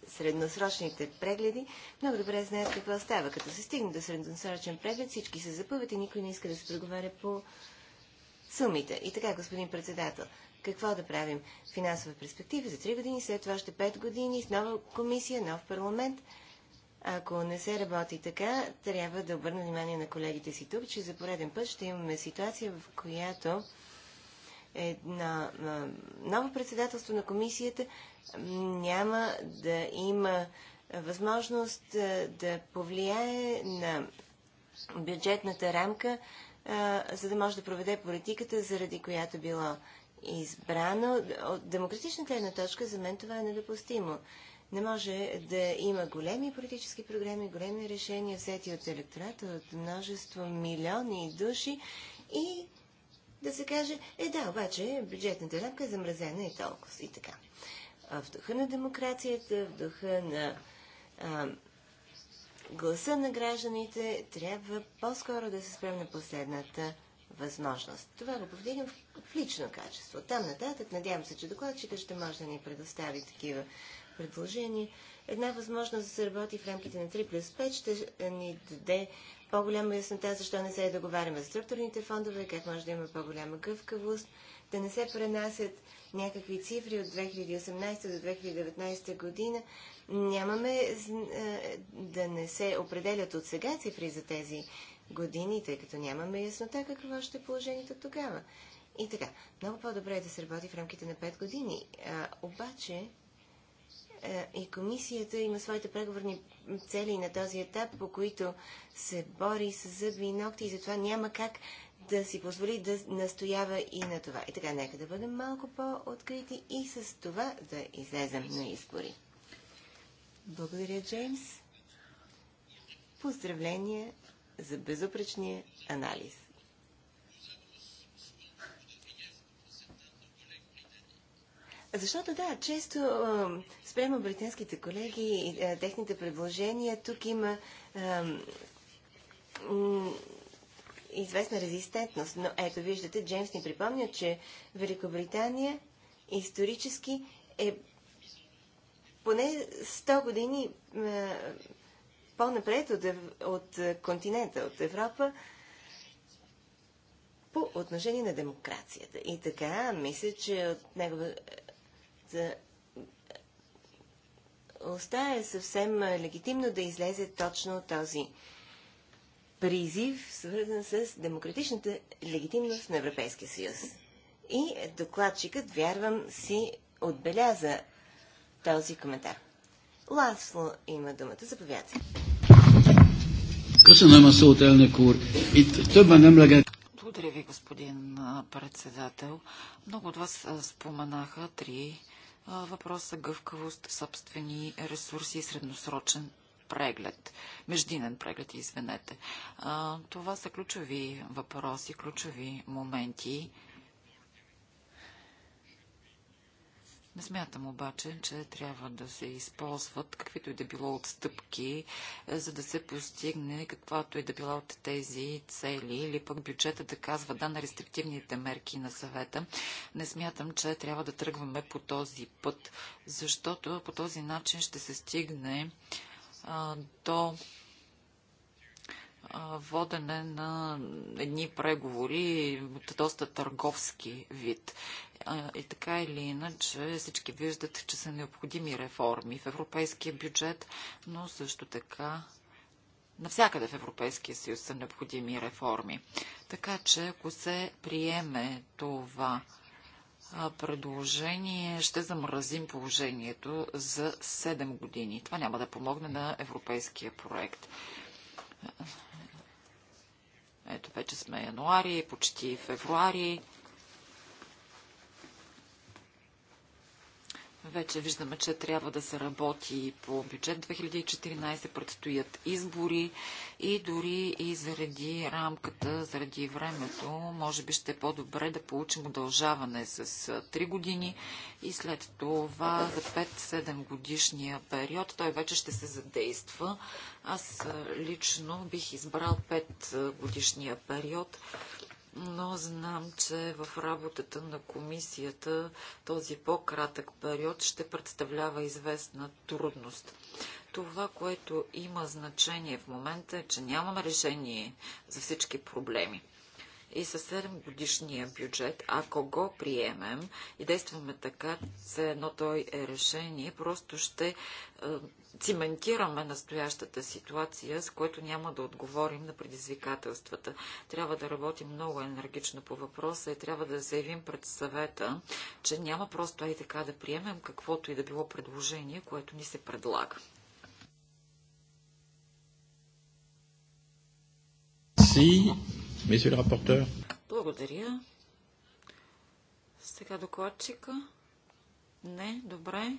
средносрочните прегледи, много добре знаят какво става. Като се стигне до средносрочен преглед, всички се запъват и никой не иска да се преговаря по сумите. И така, господин председател, какво да правим. Финансова перспектива за 3 години, след това още 5 години, с нова комисия, нов парламент. Ако не се работи така, трябва да обърна внимание на колегите си тук, че за пореден път ще имаме ситуация, в която на ново председателство на комисията няма да има възможност да повлияе на бюджетната рамка, за да може да проведе политиката, заради която било избрано. От демократична гледна точка за мен това е недопустимо. Не може да има големи политически програми, големи решения, взети от електората, от множество милиони души и да се каже, е да, обаче бюджетната рамка е замразена и толкова и така. В духа на демокрацията, в духа на а, гласа на гражданите, трябва по-скоро да се спрем на последната възможност. Това го повдигам в лично качество. Там нататък, надявам се, че докладчика ще може да ни предостави такива предложения. Една възможност да се работи в рамките на 3 плюс 5 ще е, ни даде по-голяма яснота, защо не се е договаряме за структурните фондове, как може да има по-голяма гъвкавост, да не се пренасят някакви цифри от 2018 до 2019 година. Нямаме е, да не се определят от сега цифри за тези години, тъй като нямаме яснота какво ще е положението тогава. И така, много по-добре е да се работи в рамките на 5 години. А, обаче а, и комисията има своите преговорни цели на този етап, по които се бори с зъби и ногти и затова няма как да си позволи да настоява и на това. И така, нека да бъдем малко по-открити и с това да излезем на избори. Благодаря, Джеймс. Поздравления за безупречния анализ. Защото да, често спрямо британските колеги и техните предложения, тук има известна резистентност. Но ето, виждате, Джеймс ни припомня, че Великобритания исторически е поне 100 години по-напред от, от е, континента, от Европа, по отношение на демокрацията. И така, мисля, че от неговата уста е съвсем е, легитимно да излезе точно този призив, свързан с демократичната легитимност на Европейския съюз. И докладчикът, вярвам, си отбеляза този коментар. László има думата. Заповядайте. Köszönöm a szót, elnök úr. Itt többen emleget... Благодаря ви, господин председател. Много от вас споменаха три въпроса гъвкавост, собствени ресурси и средносрочен преглед, междинен преглед, извинете. Това са ключови въпроси, ключови моменти, Не смятам обаче, че трябва да се използват каквито и да било отстъпки, е, за да се постигне каквато и да била от тези цели или пък бюджета да казва да на рестриктивните мерки на съвета. Не смятам, че трябва да тръгваме по този път, защото по този начин ще се стигне а, до водене на едни преговори от доста търговски вид. И така или иначе всички виждат, че са необходими реформи в европейския бюджет, но също така навсякъде в Европейския съюз са необходими реформи. Така че ако се приеме това предложение, ще замразим положението за 7 години. Това няма да помогне на европейския проект. Ето вече сме януари, почти февруари. Вече виждаме, че трябва да се работи по бюджет 2014, предстоят избори и дори и заради рамката, заради времето, може би ще е по-добре да получим удължаване с 3 години и след това за 5-7 годишния период той вече ще се задейства. Аз лично бих избрал 5 годишния период, но знам, че в работата на комисията този по-кратък период ще представлява известна трудност. Това, което има значение в момента е, че нямаме решение за всички проблеми. И със 7 годишния бюджет, ако го приемем и действаме така, все едно той е решение, просто ще е, циментираме настоящата ситуация, с което няма да отговорим на предизвикателствата. Трябва да работим много енергично по въпроса и трябва да заявим пред съвета, че няма просто ай така да приемем каквото и да било предложение, което ни се предлага. Monsieur le rapporteur. Благодаря. Сега докладчика. Не, добре.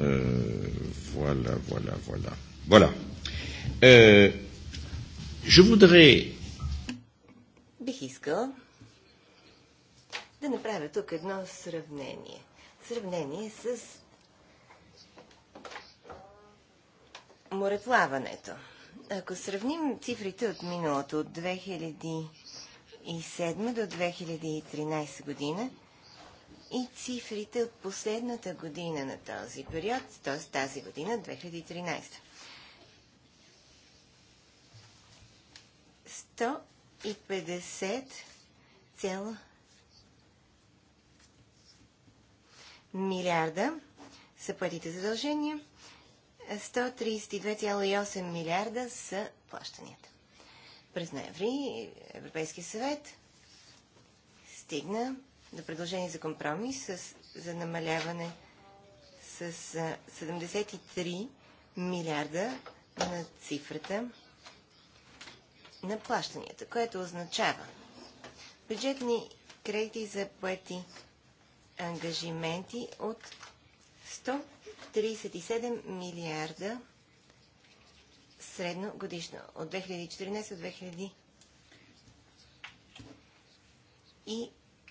Е, вуаля, вуаля, вуаля. Вуаля. Е, je voudrais. Бих искал да направя тук едно сравнение. Сравнение с мореплаването ако сравним цифрите от миналото, от 2007 до 2013 година и цифрите от последната година на този период, т.е. тази година, 2013. 150 милиарда са парите задължения 132,8 милиарда са плащанията. През ноември Европейския съвет стигна до предложение за компромис с, за намаляване с 73 милиарда на цифрата на плащанията, което означава бюджетни кредити за поети ангажименти от 100 37 милиарда средно годишно от 2014 до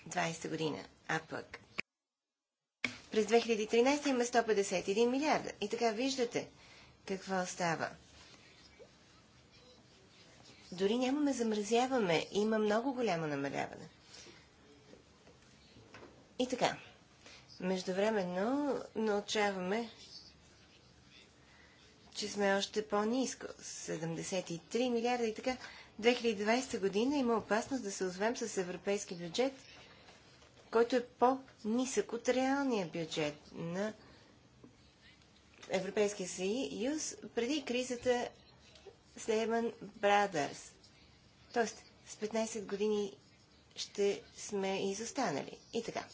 2020 година. А пък през 2013 има 151 милиарда. И така виждате какво става. Дори нямаме замразяваме. Има много голямо намаляване. И така. Междувременно научаваме, че сме още по-низко 73 милиарда и така. 2020 година има опасност да се озвем с европейски бюджет, който е по-нисък от реалния бюджет на Европейския съюз преди кризата с Лейман Брадърс. Тоест, с 15 години ще сме изостанали. И така.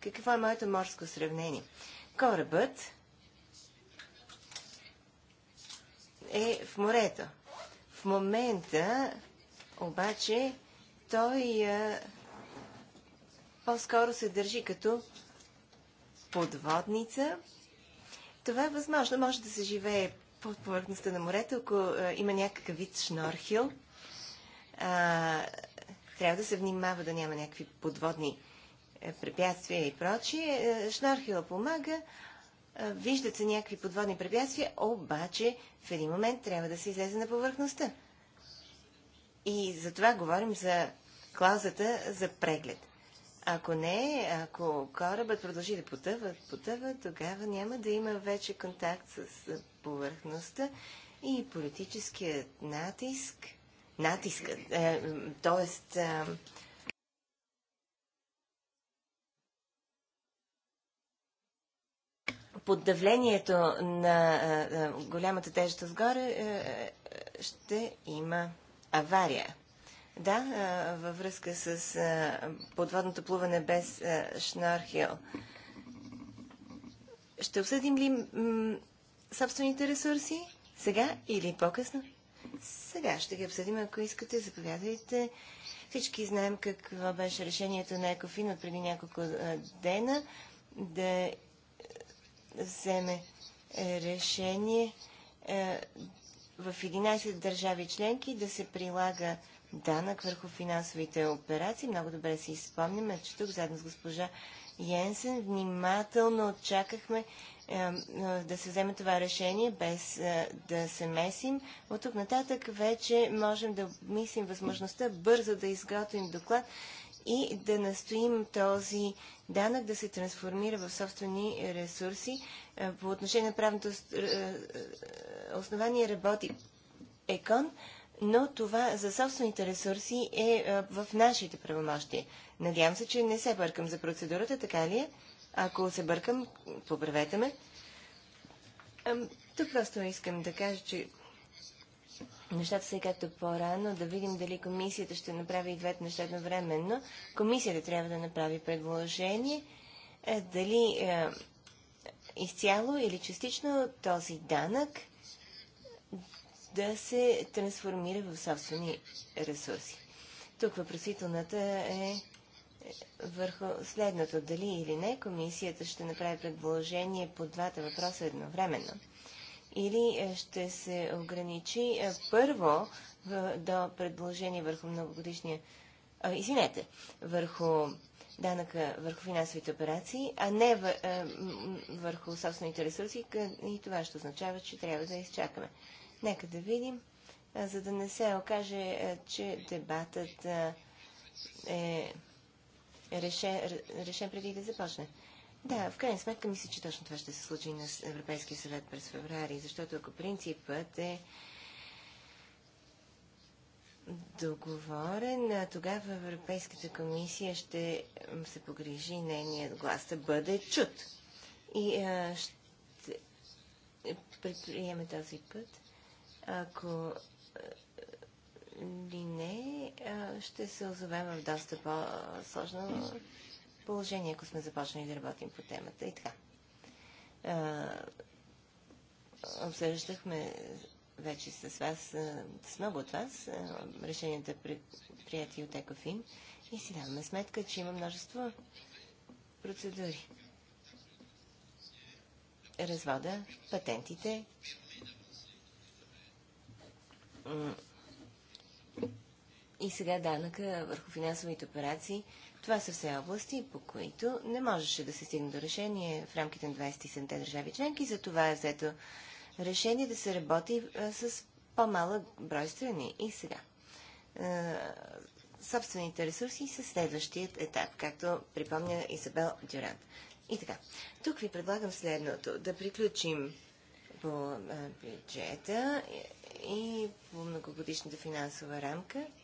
Какво е моето морско сравнение? Корабът е в морето. В момента обаче той по-скоро се държи като подводница. Това е възможно. Може да се живее под повърхността на морето, ако а, има някакъв вид шнорхил. А, трябва да се внимава да няма някакви подводни е, препятствия и прочие. Е, Шнорхила помага, е, виждат се някакви подводни препятствия, обаче в един момент трябва да се излезе на повърхността. И за това говорим за клаузата за преглед. Ако не, ако корабът продължи да потъва, потъва, тогава няма да има вече контакт с повърхността и политическият натиск, натискът, е, т.е. под давлението на голямата тежест отгоре ще има авария. Да, във връзка с подводното плуване без Шнорхил. Ще обсъдим ли собствените ресурси? Сега или по-късно? Сега ще ги обсъдим, ако искате, заповядайте. Всички знаем какво беше решението на Екофин от преди няколко дена да вземе е, решение е, в 11 държави членки да се прилага данък върху финансовите операции. Много добре си спомняме, че тук заедно с госпожа Йенсен внимателно очакахме е, да се вземе това решение без да се месим. От тук нататък вече можем да мислим възможността бързо да изготвим доклад и да настоим този данък да се трансформира в собствени ресурси. По отношение на правното основание работи ЕКОН, но това за собствените ресурси е в нашите правомощи. Надявам се, че не се бъркам за процедурата, така ли е? Ако се бъркам, поправете ме. Тук просто искам да кажа, че нещата са и както по-рано, да видим дали комисията ще направи и двете неща едновременно. Комисията трябва да направи предложение е, дали е, изцяло или частично този данък да се трансформира в собствени ресурси. Тук въпросителната е, е върху следното. Дали или не комисията ще направи предложение по двата въпроса едновременно или е, ще се ограничи е, първо до предложение върху многогодишния... А, извинете, върху данъка върху финансовите операции, а не е, върху собствените ресурси. И това ще означава, че трябва да изчакаме. Нека да видим, за да не се окаже, че дебатът е решен, решен преди да започне. Да, в крайна сметка мисля, че точно това ще се случи на Европейския съвет през феврари, защото ако принципът е договорен, тогава Европейската комисия ще се погрижи нейният глас да бъде чут. И а, ще предприеме този път. Ако ли не, ще се озовем в доста по-сложна положение, ако сме започнали да работим по темата. И така. Обсъждахме вече с вас, с много от вас, решенията прияти от Екофин и си даваме сметка, че има множество процедури. Развода, патентите, и сега данъка върху финансовите операции – това са все области, по които не можеше да се стигне до решение в рамките на 27-те държави членки. За това е взето решение да се работи а, с по-малък брой страни. И сега. А, собствените ресурси са следващият етап, както припомня Изабел Дюрант. И така. Тук ви предлагам следното. Да приключим по а, бюджета и по многогодишната финансова рамка –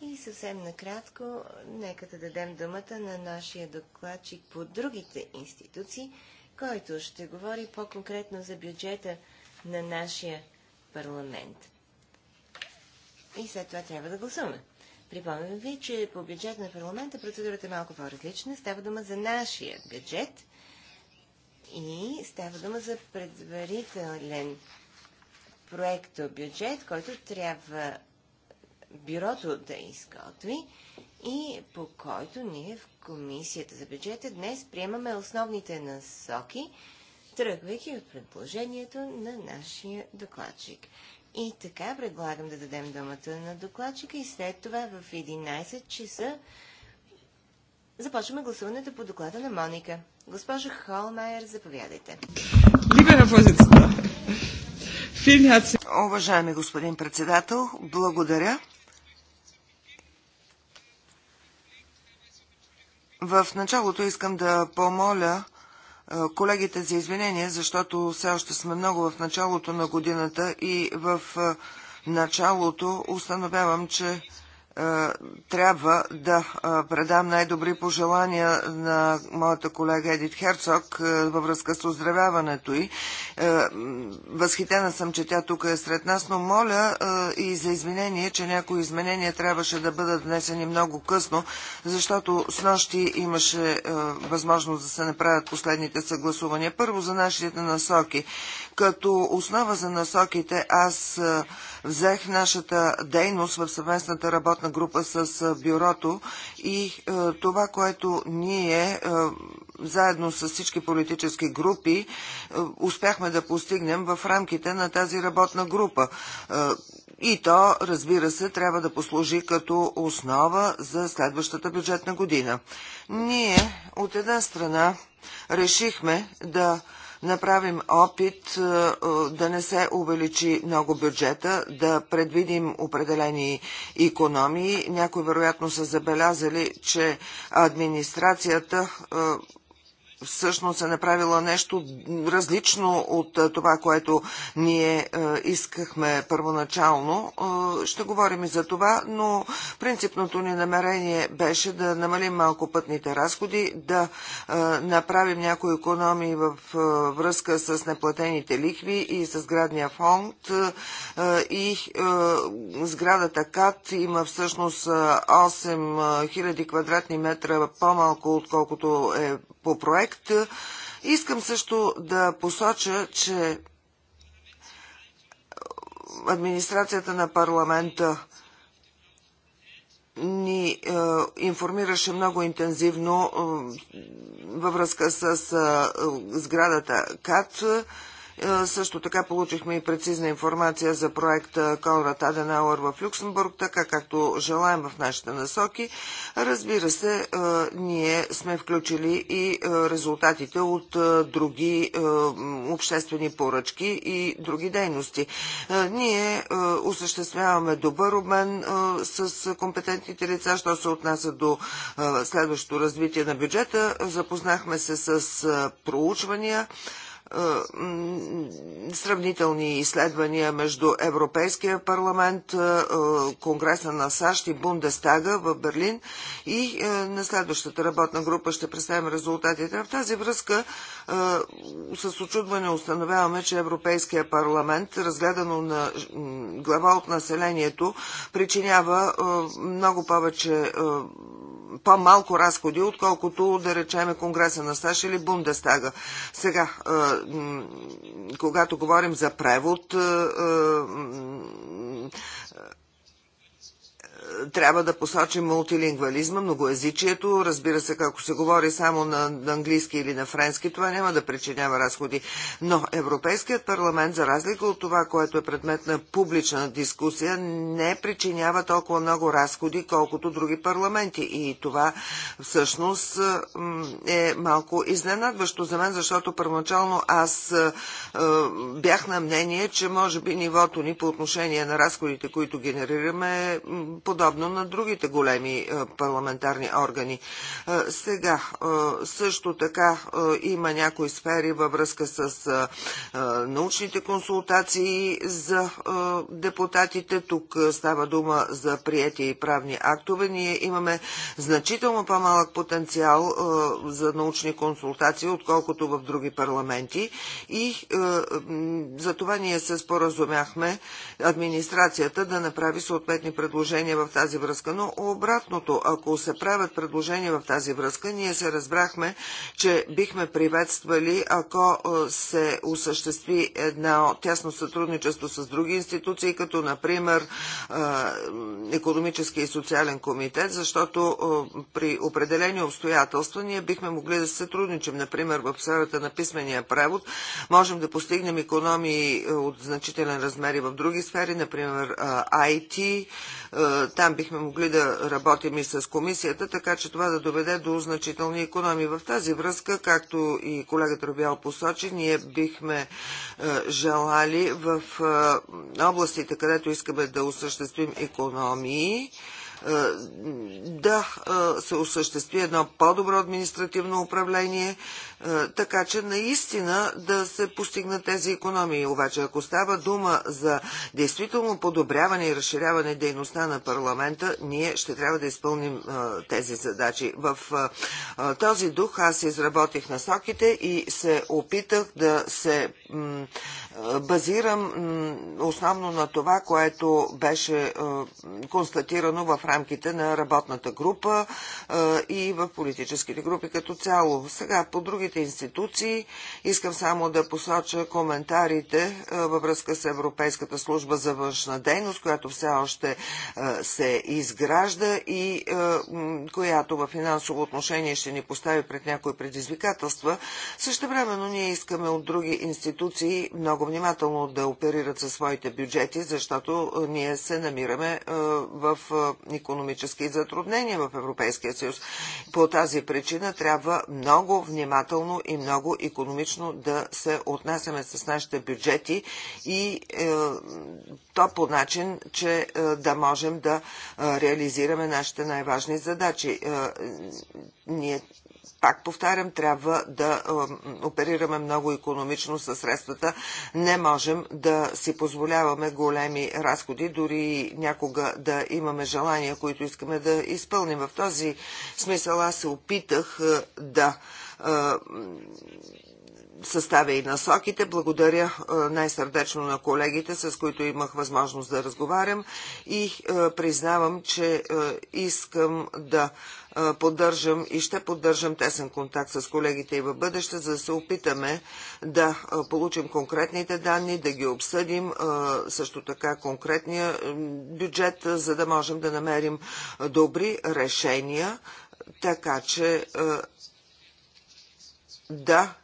и съвсем накратко, нека да дадем думата на нашия докладчик по другите институции, който ще говори по-конкретно за бюджета на нашия парламент. И след това трябва да гласуваме. Припомням ви, че по бюджет на парламента процедурата е малко по-различна. Става дума за нашия бюджет и става дума за предварителен проекто бюджет, който трябва бюрото да изготви и по който ние в Комисията за бюджета днес приемаме основните насоки, тръгвайки от предположението на нашия докладчик. И така предлагам да дадем думата на докладчика и след това в 11 часа започваме гласуването по доклада на Моника. Госпожа Холмайер, заповядайте. Либера Уважаеми господин председател, благодаря. В началото искам да помоля е, колегите за извинение, защото все още сме много в началото на годината и в е, началото установявам, че е, трябва да е, предам най-добри пожелания на моята колега Едит Херцог е, във връзка с оздравяването й. Възхитена съм, че тя тук е сред нас, но моля и за извинение, че някои изменения трябваше да бъдат внесени много късно, защото с нощи имаше възможност да се направят последните съгласувания. Първо за нашите насоки. Като основа за насоките аз взех нашата дейност в съвместната работна група с бюрото и това, което ние заедно с всички политически групи успяхме да постигнем в рамките на тази работна група. И то, разбира се, трябва да послужи като основа за следващата бюджетна година. Ние, от една страна, решихме да направим опит е, е, да не се увеличи много бюджета, да предвидим определени економии. Някои вероятно са забелязали, че администрацията е, всъщност е направила нещо различно от това, което ние искахме първоначално. Ще говорим и за това, но принципното ни намерение беше да намалим малко пътните разходи, да направим някои економии в връзка с неплатените ликви и с градния фонд и сградата КАТ има всъщност 8000 квадратни метра по-малко, отколкото е по проект. Искам също да посоча, че администрацията на парламента ни е, информираше много интензивно е, във връзка с е, сградата КАТ. Е, е, също така получихме и прецизна информация за проекта Конрад Аденауър в Люксембург, така както желаем в нашите насоки. Разбира се, е, ние сме включили и е, резултатите от други обществени поръчки и други дейности. Ние осъществяваме добър обмен с компетентните лица, що се отнася до следващото развитие на бюджета. Запознахме се с проучвания сравнителни изследвания между Европейския парламент, Конгреса на САЩ и Бундестага в Берлин и на следващата работна група ще представим резултатите. В тази връзка с очудване установяваме, че Европейския парламент, разгледано на глава от населението, причинява много повече по-малко разходи, отколкото да речеме Конгреса на САЩ или Бундестага. Сега, когато говорим за превод, трябва да посочим мултилингвализма, многоязичието. Разбира се, ако се говори само на, на английски или на френски, това няма да причинява разходи. Но Европейският парламент, за разлика от това, което е предмет на публична дискусия, не причинява толкова много разходи, колкото други парламенти. И това всъщност е малко изненадващо за мен, защото първоначално аз е, е, бях на мнение, че може би нивото ни по отношение на разходите, които генерираме, е под подобно на другите големи е, парламентарни органи. Е, сега е, също така има някои сфери във връзка с научните консултации за депутатите. Тук става дума за прияти и правни актове. Ние имаме значително по-малък потенциал за научни консултации, отколкото в други парламенти. И за това ние се споразумяхме администрацията да направи съответни предложения в тази връзка, но обратното, ако се правят предложения в тази връзка, ние се разбрахме, че бихме приветствали, ако е, се осъществи едно тясно сътрудничество с други институции, като например економически и социален комитет, защото е, при определени обстоятелства ние бихме могли да се сътрудничим, например в сферата на писмения превод, можем да постигнем економии е, от значителен размер и в други сфери, например IT, там бихме могли да работим и с комисията, така че това да доведе до значителни економии. В тази връзка, както и колегата Робял посочи, ние бихме е, желали в е, областите, където искаме да осъществим економии, е, да се осъществи едно по-добро административно управление, е, така че наистина да се постигнат тези економии. Обаче, ако става дума за действително подобряване и разширяване дейността на парламента, ние ще трябва да изпълним е, тези задачи. В е, този дух аз изработих насоките и се опитах да се базирам основно на това, което беше констатирано в рамките на работната група и в политическите групи като цяло. Сега по други финансовите институции. Искам само да посоча коментарите във връзка с Европейската служба за външна дейност, която все още се изгражда и която в финансово отношение ще ни постави пред някои предизвикателства. Също времено ние искаме от други институции много внимателно да оперират със своите бюджети, защото ние се намираме в економически затруднения в Европейския съюз. По тази причина трябва много внимателно внимателно и много економично да се отнасяме с нашите бюджети и е, то по начин, че е, да можем да е, реализираме нашите най-важни задачи. Е, ние пак повтарям, трябва да е, оперираме много економично със средствата. Не можем да си позволяваме големи разходи, дори някога да имаме желания, които искаме да изпълним. В този смисъл аз се опитах е, да съставя и насоките. Благодаря най-сърдечно на колегите, с които имах възможност да разговарям и признавам, че искам да поддържам и ще поддържам тесен контакт с колегите и в бъдеще, за да се опитаме да получим конкретните данни, да ги обсъдим, също така конкретния бюджет, за да можем да намерим добри решения, така че да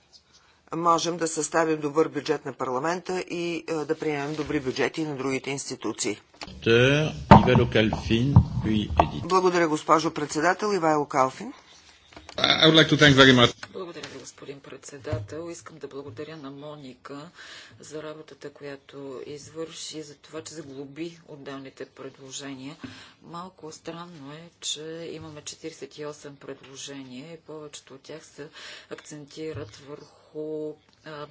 можем да съставим добър бюджет на парламента и е, да приемем добри бюджети на другите институции. Благодаря, госпожо председател. Ивайло Калфин. I would like to thank very much. Благодаря ви, господин председател. Искам да благодаря на Моника за работата, която извърши, за това, че заглоби отделните предложения. Малко странно е, че имаме 48 предложения и повечето от тях се акцентират върху върху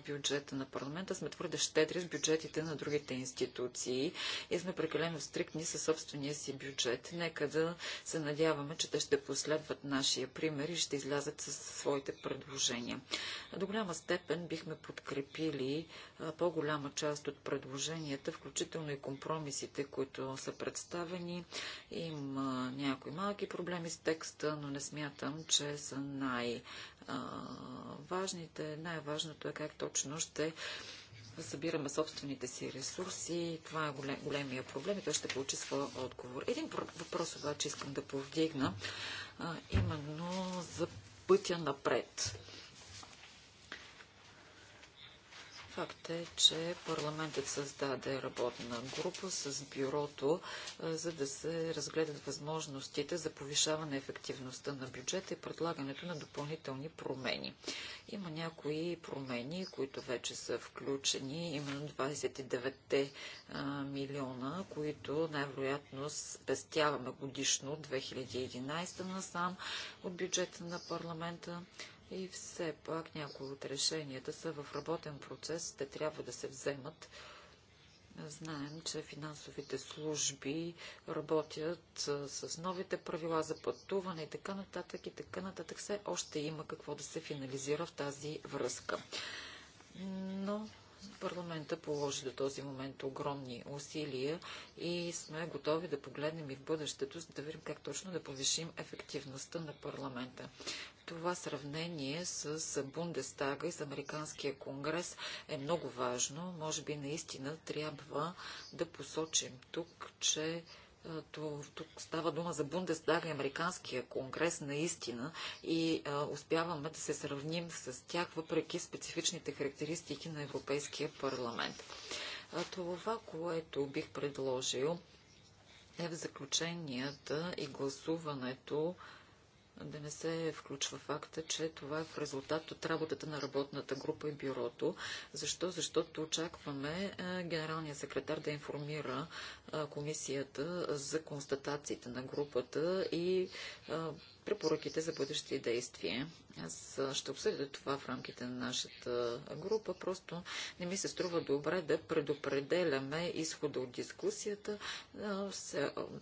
бюджета на парламента, сме твърде щедри с бюджетите на другите институции и сме прекалено стриктни със собствения си бюджет. Нека да се надяваме, че те ще последват нашия пример и ще излязат със своите предложения. До голяма степен бихме подкрепили по-голяма част от предложенията, включително и компромисите, които са представени. Има някои малки проблеми с текста, но не смятам, че са най-важните, най-важните най-важното е как точно ще събираме собствените си ресурси. Това е голем, големия проблем и той ще получи своя отговор. Един въпрос обаче искам да повдигна, а, именно за пътя напред. Факт е, че парламентът създаде работна група с бюрото, е, за да се разгледат възможностите за повишаване ефективността на бюджета и предлагането на допълнителни промени. Има някои промени, които вече са включени, именно 29 е, милиона, които най-вероятно спестяваме годишно 2011 насам от бюджета на парламента. И все пак някои от решенията са в работен процес, те трябва да се вземат. Знаем, че финансовите служби работят с новите правила за пътуване и така нататък и така нататък. Все още има какво да се финализира в тази връзка. Но Парламента положи до този момент огромни усилия и сме готови да погледнем и в бъдещето, за да видим как точно да повишим ефективността на парламента. Това сравнение с Бундестага и с Американския конгрес е много важно. Може би наистина трябва да посочим тук, че тук става дума за Бундестаг и Американския конгрес наистина и а, успяваме да се сравним с тях, въпреки специфичните характеристики на Европейския парламент. А, това, което бих предложил е в заключенията и гласуването да не се включва факта, че това е в резултат от работата на работната група и бюрото. Защо? Защото очакваме е, генералния секретар да информира е, комисията за констатациите на групата и е, препоръките за бъдещи действия. Аз ще обсъдя това в рамките на нашата група. Просто не ми се струва добре да предопределяме изхода от дискусията.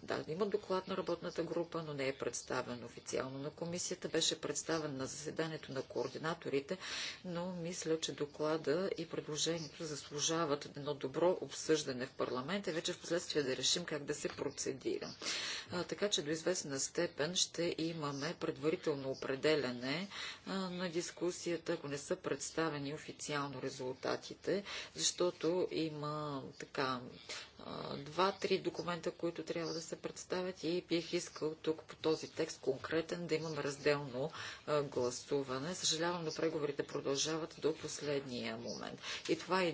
Да, има доклад на работната група, но не е представен официално на комисията. Беше представен на заседанието на координаторите, но мисля, че доклада и предложението заслужават едно добро обсъждане в парламента и вече в последствие да решим как да се процедира. Така че до известна степен ще има имаме предварително определене на дискусията, ако не са представени официално резултатите, защото има така два-три документа, които трябва да се представят и бих искал тук по този текст конкретен да имам разделно гласуване. Съжалявам, но преговорите продължават до последния момент. И това е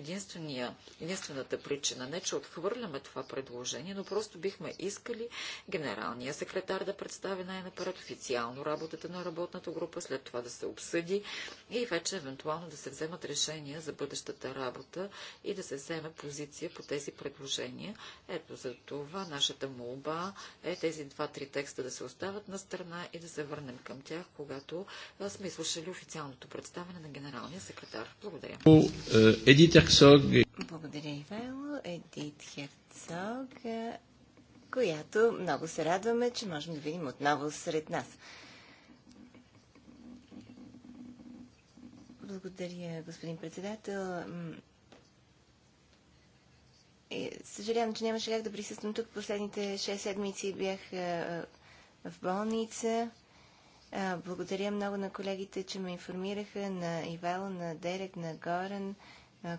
единствената причина. Не, че отхвърляме това предложение, но просто бихме искали генералния секретар да представи най-напред официално работата на работната група, след това да се обсъди и вече евентуално да се вземат решения за бъдещата работа и да се вземе позиция по тези предложения изменения. Ето за това нашата молба е тези два-три текста да се остават на страна и да се върнем към тях, когато сме изслушали официалното представяне на генералния секретар. Благодаря. Е, Благодаря, Ивайло. Едит Херцог, е, която много се радваме, че можем да видим отново сред нас. Благодаря, господин председател. Е, съжалявам, че нямаше как да присъствам тук. Последните 6 седмици бях е, е, в болница. Благодаря много на колегите, че ме информираха, на Ивало, на Дерек, на Горан,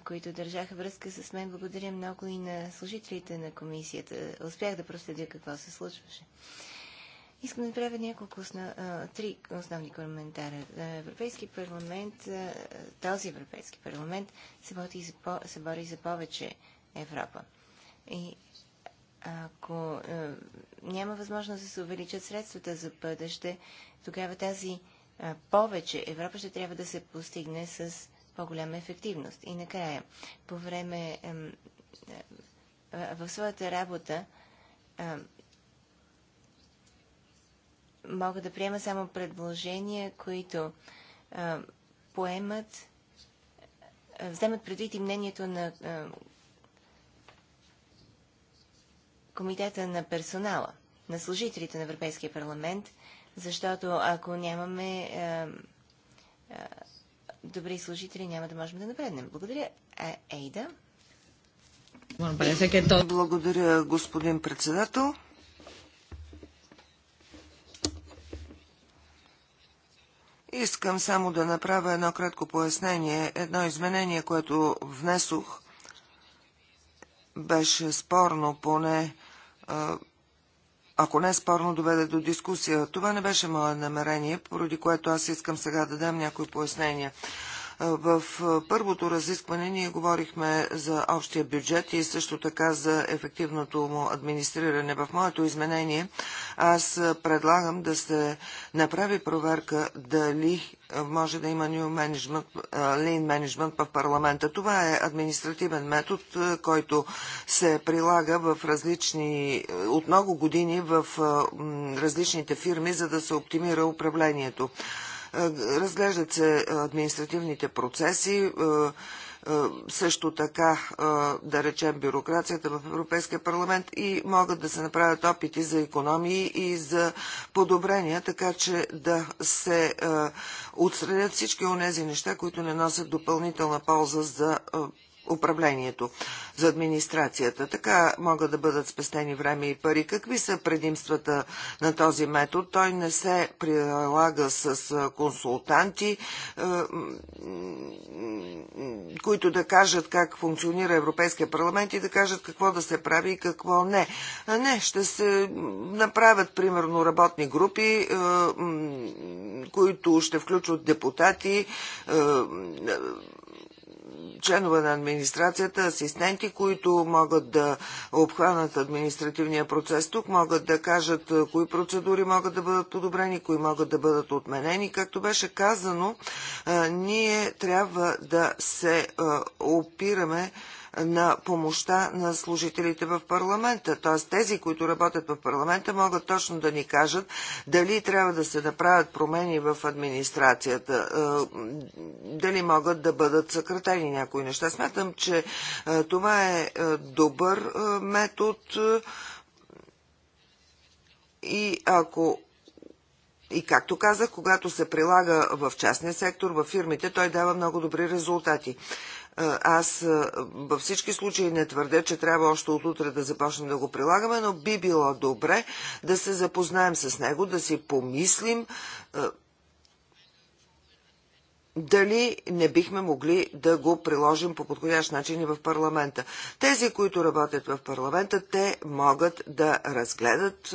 които държаха връзка с мен. Благодаря много и на служителите на комисията. Успях да проследя какво се случваше. Искам да направя няколко основ... три основни коментара. Европейски парламент, този Европейски парламент се бори за повече Европа. И ако а, е, няма възможност да се увеличат средствата за бъдеще, тогава тази а, е, повече Европа ще трябва да се постигне с по-голяма ефективност. И накрая, по време е, в своята работа а, мога да приема само предложения, които а, поемат, а, вземат предвид и мнението на комитета на персонала, на служителите на Европейския парламент, защото ако нямаме е, е, добри служители, няма да можем да напреднем. Благодаря, а, е, Ейда. Благодаря, господин председател. Искам само да направя едно кратко пояснение. Едно изменение, което внесох, беше спорно поне ако не е спорно, доведе до дискусия. Това не беше мое намерение, поради което аз искам сега да дам някои пояснения. В първото разискване ние говорихме за общия бюджет и също така за ефективното му администриране. В моето изменение аз предлагам да се направи проверка дали може да има new management, lean management в парламента. Това е административен метод, който се прилага в различни, от много години в различните фирми, за да се оптимира управлението. Е, разглеждат се административните процеси, е, е, също така, да речем, бюрокрацията в Европейския парламент и могат да се направят опити за економии и за подобрения, така че да се отстранят всички от тези неща, които не носят допълнителна полза за управлението, за администрацията. Така могат да бъдат спестени време и пари. Какви са предимствата на този метод? Той не се прилага с консултанти, които да кажат как функционира Европейския парламент и да кажат какво да се прави и какво не. Не, ще се направят примерно работни групи, които ще включват депутати, членове на администрацията, асистенти, които могат да обхванат административния процес тук, могат да кажат е, кои процедури могат да бъдат подобрени, кои могат да бъдат отменени. Както беше казано, е, ние трябва да се е, опираме на помощта на служителите в парламента. Т.е. тези, които работят в парламента, могат точно да ни кажат дали трябва да се направят промени в администрацията, е, дали могат да бъдат съкратени някои неща. Смятам, че е, това е, е добър метод и ако и както казах, когато се прилага в частния сектор, в фирмите, той дава много добри резултати. Аз във всички случаи не твърдя, че трябва още от утре да започнем да го прилагаме, но би било добре да се запознаем с него, да си помислим дали не бихме могли да го приложим по подходящ начин и в парламента. Тези, които работят в парламента, те могат да разгледат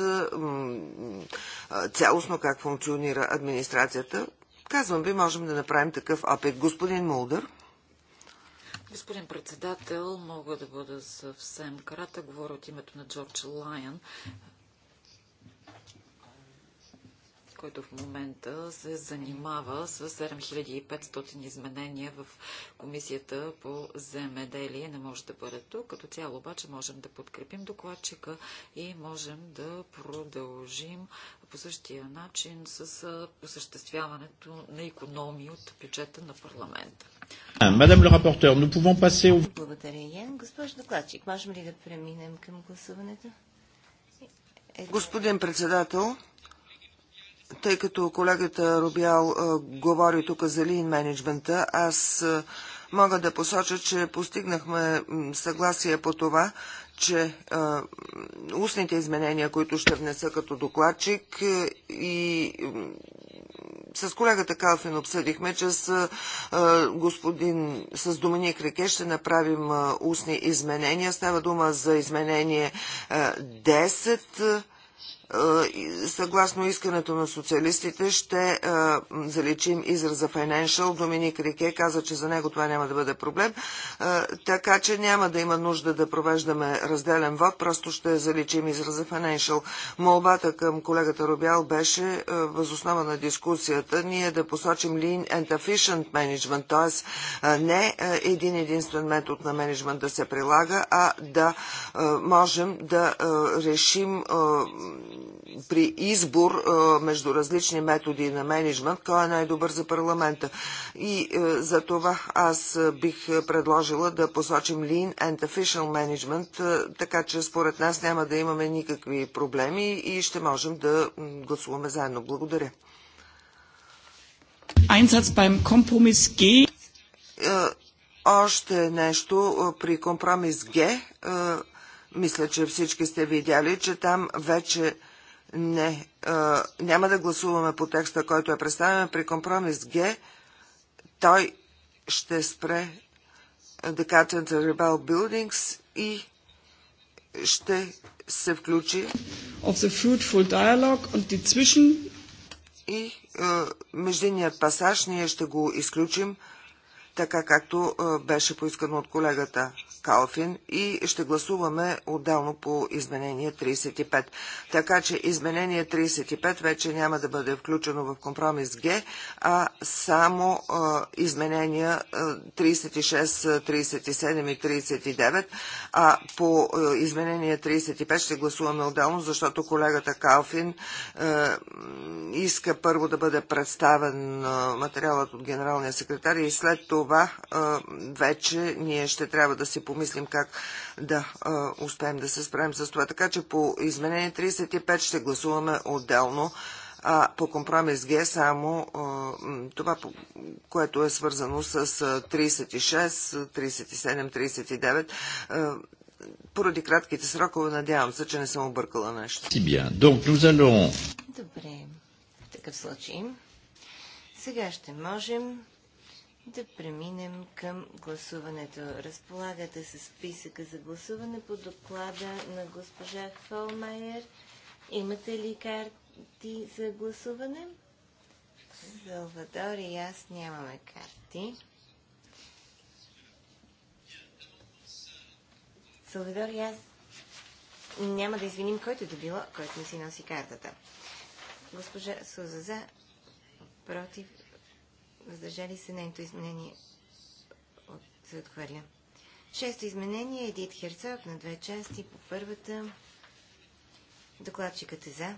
цялостно как функционира администрацията. Казвам ви, можем да направим такъв опит. Господин Мулдър. Господин председател, мога да бъда съвсем кратък. Говоря от името на Джордж Лайън, който в момента се занимава с 7500 изменения в Комисията по земеделие. Не може да бъде тук. Като цяло обаче можем да подкрепим докладчика и можем да продължим по същия начин с осъществяването на економии от бюджета на парламента. Мадам ле рапортер, nous pouvons passer au... Благодаря, Ян. докладчик, можем ли да преминем към гласуването? Е, е, Господин председател, тъй като колегата Рубял говори тук за лин менеджмента, аз мога да посоча, че постигнахме съгласие по това, че устните изменения, които ще внеса като докладчик е, и с колегата Калфин обсъдихме, че с господин, с Доминик Реке ще направим устни изменения. Става дума за изменение 10 е, съгласно искането на социалистите ще е, заличим израза financial. Доминик Рике каза, че за него това няма да бъде проблем, е, така че няма да има нужда да провеждаме разделен вод, просто ще заличим израза financial. Молбата към колегата Робял беше възоснова на дискусията ние да посочим lean and efficient management, т.е. не един единствен метод на менеджмент да се прилага, а да можем да решим при избор между различни методи на менеджмент, кой е най-добър за парламента. И за това аз бих предложила да посочим Lean and Official Management, така че според нас няма да имаме никакви проблеми и ще можем да гласуваме заедно. Благодаря. Einsatz beim Kompromiss G. Още нещо при компромис Г. Мисля, че всички сте видяли, че там вече не, а, няма да гласуваме по текста, който е представен при компромис Г. Той ще спре The Catent Rebel Buildings и ще се включи of the fruitful dialogue and the zwischen и а, междинният пасаж ние ще го изключим така както а, беше поискано от колегата. Калфин и ще гласуваме отделно по изменение 35. Така че изменение 35 вече няма да бъде включено в компромис Г, а само а, изменения 36, 37 и 39. А по а, изменение 35 ще гласуваме отделно, защото колегата Калфин а, иска първо да бъде представен а, материалът от генералния секретар и след това а, вече ние ще трябва да си помислим помислим как да а, успеем да се справим с това. Така че по изменение 35 ще гласуваме отделно, а по компромис Г само а, това, което е свързано с 36, 37, 39. А, поради кратките срокове, надявам се, че не съм объркала нещо. Добре, в такъв случай. Сега ще можем да преминем към гласуването. Разполагате с списъка за гласуване по доклада на госпожа Холмайер. Имате ли карти за гласуване? Салвадор и аз нямаме карти. Салвадор и аз няма да извиним който е да било, който не си носи картата. Госпожа Суза за, против, въздържали се, нейното изменение от... се отхвърля. Шесто изменение е Едит Херцог на две части. По първата докладчикът е за.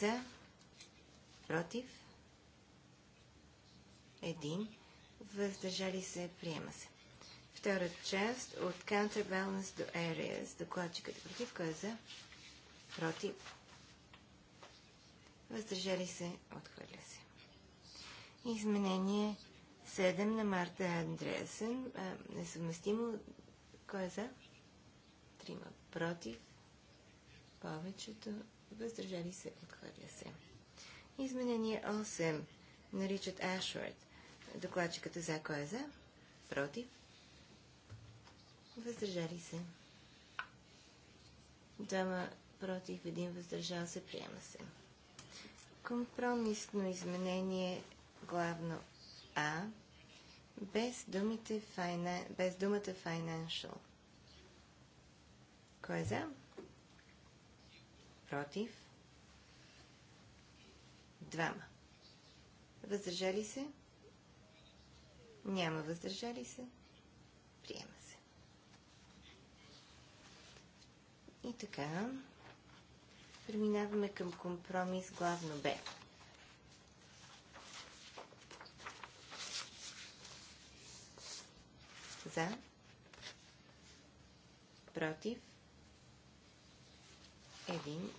За. Против. Един. Въздържали се. Приема се. Втора част от Counterbalance до Areas. Докладчикът е против. Кой е за? Против. Въздържали се. Отхвърля се. Изменение 7 на Марта Андреасен. Несъвместимо. Кой е за? Трима против. Повечето. Въздържали се. Отхвърля се. Изменение 8 на Ричард Ашвард. Докладчиката е за. Кой е за? Против. Въздържали се. Двама против, един въздържал се, приема се. Компромисно изменение главно А, без, думите finan... без думата financial. Кой е за? Против? Двама. Въздържали се? Няма въздържали се? Приема се. И така, преминаваме към компромис главно Б. За. Против. Един.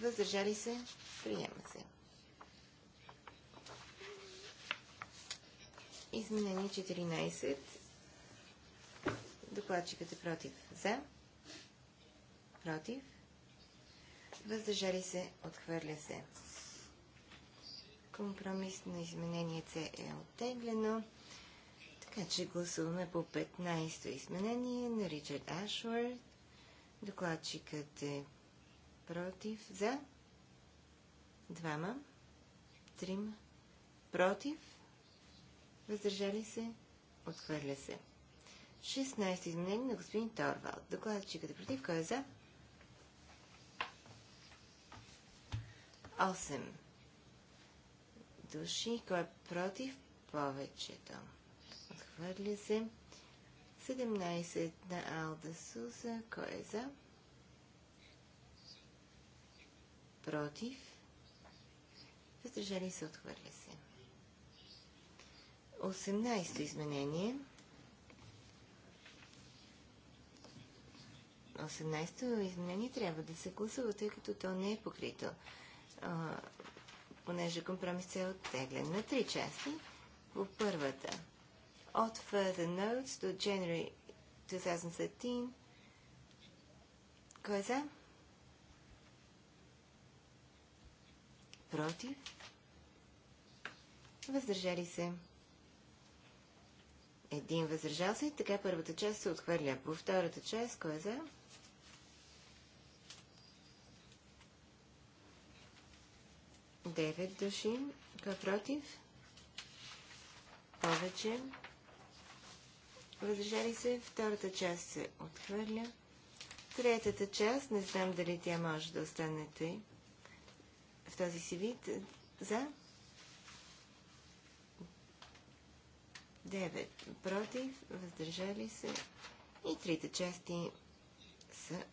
Въздържали се. Приема се. Изменение 14. Докладчикът е против. За. Против. Въздържали се. Отхвърля се. Компромис на изменение С е оттеглено. Така че гласуваме по 15-то изменение на Ричард Ашвард. Докладчикът е против. За. Двама. Трима. Против. Въздържали се. Отхвърля се. 16 изменение на господин Торвал. Докладчикът е против. Кой е за? 8 души. Кой е против? Повечето. Отхвърля се. 17 на Алда Суза. Кой е за? Против. Въздържали се. Отхвърля се. 18 изменение. 18-то изменение трябва да се гласува, тъй като то не е покрито. А, понеже компромис е оттеглен на три части. По първата от further notes до January 2013. Кой е за? Против? Въздържали се. Един въздържал се и така първата част се отхвърля. По втората част, кой е за? Девет души. Кой е против? Повече. Въздържали се. Втората част се отхвърля. Третата част, не знам дали тя може да остане тъй. В този си вид. За. Девет против, въздържали се и трите части са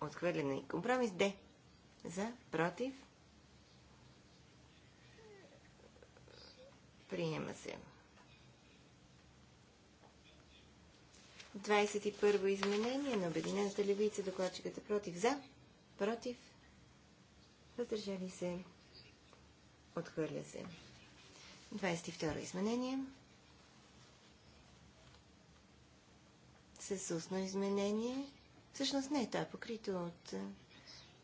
отхвърлени. Компромис Д. За, против. Приема се. 21 изменение на Обединената левица, докладчиката е против за, против, въздържали се, отхвърля се. 22 изменение. С устно изменение. Всъщност не, това е покрито от е,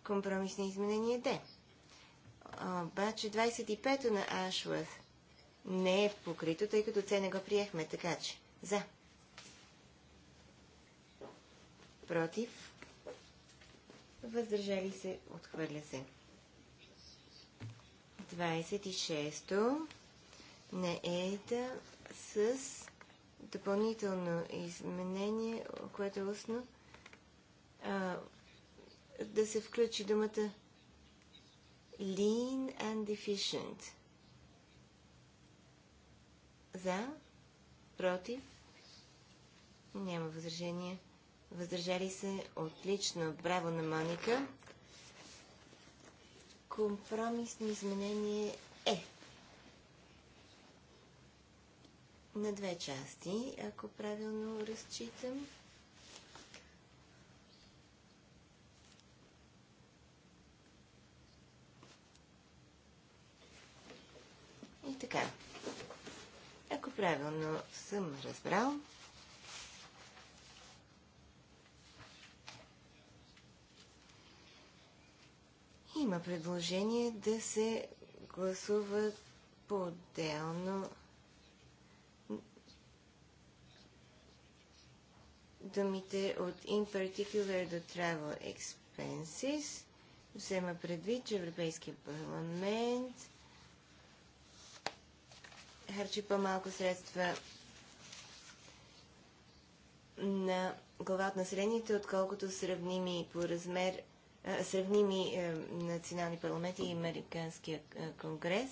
компромисни изменения Д. Обаче 25-то на Ашвър не е покрито, тъй като це не го приехме, така че за. против, въздържали се, отхвърля се. 26-то на ЕИТА с допълнително изменение, което е устно, а, да се включи думата lean and deficient. За? Против? Няма възражение въздържали се, отлично. Браво на Моника. Компромисно изменение е на две части, ако правилно разчитам. И така. Ако правилно съм разбрал, Има предложение да се гласуват по-отделно думите от in particular to travel expenses. Взема предвид, че Европейския парламент харчи по-малко средства на глава от населението, отколкото сравними по размер сравними национални парламенти и Американския конгрес.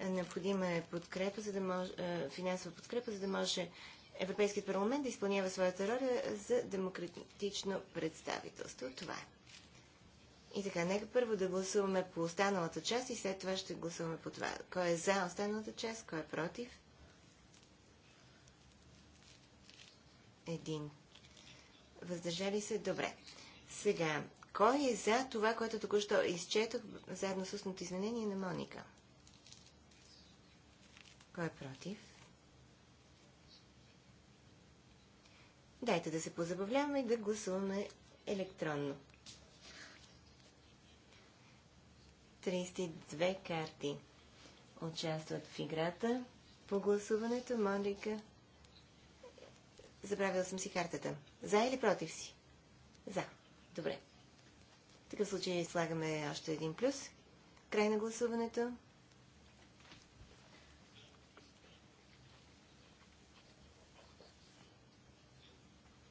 Необходима е подкрепа, за да може, финансова подкрепа, за да може Европейският парламент да изпълнява своята роля за демократично представителство. Това е. И така, нека първо да гласуваме по останалата част и след това ще гласуваме по това. Кой е за останалата част, кой е против? Един. Въздържали се? Добре. Сега, кой е за това, което току-що изчетох заедно с устното изменение на Моника? Кой е против? Дайте да се позабавляваме и да гласуваме електронно. 32 карти участват в играта. По гласуването, Моника, забравила съм си картата. За или против си? За. Добре. В такъв случай слагаме още един плюс. Край на гласуването.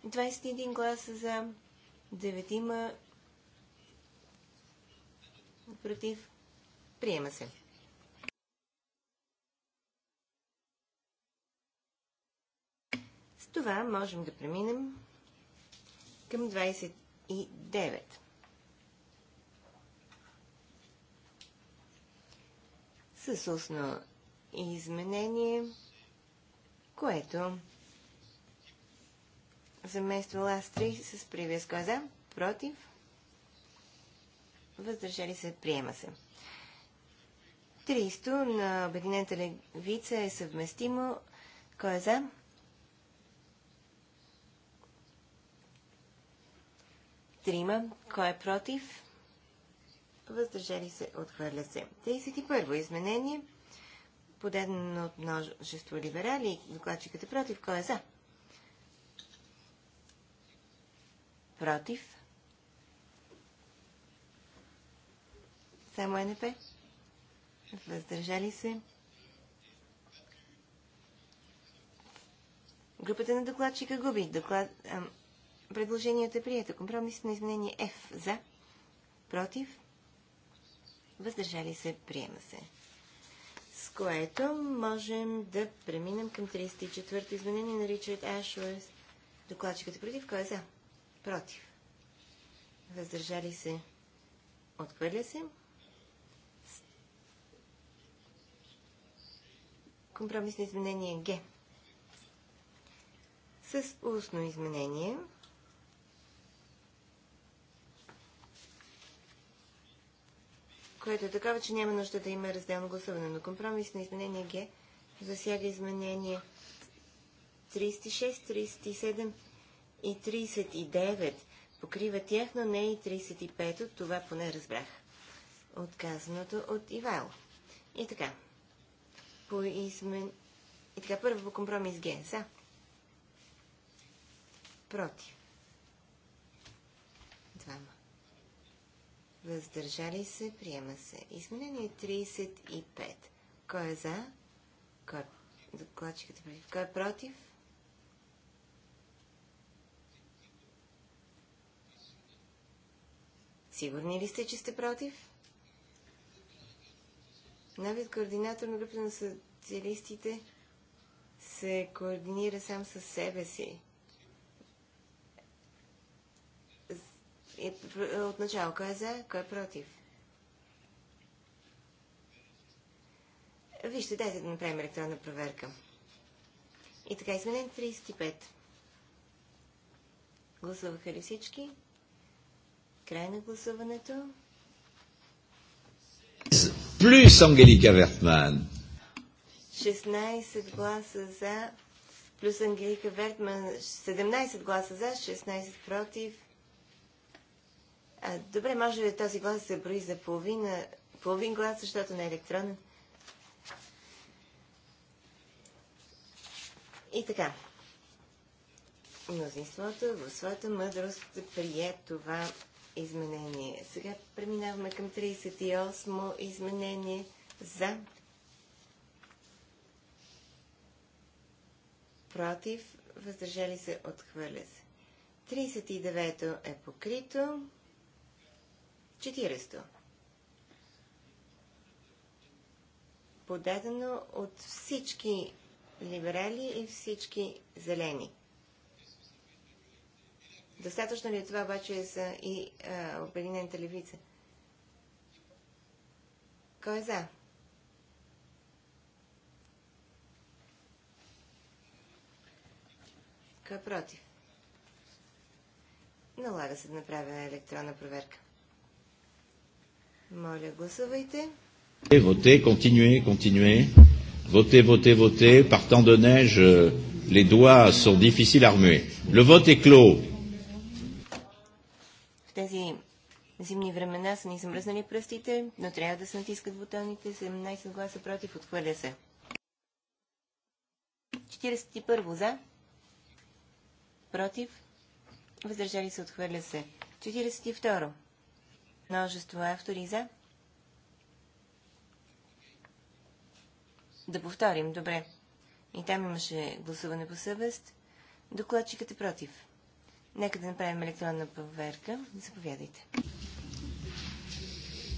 Двадесет един гласа за, деветима против. Приема се. С това можем да преминем към 29. с устно изменение, което замества Ластри 3 с previous. Кой за? Против? Въздържали се? Приема се. Тристо на Обединената левица е съвместимо. Кой е за? Трима. Кой е против? въздържали се, отхвърля се. 31. Изменение, подедено от множество либерали, докладчикът е против, кой е за? Против. Само НП. Въздържали се. Групата на докладчика губи. Доклад, предложението е прието. Компромисно изменение F. За. Против въздържали се, приема се. С което можем да преминем към 34-то изменение на Ричард Ашуърс. Докладчикът е против, кой е за? Против. Въздържали се, отхвърля се. Компромисно изменение Г. С устно изменение – което е такава, че няма нужда да има разделно гласуване. Но компромис на изменение Г засяга изменение 36, 37 и 39. Покрива тях, но не и 35. От това поне разбрах. Отказаното от Ивайло. И така. По измен... И така, първо по компромис Г. За. Против. Двама въздържали се, приема се. Изменение 35. Кой е за? Кой, е, е, против. Кой е против? Сигурни ли сте, че сте против? Новият координатор на групата на социалистите се координира сам със себе си. И е, е, отначало кой е за, кой е против. Вижте, дайте да направим електронна проверка. И така, изменен 35. Гласуваха ли всички? Край на гласуването. Плюс Ангелика Вертман. 16 гласа за, плюс Ангелика Вертман, 17 гласа за, 16 против, а, добре, може ли този глас се брои за половина, половин глас, защото не е електронен? И така. Мнозинството в своята мъдрост прие това изменение. Сега преминаваме към 38 изменение за против, въздържали се, отхвърля се. 39-то е покрито. 40. Подадено от всички либерали и всички зелени. Достатъчно ли е това обаче за и а, Обединената левица? Кой е за? Кой е против? Налага се да направя електронна проверка. Моля, гласувайте. Votez, continuez, continuez. Votez, votez, votez. Par temps de neige, euh, les doigts sont difficiles à remuer. Le vote est clos. В тези зимни времена са ни замръзнали пръстите, но трябва да се натискат бутоните. 17 гласа против, отхвърля се. 41 за, против, въздържали се, отхвърля се. 42 Множество автори за. Да повторим, добре. И там имаше гласуване по съвест. Докладчикът е против. Нека да направим електронна проверка. Заповядайте.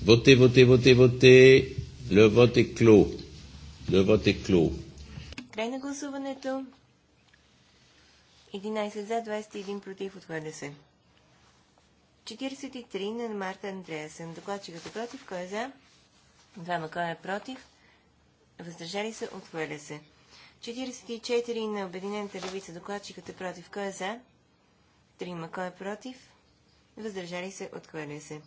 Воте, воте, воте, воте. Le vote est clos. Le vote est clos. Край на гласуването. 11 за, 21 против, отхвърля се. 43 на Марта Андреасен. Докладчикът е против. Кой е за? Двама. Кой е против? Въздържали се. Отхвърля се. 44 на Обединената левица. Докладчикът е против. Кой е за? Трима. Кой е против? Въздържали се. Отхвърля се.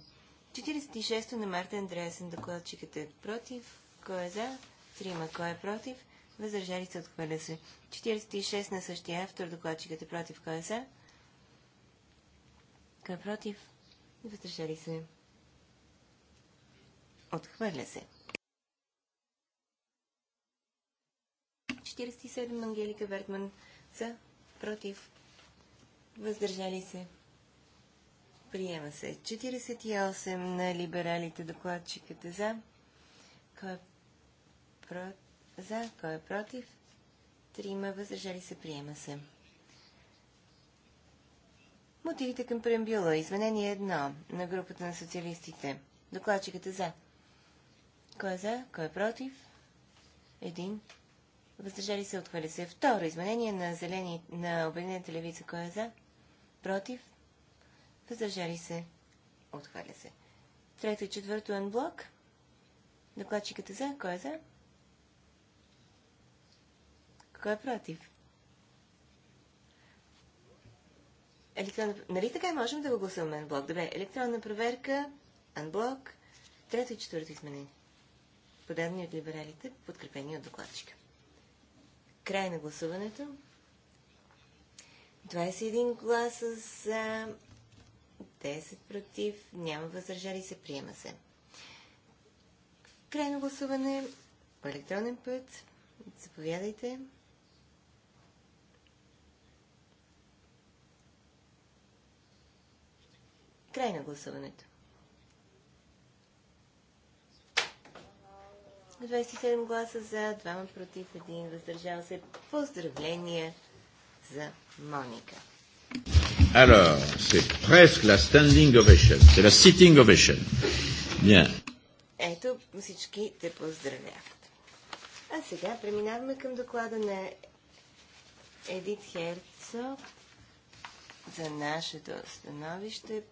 46 на Марта Андреасен. Докладчикът е против. Кой е за? Трима. Кой е против? Въздържали се. Отхвърля се. 46 на същия автор. Докладчикът е против. Кой е за? Кой е против? Въздържали се. Отхвърля се. 47 Ангелика Вертман за, против, въздържали се. Приема се. 48 на либералите докладчиката е за. Кой е про... за, кой е против? Трима въздържали се. Приема се. Мотивите към преамбюла. Изменение едно на групата на социалистите. Докладчикът е за. Кой е за? Кой е против? Един. Въздържали се, отхвали се. Второ изменение на, зелени, на Обединената левица. Кой е за? Против? Въздържали се, Отхвали се. Трето и четвърто анблок. Докладчикът е за. Кой е за? Кой е против? електронна... Нали така можем да го гласуваме анблок? Добре, електронна проверка, анблок, трето и четвърто изменение. Подадени от либералите, подкрепени от докладчика. Край на гласуването. 21 гласа за 10 против, няма възражали се, приема се. Крайно гласуване по електронен път. Заповядайте. Край на гласуването. 27 гласа за, 2 против, 1 въздържал се. Поздравления за Моника. Alors, c'est presque la standing ovation. C'est la sitting ovation. Bien. Ето, всички те поздравяват. А сега преминаваме към доклада на Едит Херцог за нашето становище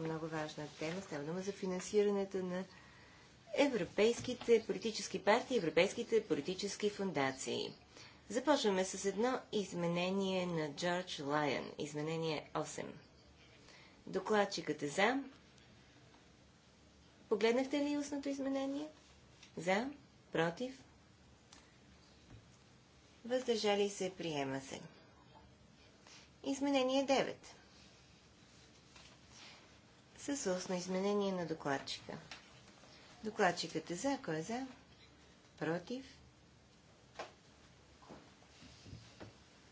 много важна тема. Става дума за финансирането на европейските политически партии, европейските политически фундации. Започваме с едно изменение на Джордж Лайън. Изменение 8. Докладчикът е за. Погледнахте ли устното изменение? За. Против. Въздържали се, приема се. Изменение 9 с осно изменение на докладчика. Докладчикът е за. Кой е за? Против?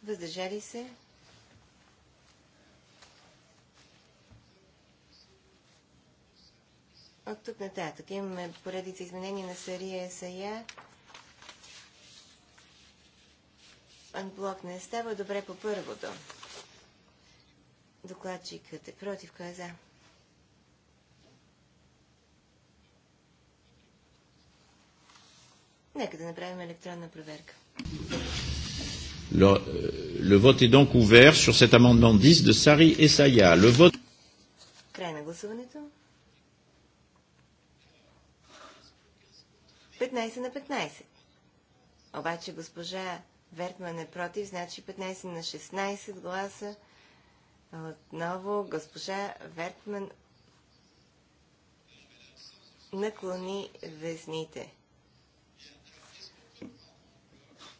Въздържали се? От тук нататък имаме поредица изменения на Сария Есая. Анблок не става добре по първото. Докладчикът е против, кой е за? Нека да направим електронна проверка. Le, э, le vote est donc ouvert sur cet amendement 10 de Sari Essaya. Le vote. Край на гласуването. 15 на 15. Обаче госпожа Вертман е против, значи 15 на 16 гласа. Отново госпожа Вертман наклони везните.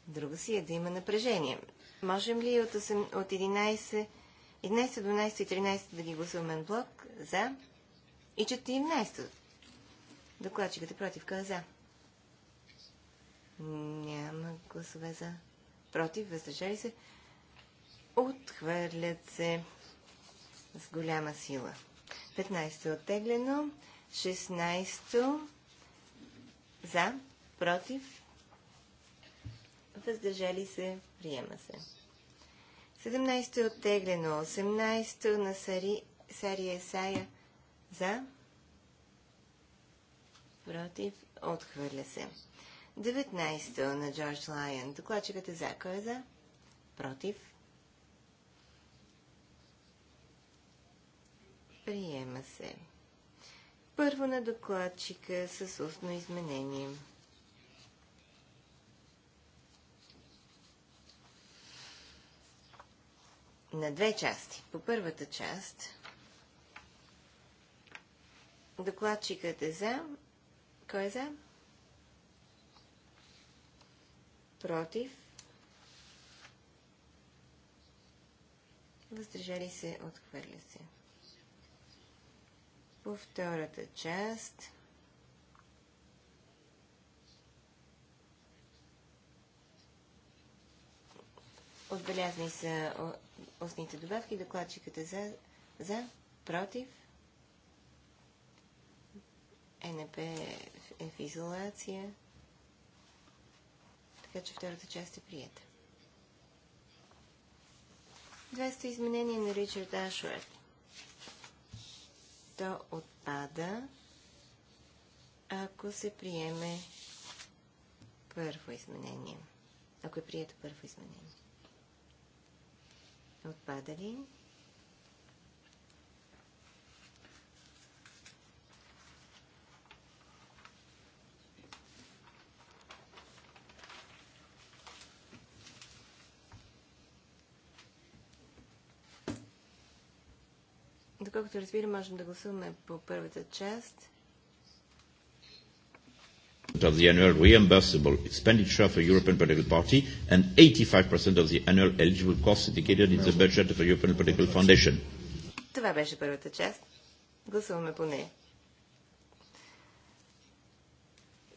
Друга си е да има напрежение. Можем ли от, 8, от 11, 11, 12 и 13 да ги гласуваме блок? За. И 14. Докладчикът е против. Каза е за? Няма гласове за. Против. Въздържали се. Отхвърлят се с голяма сила. 15 е оттеглено. 16 за. Против въздържали се, приема се. 17 е оттеглено, 18 то на Сари, Сари Есая за, против, отхвърля се. 19 на Джордж Лайон, докладчикът е за, кой е за, против, приема се. Първо на докладчика с устно изменение. на две части. По първата част докладчикът е за. Кой е за? Против. Въздържали се, отхвърля се. По втората част Отбелязани са устните добавки. Докладчикът е за, за против. НП е в изолация. Така че втората част е прията. 200 изменение на Ричард Ашуърт. То отпада, ако се приеме първо изменение. Ако е прието първо изменение. Отпадали. Доколкото разбира, можем да гласуваме по първата част. 50% of the annual reimbursable expenditure of a European Political Party and 85% of the annual eligible costs indicated in the budget of a European Political Foundation. Това беше първата част. Гласуваме по нея.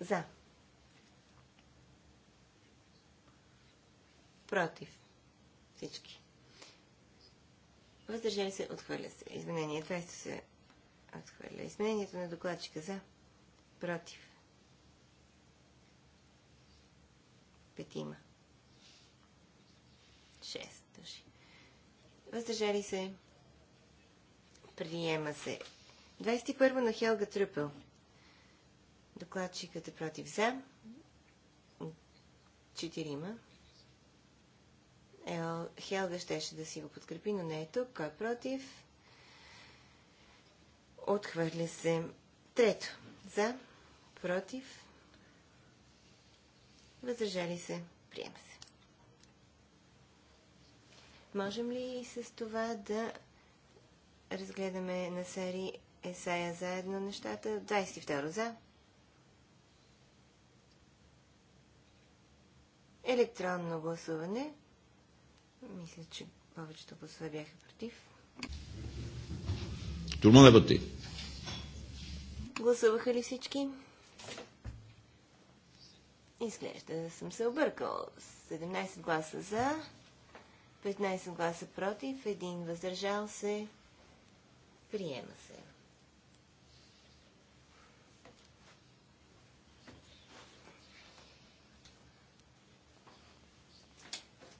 За. Против. Всички. Въздържали се, отхвърля се. Изменение 20 се отхвърля. Изменението на докладчика за. Против. Петима. Шест души. Въздържали се. Приема се. 21 на Хелга Трюпел. Докладчикът е против за. Четирима. Ел, Хелга щеше да си го подкрепи, но не е тук. Кой е против? Отхвърля се. Трето. За. Против. Въздържали се. Приема се. Можем ли и с това да разгледаме на сери Есая заедно нещата? 22 за. Електронно гласуване. Мисля, че повечето гласове бяха против. Турмон пъти. Гласуваха ли всички? Изглежда съм се объркал. 17 гласа за, 15 гласа против, 1 въздържал се. Приема се.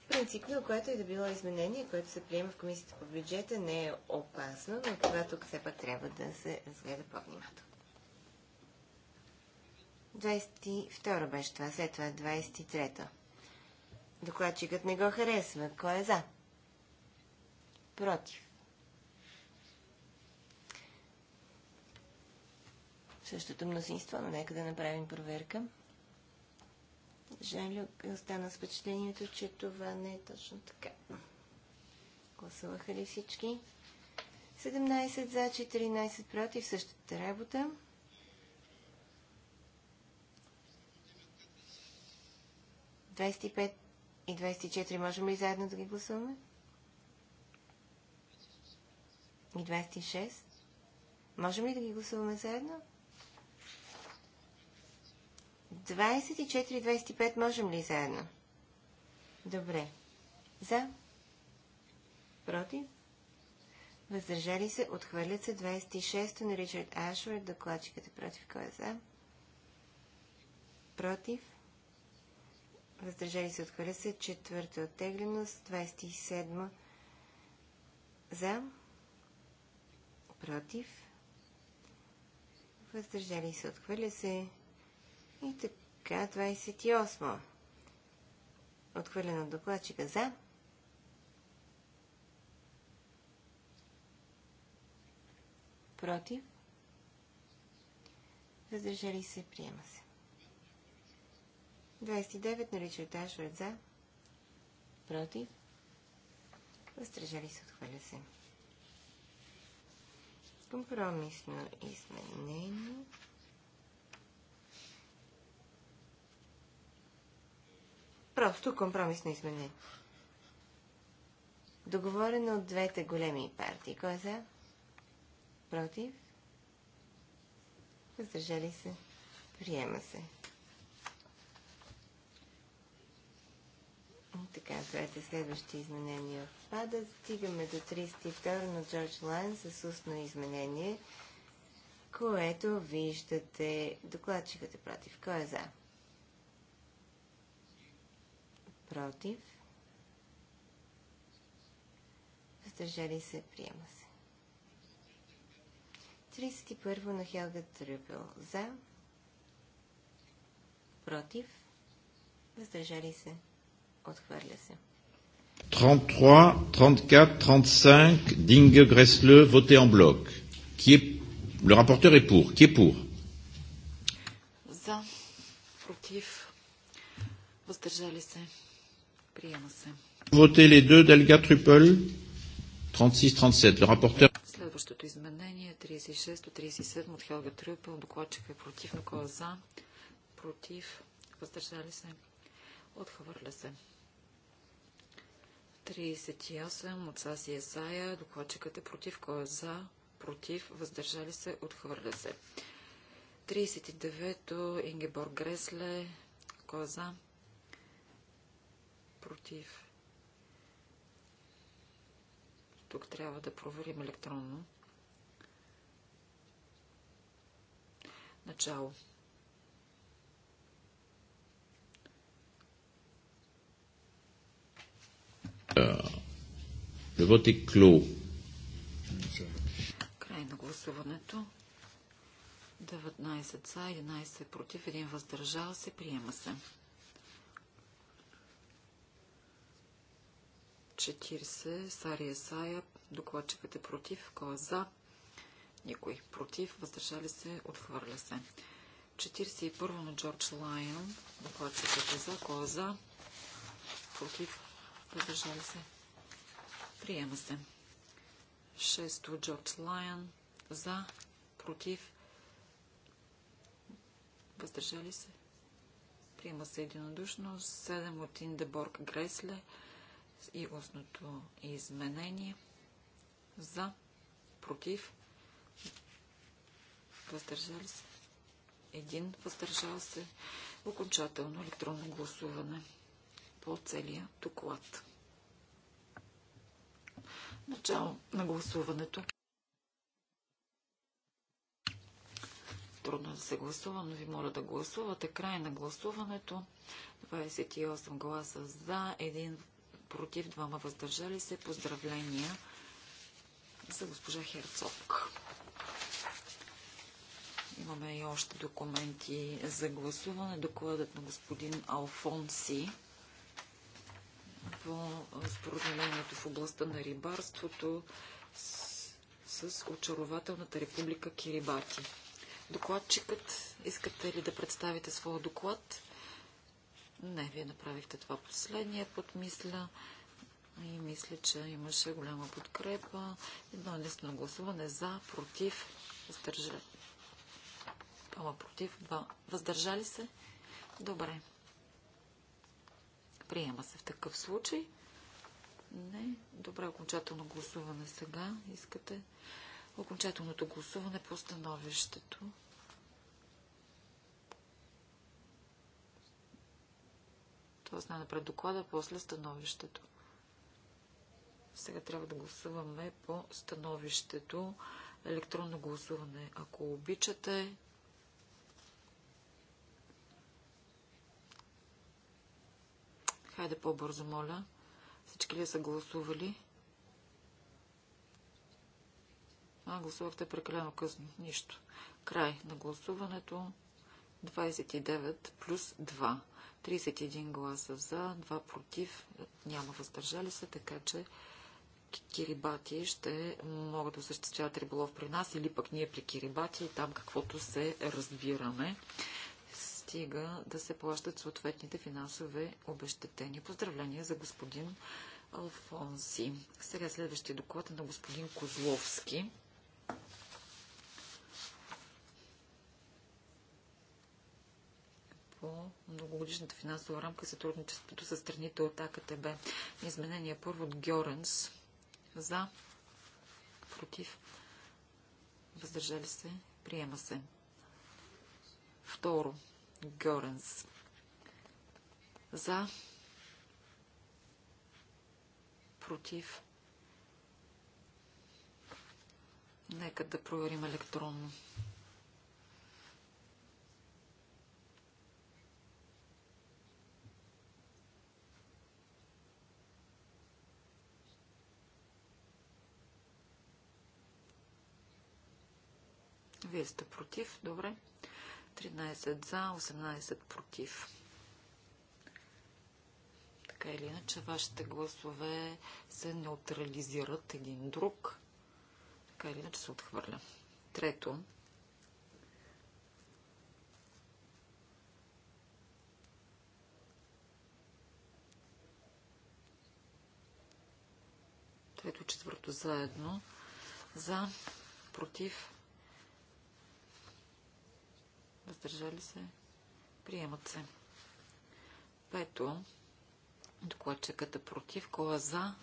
принципно, което и е да било изменение, което се приема в комисията по бюджета, не е опасно, но това тук все пак трябва да се разгледа по-внимателно. 22 беше това, след това 23 Докладчикът не го харесва. Кой е за? Против. Същото мнозинство, но нека да направим проверка. Жалю, остана с впечатлението, че това не е точно така. Гласуваха ли всички? 17 за, 14 против, същата работа. 25 и 24 можем ли заедно да ги гласуваме? И 26. Можем ли да ги гласуваме заедно? 24 и 25 можем ли заедно? Добре. За? Против? Въздържали се, отхвърлят се 26-то на Ричард Ашвард, докладчиката е против кой е за? Против? въздържали се, отхвърля се. Четвърта оттегленост, 27 за, против, въздържали се, отхвърля се. И така, 28 отхвърлено докладчика за. Против. Въздържали се, приема се. 29 на личната Швед за. Против. Въздържали се, отхвърля се. Компромисно изменение. Просто компромисно изменение. Договорено от двете големи партии. Кой е за? Против? Въздържали се. Приема се. Така, е следващи изменения пада. Стигаме до 32 на Джордж Лайн с устно изменение, което виждате. Докладчикът е против. Кой е за? Против. Въздържали се, приема се. 31 на Хелга Трюбел. За. Против. Въздържали се. Отхвърля се. 33, 34, 35, Dinge, Gressle, voté en bloc. Qui est... Le rapporteur est pour. Qui est pour За, против, въздържали се, приема се. Voté les deux, Delga Truppel, 36, 37. Le rapporteur... Следващото изменение, 36-37 от Хелга Трюпел. Докладчика е против, но кой е за? Против, въздържали се, отхвърля се. 38 от Саси Есая. Докладчикът е против. Кой е за? Против. Въздържали се. Отхвърля се. 39-то Ингебор Гресле. Кой е за? Против. Тук трябва да проверим електронно. Начало. Le vote est Край на гласуването. 19 за, 11 против, 1 въздържал се. Приема се. 40. Сария Сая. Докладчикът е против. Кой е за? Никой. Против. Въздържали се. Отхвърля се. 41 на Джордж Лайон. Докладчикът е за. Кой е за? Против въздържали се. Приема се. Шесто Джордж Лайан. за, против, въздържали се. Приема се единодушно. 7 от Индеборг Гресле и устното изменение. За, против, въздържали се. Един въздържал се. Окончателно електронно гласуване по целия доклад. Начало на гласуването. Трудно да се гласува, но ви моля да гласувате. Край на гласуването. 28 гласа за, 1 против, двама въздържали се. Поздравления за госпожа Херцог. Имаме и още документи за гласуване. Докладът на господин Алфонси по споразумението в областта на рибарството с, с очарователната република Кирибати. Докладчикът, искате ли да представите своя доклад? Не, вие направихте това последния път, мисля. И мисля, че имаше голяма подкрепа. Едно единствено гласуване за, против, въздържали. против, два въздържали се. Добре. Приема се в такъв случай. Не. Добре, окончателно гласуване сега. Искате окончателното гласуване по становището. Тоест най-напред доклада, после становището. Сега трябва да гласуваме по становището електронно гласуване. Ако обичате, Хайде по-бързо, моля. Всички ли са гласували? А, гласувахте прекалено късно. Нищо. Край на гласуването. 29 плюс 2. 31 гласа за, 2 против, няма въздържали се, така че Кирибати ще могат да осъществяват риболов при нас или пък ние при Кирибати и там каквото се разбираме стига да се плащат съответните финансови обещетения. Поздравления за господин Алфонси. Сега следващия доклад е на господин Козловски. по многогодишната финансова рамка и сътрудничеството с страните от АКТБ. Изменение първо от Георенс за, против, въздържали се, приема се. Второ, Гьоренс. За. Против. Нека да проверим електронно. Вие сте против. Добре. 13 за, 18 против. Така или иначе, вашите гласове се неутрализират един друг. Така или иначе се отхвърля. Трето. Трето и четвърто заедно. За, против, въздържали се, приемат се. Пето, докладчикът е против, кола е за,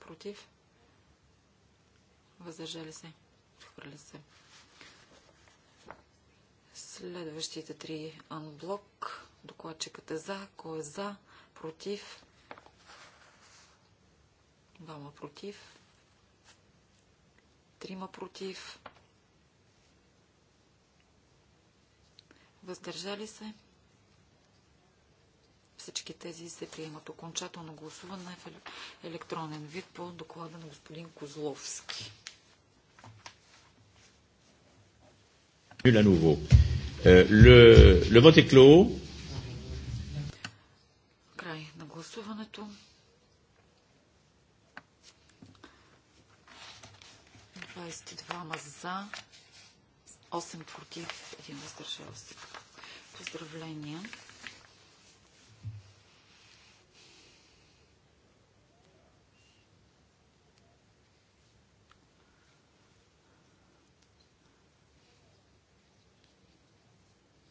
против, въздържали се, хвърля се. Следващите три анблок, докладчикът е за, кола е за, против, двама против, трима против. Въздържали се. Всички тези се приемат окончателно гласуване в електронен вид по доклада на господин Козловски. Euh, Край на гласуването. 22 за, 8 против, 1 въздържал се. Поздравления!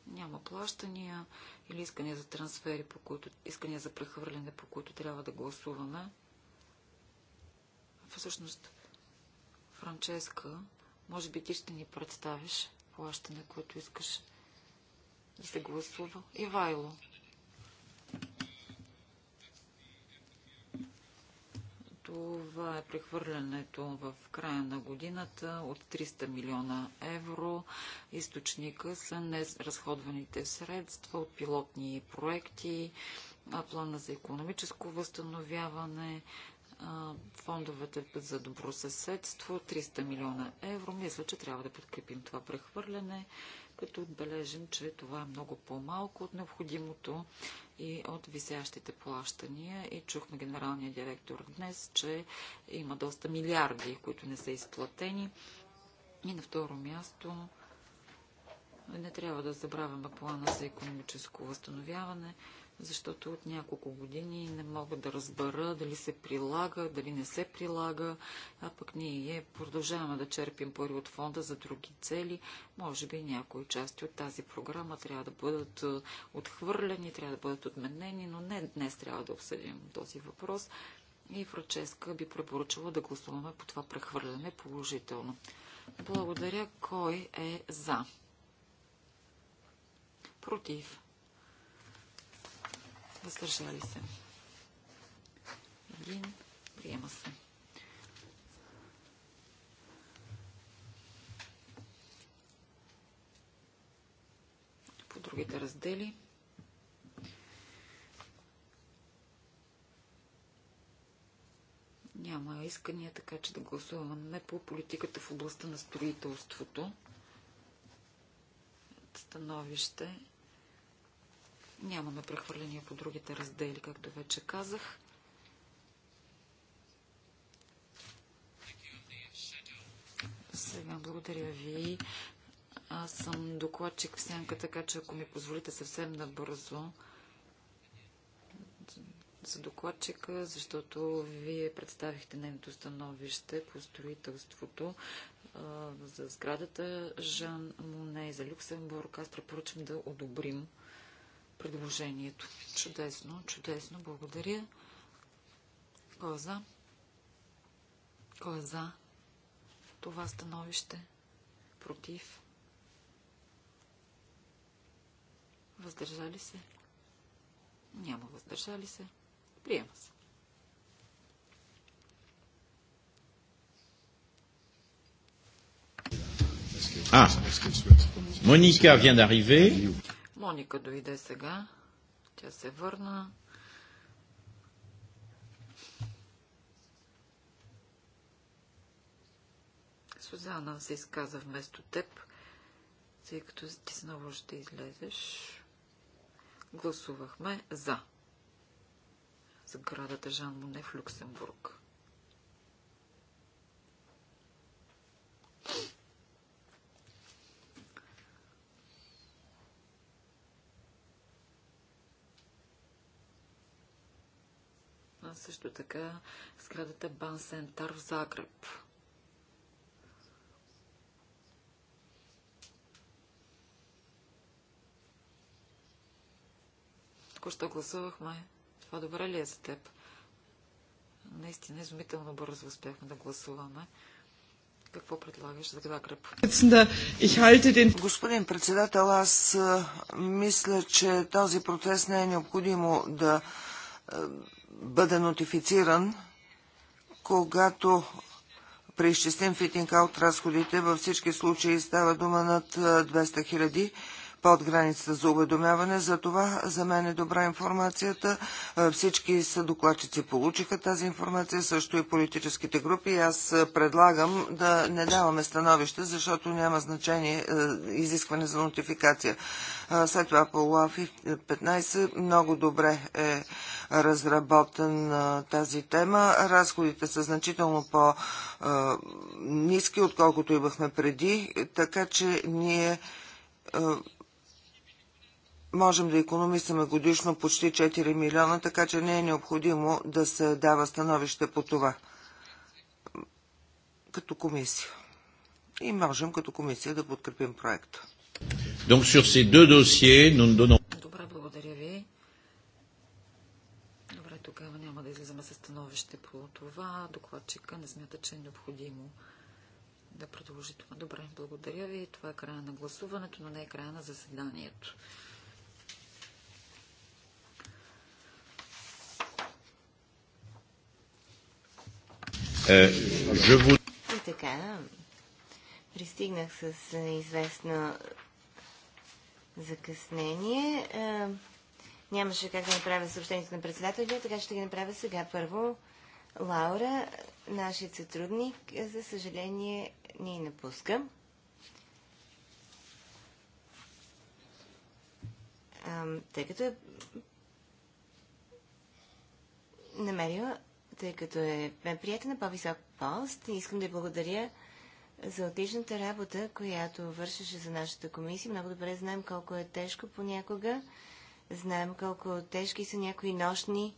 Няма плащания или искания за трансфери, по които, искания за прехвърляне, по които трябва да гласуваме. Всъщност, Франческа, може би ти ще ни представиш плащане, което искаш да се гласува. Ивайло. Това е прехвърлянето в края на годината от 300 милиона евро. Източника са неразходваните средства от пилотни проекти, плана за економическо възстановяване, фондовете за добросъседство 300 милиона евро. Мисля, че трябва да подкрепим това прехвърляне, като отбележим, че това е много по-малко от необходимото и от висящите плащания. И чухме генералния директор днес, че има доста милиарди, които не са изплатени. И на второ място не трябва да забравяме плана за економическо възстановяване защото от няколко години не мога да разбера дали се прилага, дали не се прилага, а пък ние продължаваме да черпим пари от фонда за други цели. Може би някои части от тази програма трябва да бъдат е, отхвърлени, трябва да бъдат отменени, но не днес трябва да обсъдим този въпрос. И Франческа би препоръчала да гласуваме по това прехвърляне положително. Благодаря. Кой е за? Против. Въздържали се. Един Приема се. По другите раздели. Няма искания, така че да гласуваме по политиката в областта на строителството. Становище Нямаме прехвърления по другите раздели, както вече казах. Сега благодаря ви. Аз съм докладчик в сянка, така че ако ми позволите съвсем набързо за докладчика, защото вие представихте нейното становище по строителството а, за сградата Жан Моне за Люксембург. Аз препоръчвам да одобрим предложението. Чудесно, чудесно. Благодаря. Кой е за? Кой е за това становище? Против? Въздържали се? Няма въздържали се. Приема се. Ah, Monica vient d'arriver. Моника дойде сега. Тя се върна. Сузана се изказа вместо теб, тъй като ти снова ще излезеш. Гласувахме за Заградата Жан Моне в Люксембург. също така сградата Бансентар в Загреб. Току-що гласувахме. Това добре ли е за теб? Наистина, изумително бързо успяхме да гласуваме. Какво предлагаш за Загреб? Господин председател, аз мисля, че този процес не е необходимо да бъде нотифициран, когато преизчислим фитинг-аут разходите, във всички случаи става дума над 200 хиляди под границата за уведомяване. За това за мен е добра информацията. Е, всички са докладчици получиха тази информация, също и политическите групи. Аз е, предлагам да не даваме становище, защото няма значение е, изискване за нотификация. След това по ЛАФИ 15 много добре е разработен тази тема. Разходите са значително по ниски отколкото имахме преди, така че ние можем да економисаме годишно почти 4 милиона, така че не е необходимо да се дава становище по това като комисия. И можем като комисия да подкрепим проекта. Donc sur ces deux dossiers, nous ne donnons... Добре, благодаря ви. Добре, тогава няма да излизаме със становище по това. Докладчика не смята, че е необходимо да продължи това. Добре, благодаря ви. Това е края на гласуването, но не е края на заседанието. Е, И така, пристигнах с е, известно закъснение. Е, нямаше как да направя съобщението на председателя, така ще ги направя сега. Първо, Лаура, нашият сътрудник, за съжаление, ни напуска. тъй като е намерила тъй като е, е приятел на по-висок пост. Искам да благодаря за отличната работа, която вършеше за нашата комисия. Много добре знаем колко е тежко понякога. Знаем колко тежки са някои нощни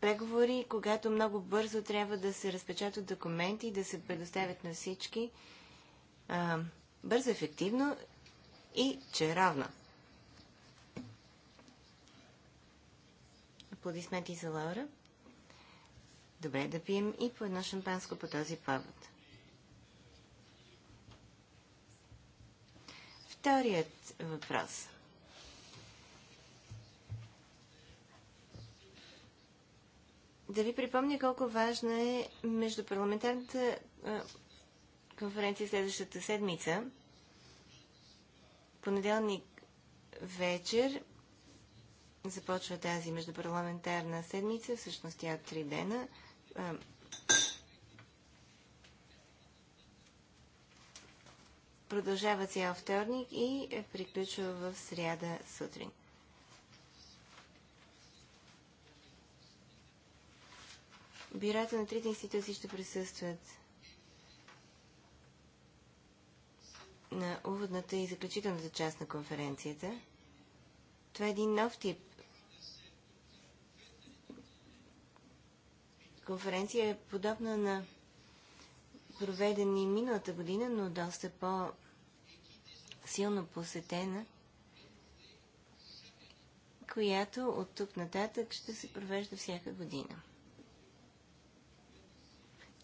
преговори, когато много бързо трябва да се разпечатат документи и да се предоставят на всички. А, бързо, ефективно и чаровно. Аплодисменти за Лаура. Добре, да пием и по едно шампанско по този повод. Вторият въпрос. Да ви припомня колко важна е междупарламентарната конференция следващата седмица. Понеделник вечер започва тази междупарламентарна седмица, всъщност тя е от три дена. продължава цял вторник и е приключва в сряда сутрин. Бюрата на трите институции ще присъстват на уводната и заключителната част на конференцията. Това е един нов тип конференция е подобна на проведени миналата година, но доста по-силно посетена, която от тук нататък ще се провежда всяка година.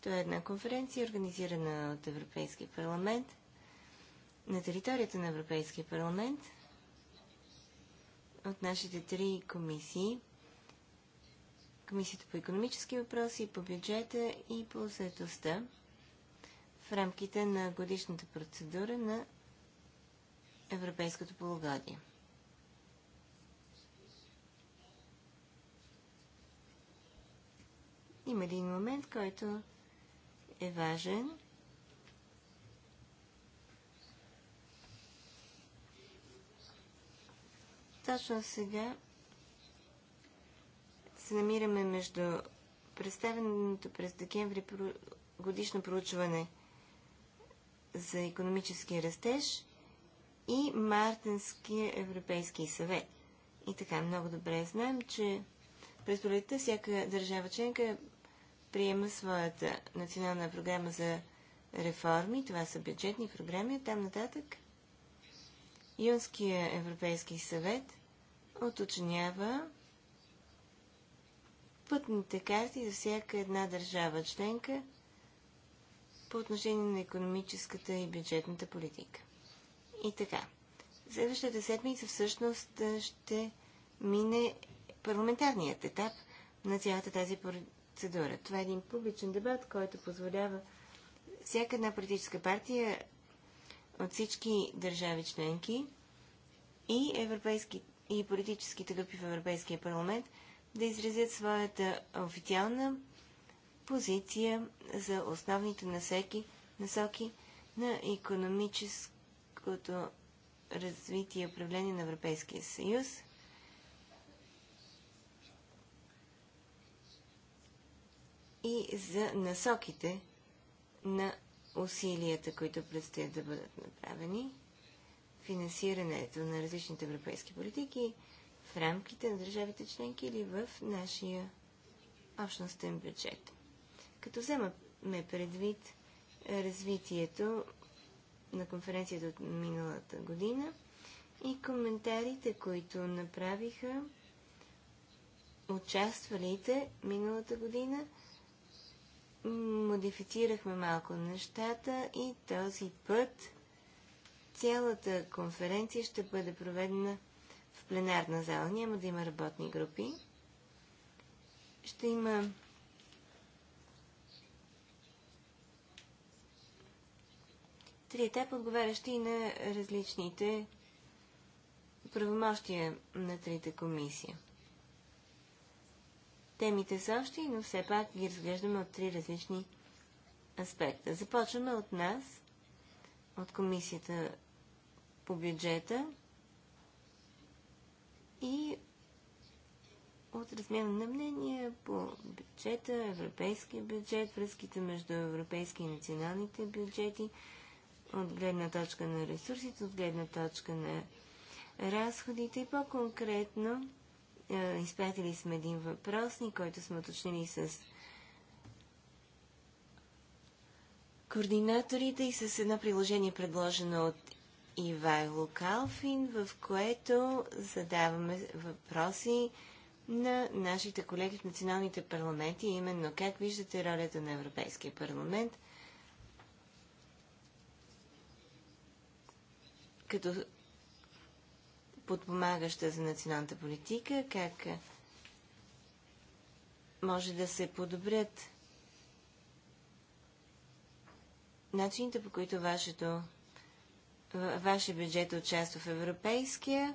Това е една конференция, организирана от Европейския парламент, на територията на Европейския парламент, от нашите три комисии – Комисията по економически въпроси, по бюджета и по заедостта в рамките на годишната процедура на Европейското полугодие. Има един момент, който е важен. Точно сега се намираме между представеното през декември годишно проучване за економически растеж и Мартинския Европейски съвет. И така, много добре знаем, че през пролетта всяка държава членка приема своята национална програма за реформи. Това са бюджетни програми. Там нататък Юнския Европейски съвет оточнява пътните карти за всяка една държава членка по отношение на економическата и бюджетната политика. И така, следващата седмица всъщност ще мине парламентарният етап на цялата тази процедура. Това е един публичен дебат, който позволява всяка една политическа партия от всички държави членки и, европейски, и политическите групи в Европейския парламент – да изразят своята официална позиция за основните насеки, насоки на економическото развитие и управление на Европейския съюз. И за насоките на усилията, които предстоят да бъдат направени, финансирането на различните европейски политики, в рамките на държавите членки или в нашия общностен бюджет. Като вземаме предвид развитието на конференцията от миналата година и коментарите, които направиха участвалите миналата година, модифицирахме малко нещата и този път цялата конференция ще бъде проведена в пленарна зала. Няма да има работни групи. Ще има три етапа, отговарящи и на различните правомощия на трите комисии. Темите са общи, но все пак ги разглеждаме от три различни аспекта. Започваме от нас, от комисията по бюджета, и от размяна на мнения по бюджета, европейския бюджет, връзките между европейски и националните бюджети, от гледна точка на ресурсите, от гледна точка на разходите и по-конкретно е, изпратили сме един въпросник, който сме уточнили с координаторите и с едно приложение, предложено от Ивайло Калфин, в което задаваме въпроси на нашите колеги в националните парламенти, именно как виждате ролята на Европейския парламент като подпомагаща за националната политика, как може да се подобрят начините, по които вашето вашия бюджет от част в европейския,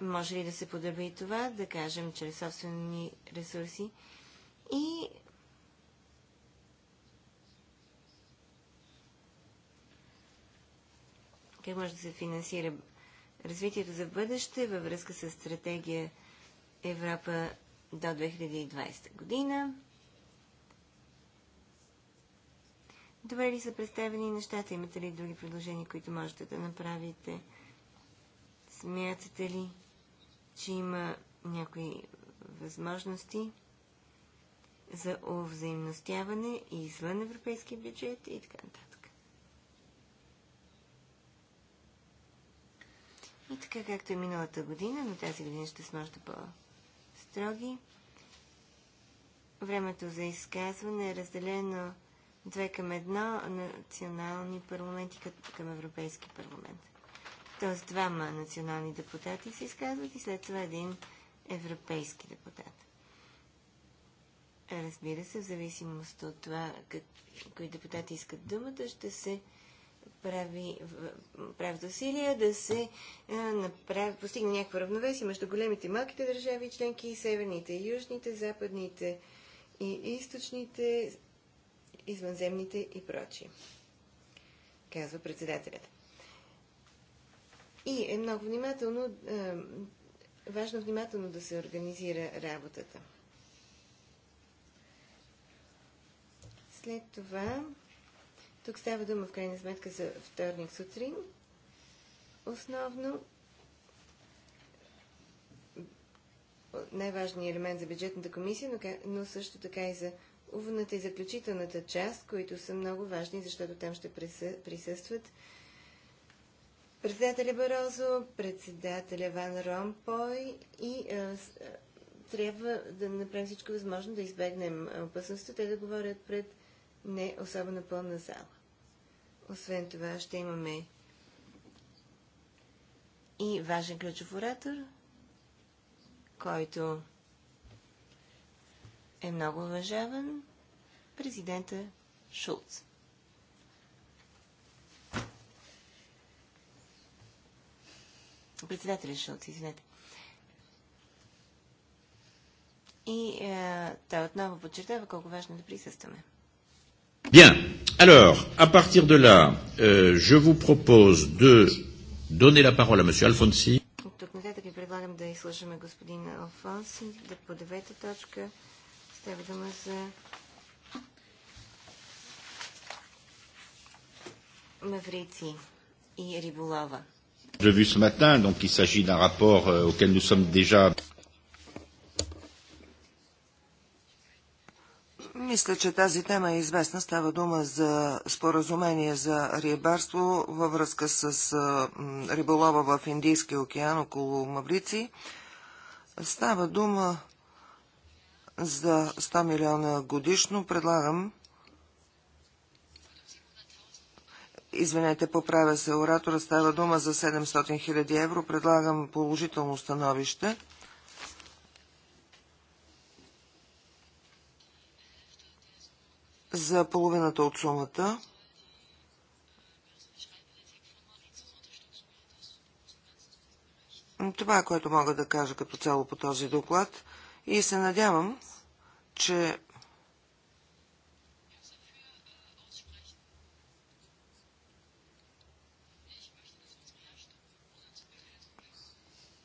може ли да се подобри това, да кажем, чрез собствени ресурси? И как може да се финансира развитието за бъдеще във връзка с стратегия Европа до 2020 година? Добре ли са представени нещата? Имате ли други предложения, които можете да направите? Смятате ли, че има някои възможности за взаимностяване и извън европейския бюджет и така нататък? И така, както е миналата година, но тази година ще сме още по-строги. Времето за изказване е разделено Две към едно национални парламенти към Европейски парламент. Тоест двама национални депутати се изказват и след това един европейски депутат. Разбира се, в зависимост от това, кои депутати искат думата, ще се прави, правят усилия да се направи, постигне някакво равновесие между големите и малките държави членки, северните и южните, западните и източните, извънземните и прочие, казва председателят. И е много внимателно, е, важно внимателно да се организира работата. След това, тук става дума в крайна сметка за вторник сутрин, основно най-важният елемент за бюджетната комисия, но, но също така и за уводната и заключителната част, които са много важни, защото там ще присъстват председателя Барозо, председателя Ван Ромпой и а, а, трябва да направим всичко възможно да избегнем опасността те да говорят пред не особено пълна зала. Освен това ще имаме и важен ключов оратор, който е много уважаван президента Шулц. Председателя Шулц, извинете. И е, той отново подчертава колко важно е да присъстваме. Bien. Alors, à partir de là, euh, je vous propose de donner la parole à M. Alfonsi. Тук нататък ви предлагам да изслушаме господин Алфонси, да подавете точка Става дума за Маврици и риболова. Je vu ce matin, donc il s'agit d'un rapport euh, auquel nous sommes déjà. Мисля, че тази тема е известна. Става дума за споразумение за рибарство във връзка с риболова в Индийския океан около Маврици. Става дума за 100 милиона годишно предлагам Извинете, поправя се оратора, става дума за 700 хиляди евро. Предлагам положително становище. За половината от сумата. Това е което мога да кажа като цяло по този доклад. И се надявам, че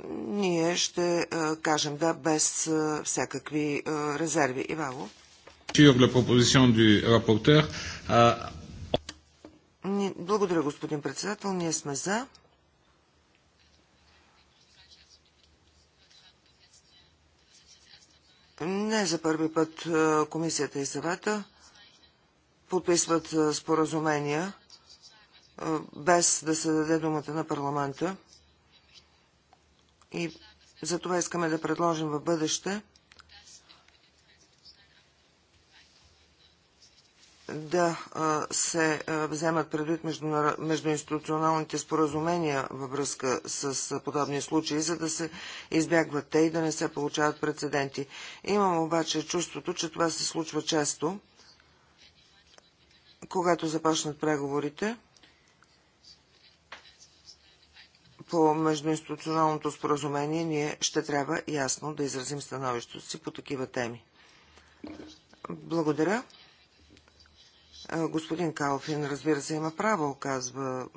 ние ще кажем да без всякакви резерви. Ивало. Благодаря, господин председател. Ние сме за. за първи път е, комисията и съвета подписват е, споразумения е, без да се даде думата на парламента. И за това искаме да предложим в бъдеще да се вземат предвид междуинституционалните споразумения във връзка с подобни случаи, за да се избягват те и да не се получават прецеденти. Имам обаче чувството, че това се случва често, когато започнат преговорите по междуинституционалното споразумение, ние ще трябва ясно да изразим становището си по такива теми. Благодаря. Господин Калфин, разбира се, има право, казва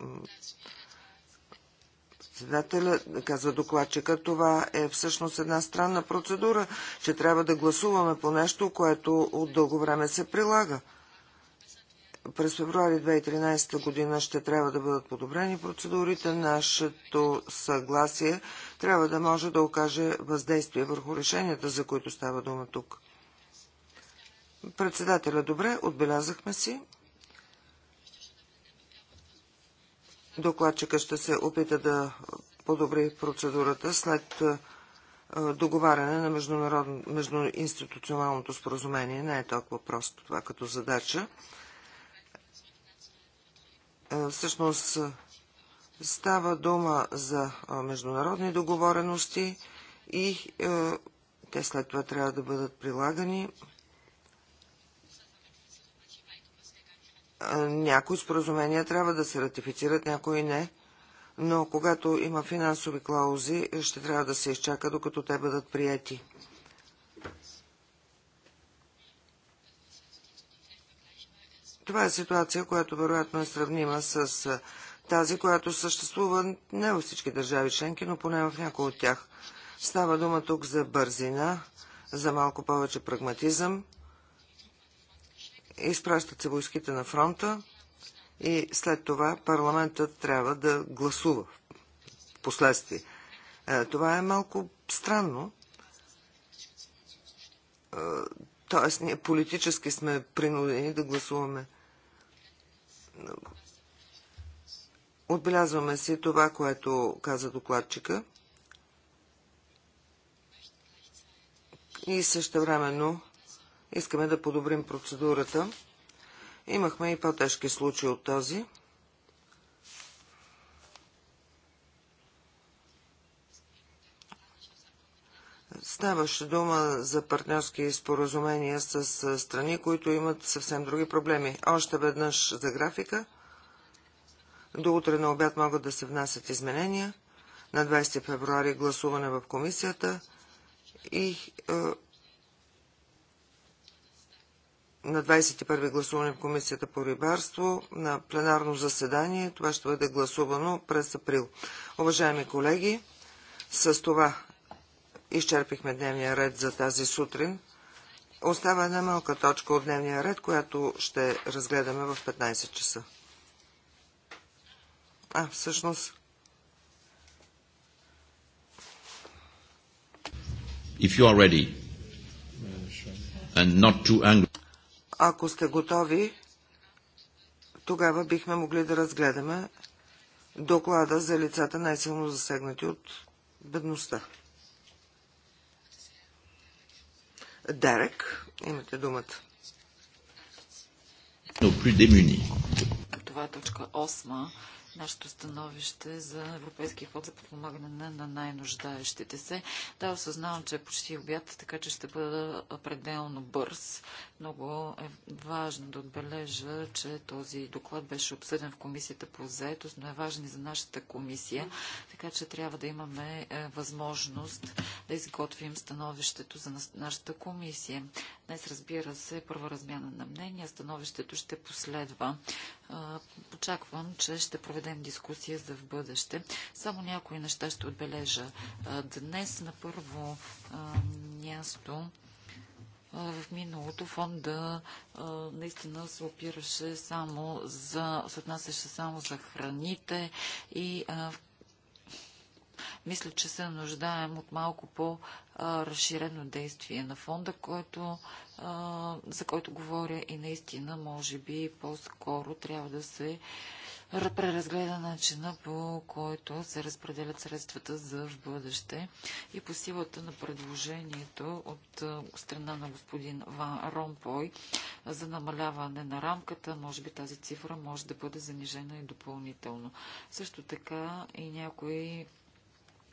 председателя, казва докладчика, това е всъщност една странна процедура, че трябва да гласуваме по нещо, което от дълго време се прилага. През февруари 2013 година ще трябва да бъдат подобрени процедурите. Нашето съгласие трябва да може да окаже въздействие върху решенията, за които става дума тук. Председателя, добре, отбелязахме си. Докладчика ще се опита да подобри процедурата след е, договаряне на междуинституционалното споразумение. Не е толкова просто това като задача. Е, всъщност е, става дума за международни договорености и те след това трябва да бъдат прилагани. някои споразумения трябва да се ратифицират, някои не, но когато има финансови клаузи, ще трябва да се изчака, докато те бъдат прияти. Това е ситуация, която вероятно е сравнима с тази, която съществува не във всички държави членки, но поне в някои от тях. Става дума тук за бързина, за малко повече прагматизъм изпращат се войските на фронта и след това парламентът трябва да гласува в последствие. Е, това е малко странно. Е, тоест, ние политически сме принудени да гласуваме. Отбелязваме си това, което каза докладчика. И също времено Искаме да подобрим процедурата. Имахме и по-тежки случаи от този. Ставаше дума за партньорски споразумения с страни, които имат съвсем други проблеми. Още веднъж за графика. До утре на обяд могат да се внасят изменения. На 20 февруари гласуване в комисията и е, на 21 гласуване в Комисията по рибарство на пленарно заседание. Това ще бъде гласувано през април. Уважаеми колеги, с това изчерпихме дневния ред за тази сутрин. Остава една малка точка от дневния ред, която ще разгледаме в 15 часа. А, всъщност... If you are ready and not too angry, ако сте готови, тогава бихме могли да разгледаме доклада за лицата най-силно засегнати от бедността. Дерек, имате думата. Това е точка 8 нашето становище за Европейския фонд за подпомагане на, най-нуждаещите се. Да, осъзнавам, че е почти обяд, така че ще бъда пределно бърз. Много е важно да отбележа, че този доклад беше обсъден в комисията по заетост, но е важен и за нашата комисия, така че трябва да имаме е, възможност да изготвим становището за нашата комисия. Днес, разбира се, първа размяна на мнения, становището ще последва. Очаквам, че ще проведем дискусия за в бъдеще. Само някои неща ще отбележа. Днес на първо място в миналото фонда наистина се опираше само за, се отнасяше само за храните и мисля, че се нуждаем от малко по-разширено действие на фонда, който за който говоря и наистина, може би, по-скоро трябва да се преразгледа начина по който се разпределят средствата за в бъдеще и по силата на предложението от страна на господин Ван Ромпой за намаляване на рамката, може би тази цифра може да бъде занижена и допълнително. Също така и някои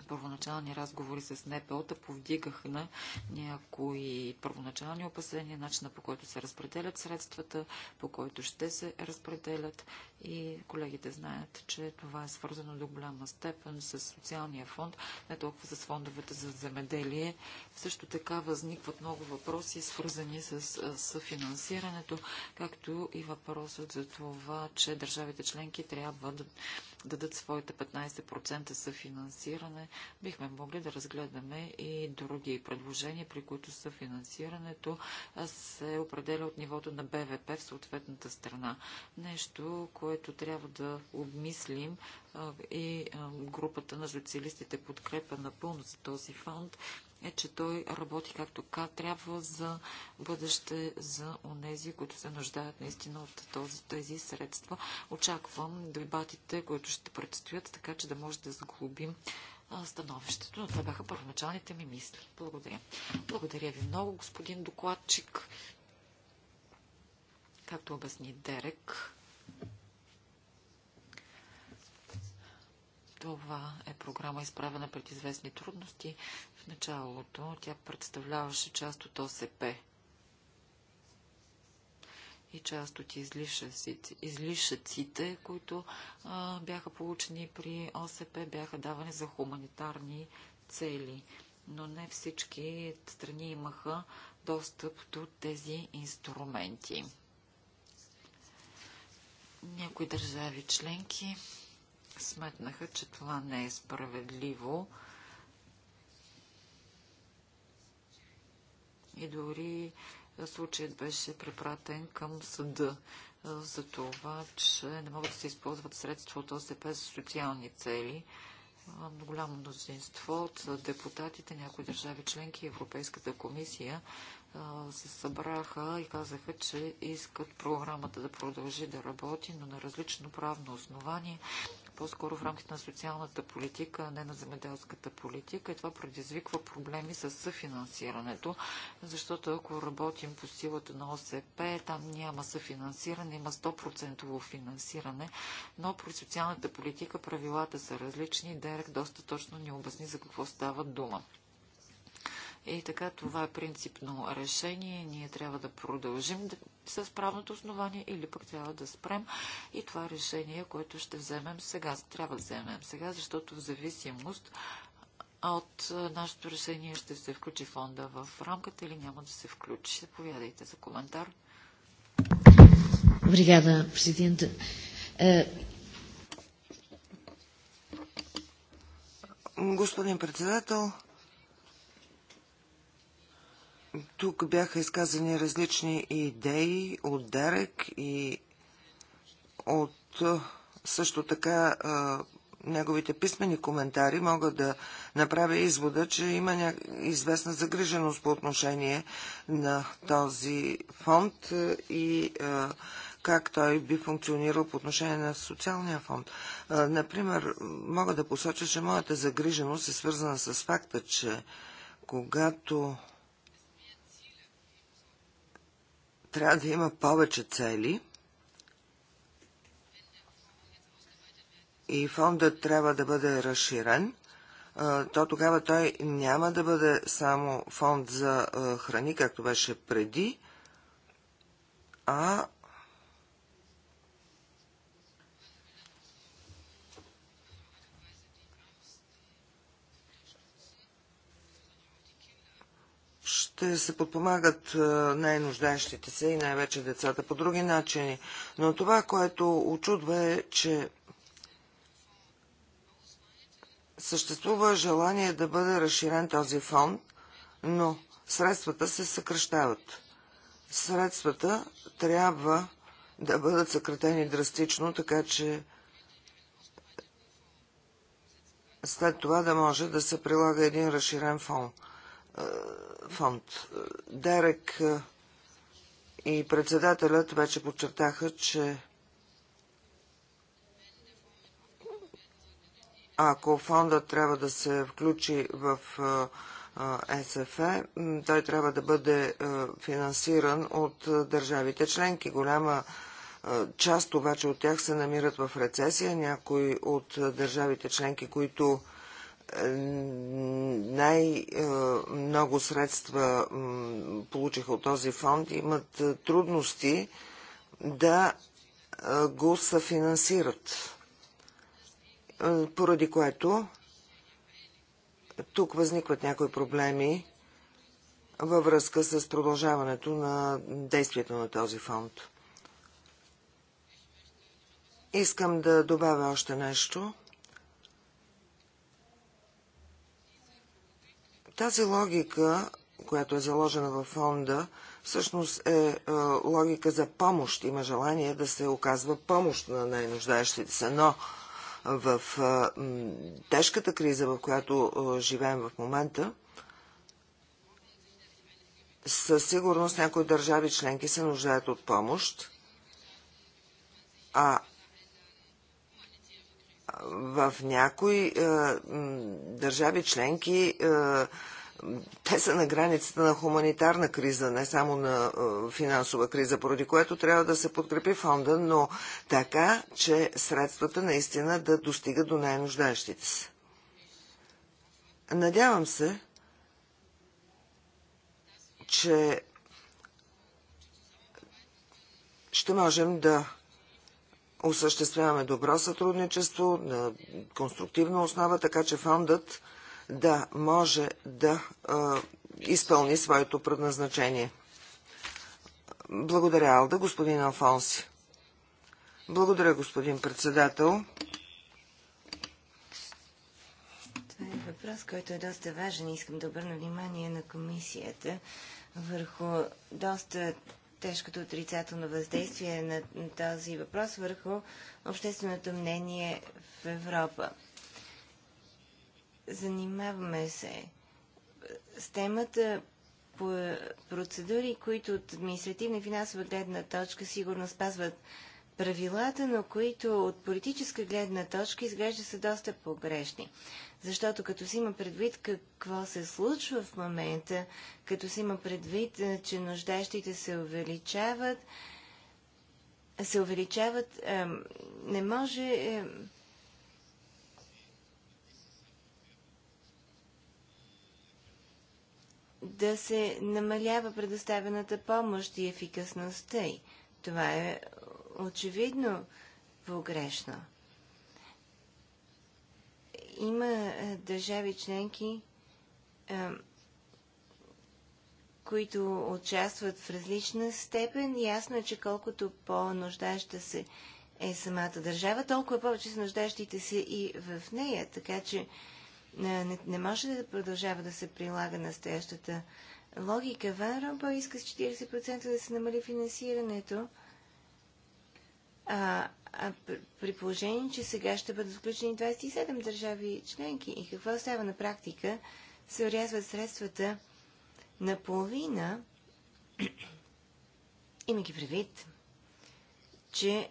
първоначални разговори с НПО-та повдигах на някои първоначални опасения, начина по който се разпределят средствата, по който ще се разпределят и колегите знаят, че това е свързано до голяма степен с социалния фонд, не толкова с фондовете за земеделие. Също така възникват много въпроси, свързани с съфинансирането, както и въпросът за това, че държавите членки трябва да дадат своите 15% съфинансиране, бихме могли да разгледаме и други предложения, при които съфинансирането се определя от нивото на БВП в съответната страна. Нещо, което трябва да обмислим и групата на социалистите подкрепа напълно за този фонд е, че той работи както трябва за бъдеще за онези, които се нуждаят наистина от този, тези средства. Очаквам дебатите, които ще предстоят, така че да може да заглобим становището. Но това бяха първоначалните ми мисли. Благодаря. Благодаря ви много, господин докладчик. Както обясни Дерек, това е програма изправена пред известни трудности, началото тя представляваше част от ОСП и част от излишъците, излишъците които а, бяха получени при ОСП, бяха давани за хуманитарни цели. Но не всички страни имаха достъп до тези инструменти. Някои държави членки сметнаха, че това не е справедливо И дори случаят беше препратен към съда за това, че не могат да се използват средства от ОСП за социални цели. Голямо мнозинство от депутатите, някои държави членки и Европейската комисия се събраха и казаха, че искат програмата да продължи да работи, но на различно правно основание по-скоро в рамките на социалната политика, а не на земеделската политика. И това предизвиква проблеми с съфинансирането, защото ако работим по силата на ОСП, там няма съфинансиране, има 100% финансиране, но при социалната политика правилата са различни. Дерек доста точно ни обясни за какво става дума. И така това е принципно решение. Ние трябва да продължим с правното основание или пък трябва да спрем. И това решение, което ще вземем сега, трябва да вземем сега, защото в зависимост от нашето решение ще се включи фонда в рамката или няма да се включи. Заповядайте за коментар. Бригада, Presidente. Е, Господин председател, тук бяха изказани различни идеи от Дерек и от също така неговите писмени коментари мога да направя извода, че има ня... известна загриженост по отношение на този фонд и как той би функционирал по отношение на социалния фонд. Например, мога да посоча, че моята загриженост е свързана с факта, че когато трябва да има повече цели и фондът трябва да бъде разширен, то тогава той няма да бъде само фонд за храни, както беше преди, а ще се подпомагат най-нуждаещите се и най-вече децата по други начини. Но това, което очудва е, че съществува желание да бъде разширен този фонд, но средствата се съкръщават. Средствата трябва да бъдат съкратени драстично, така че след това да може да се прилага един разширен фонд фонд. Дерек и председателят вече подчертаха, че ако фондът трябва да се включи в СФЕ, той трябва да бъде финансиран от държавите членки. Голяма част обаче от тях се намират в рецесия. Някои от държавите членки, които най-много средства получиха от този фонд, имат е, трудности да е, го съфинансират. Е, поради което тук възникват някои проблеми във връзка с продължаването на действието на този фонд. Искам да добавя още нещо – Тази логика, която е заложена във фонда, всъщност е, е, логика за помощ. Има желание да се оказва помощ на най-нуждаещите се, но в е, тежката криза, в която е, живеем в момента, със сигурност някои държави членки се нуждаят от помощ, а в някои е, държави членки е, те са на границата на хуманитарна криза, не само на е, финансова криза, поради което трябва да се подкрепи фонда, но така, че средствата наистина да достигат до най-нуждащите се. Надявам се, че ще можем да осъществяваме добро сътрудничество на конструктивна основа, така че фондът да може да а, изпълни своето предназначение. Благодаря, Алда. Господин Алфонси. Благодаря, господин председател. Това е въпрос, който е доста важен. Искам да обърна внимание на комисията върху доста тежкото отрицателно въздействие на този въпрос върху общественото мнение в Европа. Занимаваме се с темата по процедури, които от административна и финансова гледна точка сигурно спазват правилата, но които от политическа гледна точка изглежда са доста погрешни. Защото като си има предвид какво се случва в момента, като си има предвид, е, че нуждащите се увеличават, се увеличават, не може да се намалява предоставената помощ и ефикасността й. Това е очевидно погрешно. Има е, държави членки, е, които участват в различна степен. Ясно е, че колкото по-нуждаща се е самата държава, толкова повече са нуждащите се и в нея. Така че е, не, не може да продължава да се прилага настоящата логика. Ван Ромбо иска с 40% да се намали финансирането а, а при положение, че сега ще бъдат включени 27 държави членки и какво става на практика, се урязват средствата наполовина, имайки предвид, че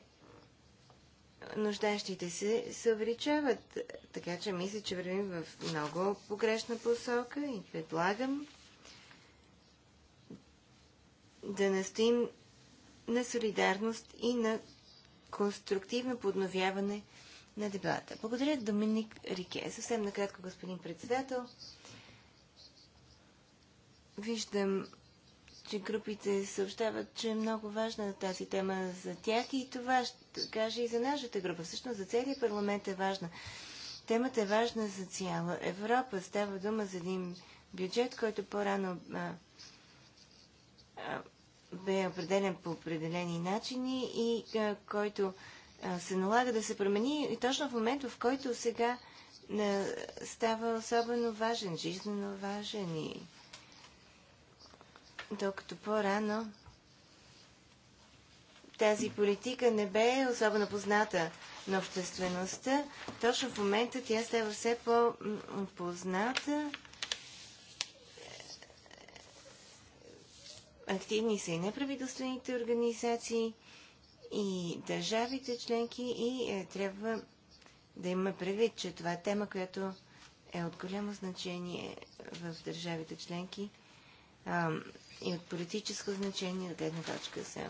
нуждащите се се увеличават. Така че мисля, че вървим в много погрешна посока и предлагам да настоим на солидарност и на конструктивно подновяване на дебата. Благодаря Доминик Рике. Съвсем накратко, господин председател. Виждам, че групите съобщават, че е много важна тази тема за тях и това ще каже и за нашата група. Всъщност за целият парламент е важна. Темата е важна за цяла Европа. Става дума за един бюджет, който по-рано бе определен по определени начини и а, който а, се налага да се промени и точно в момента, в който сега а, става особено важен, жизненно важен и докато по-рано тази политика не бе особено позната на обществеността, точно в момента тя става все по-позната Активни са и неправителствените организации, и държавите членки, и е, трябва да има предвид, че това е тема, която е от голямо значение в държавите членки а, и от политическо значение от гледна точка за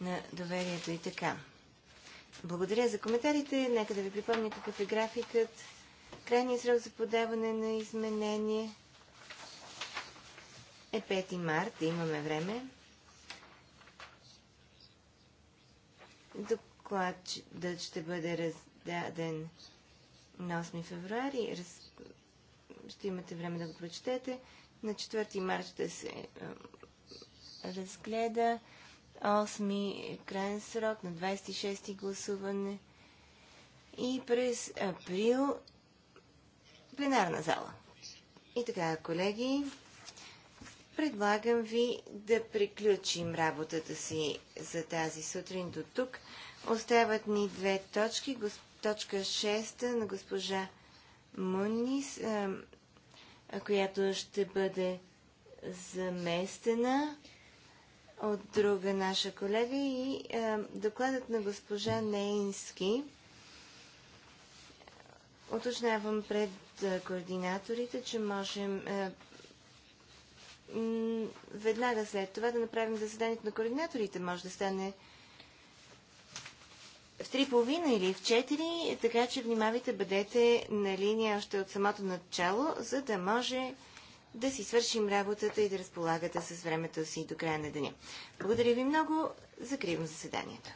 на доверието и така. Благодаря за коментарите. Нека да ви припомня какъв е графикът. Крайният срок за подаване на изменение е 5 март, имаме време. Докладът ще бъде раздаден на 8 февруари. Раз... Ще имате време да го прочетете. На 4 март ще се разгледа. 8 е крайен срок, на 26 гласуване. И през април пленарна зала. И така, колеги, Предлагам ви да приключим работата си за тази сутрин до тук. Остават ни две точки. Точка 6 на госпожа Мунис, която ще бъде заместена от друга наша колега и докладът на госпожа Нейнски. Уточнявам пред координаторите, че можем веднага след това да направим заседанието на координаторите. Може да стане в три половина или в 4, така че внимавайте, бъдете на линия още от самото начало, за да може да си свършим работата и да разполагате с времето си до края на деня. Благодаря ви много. Закривам заседанието.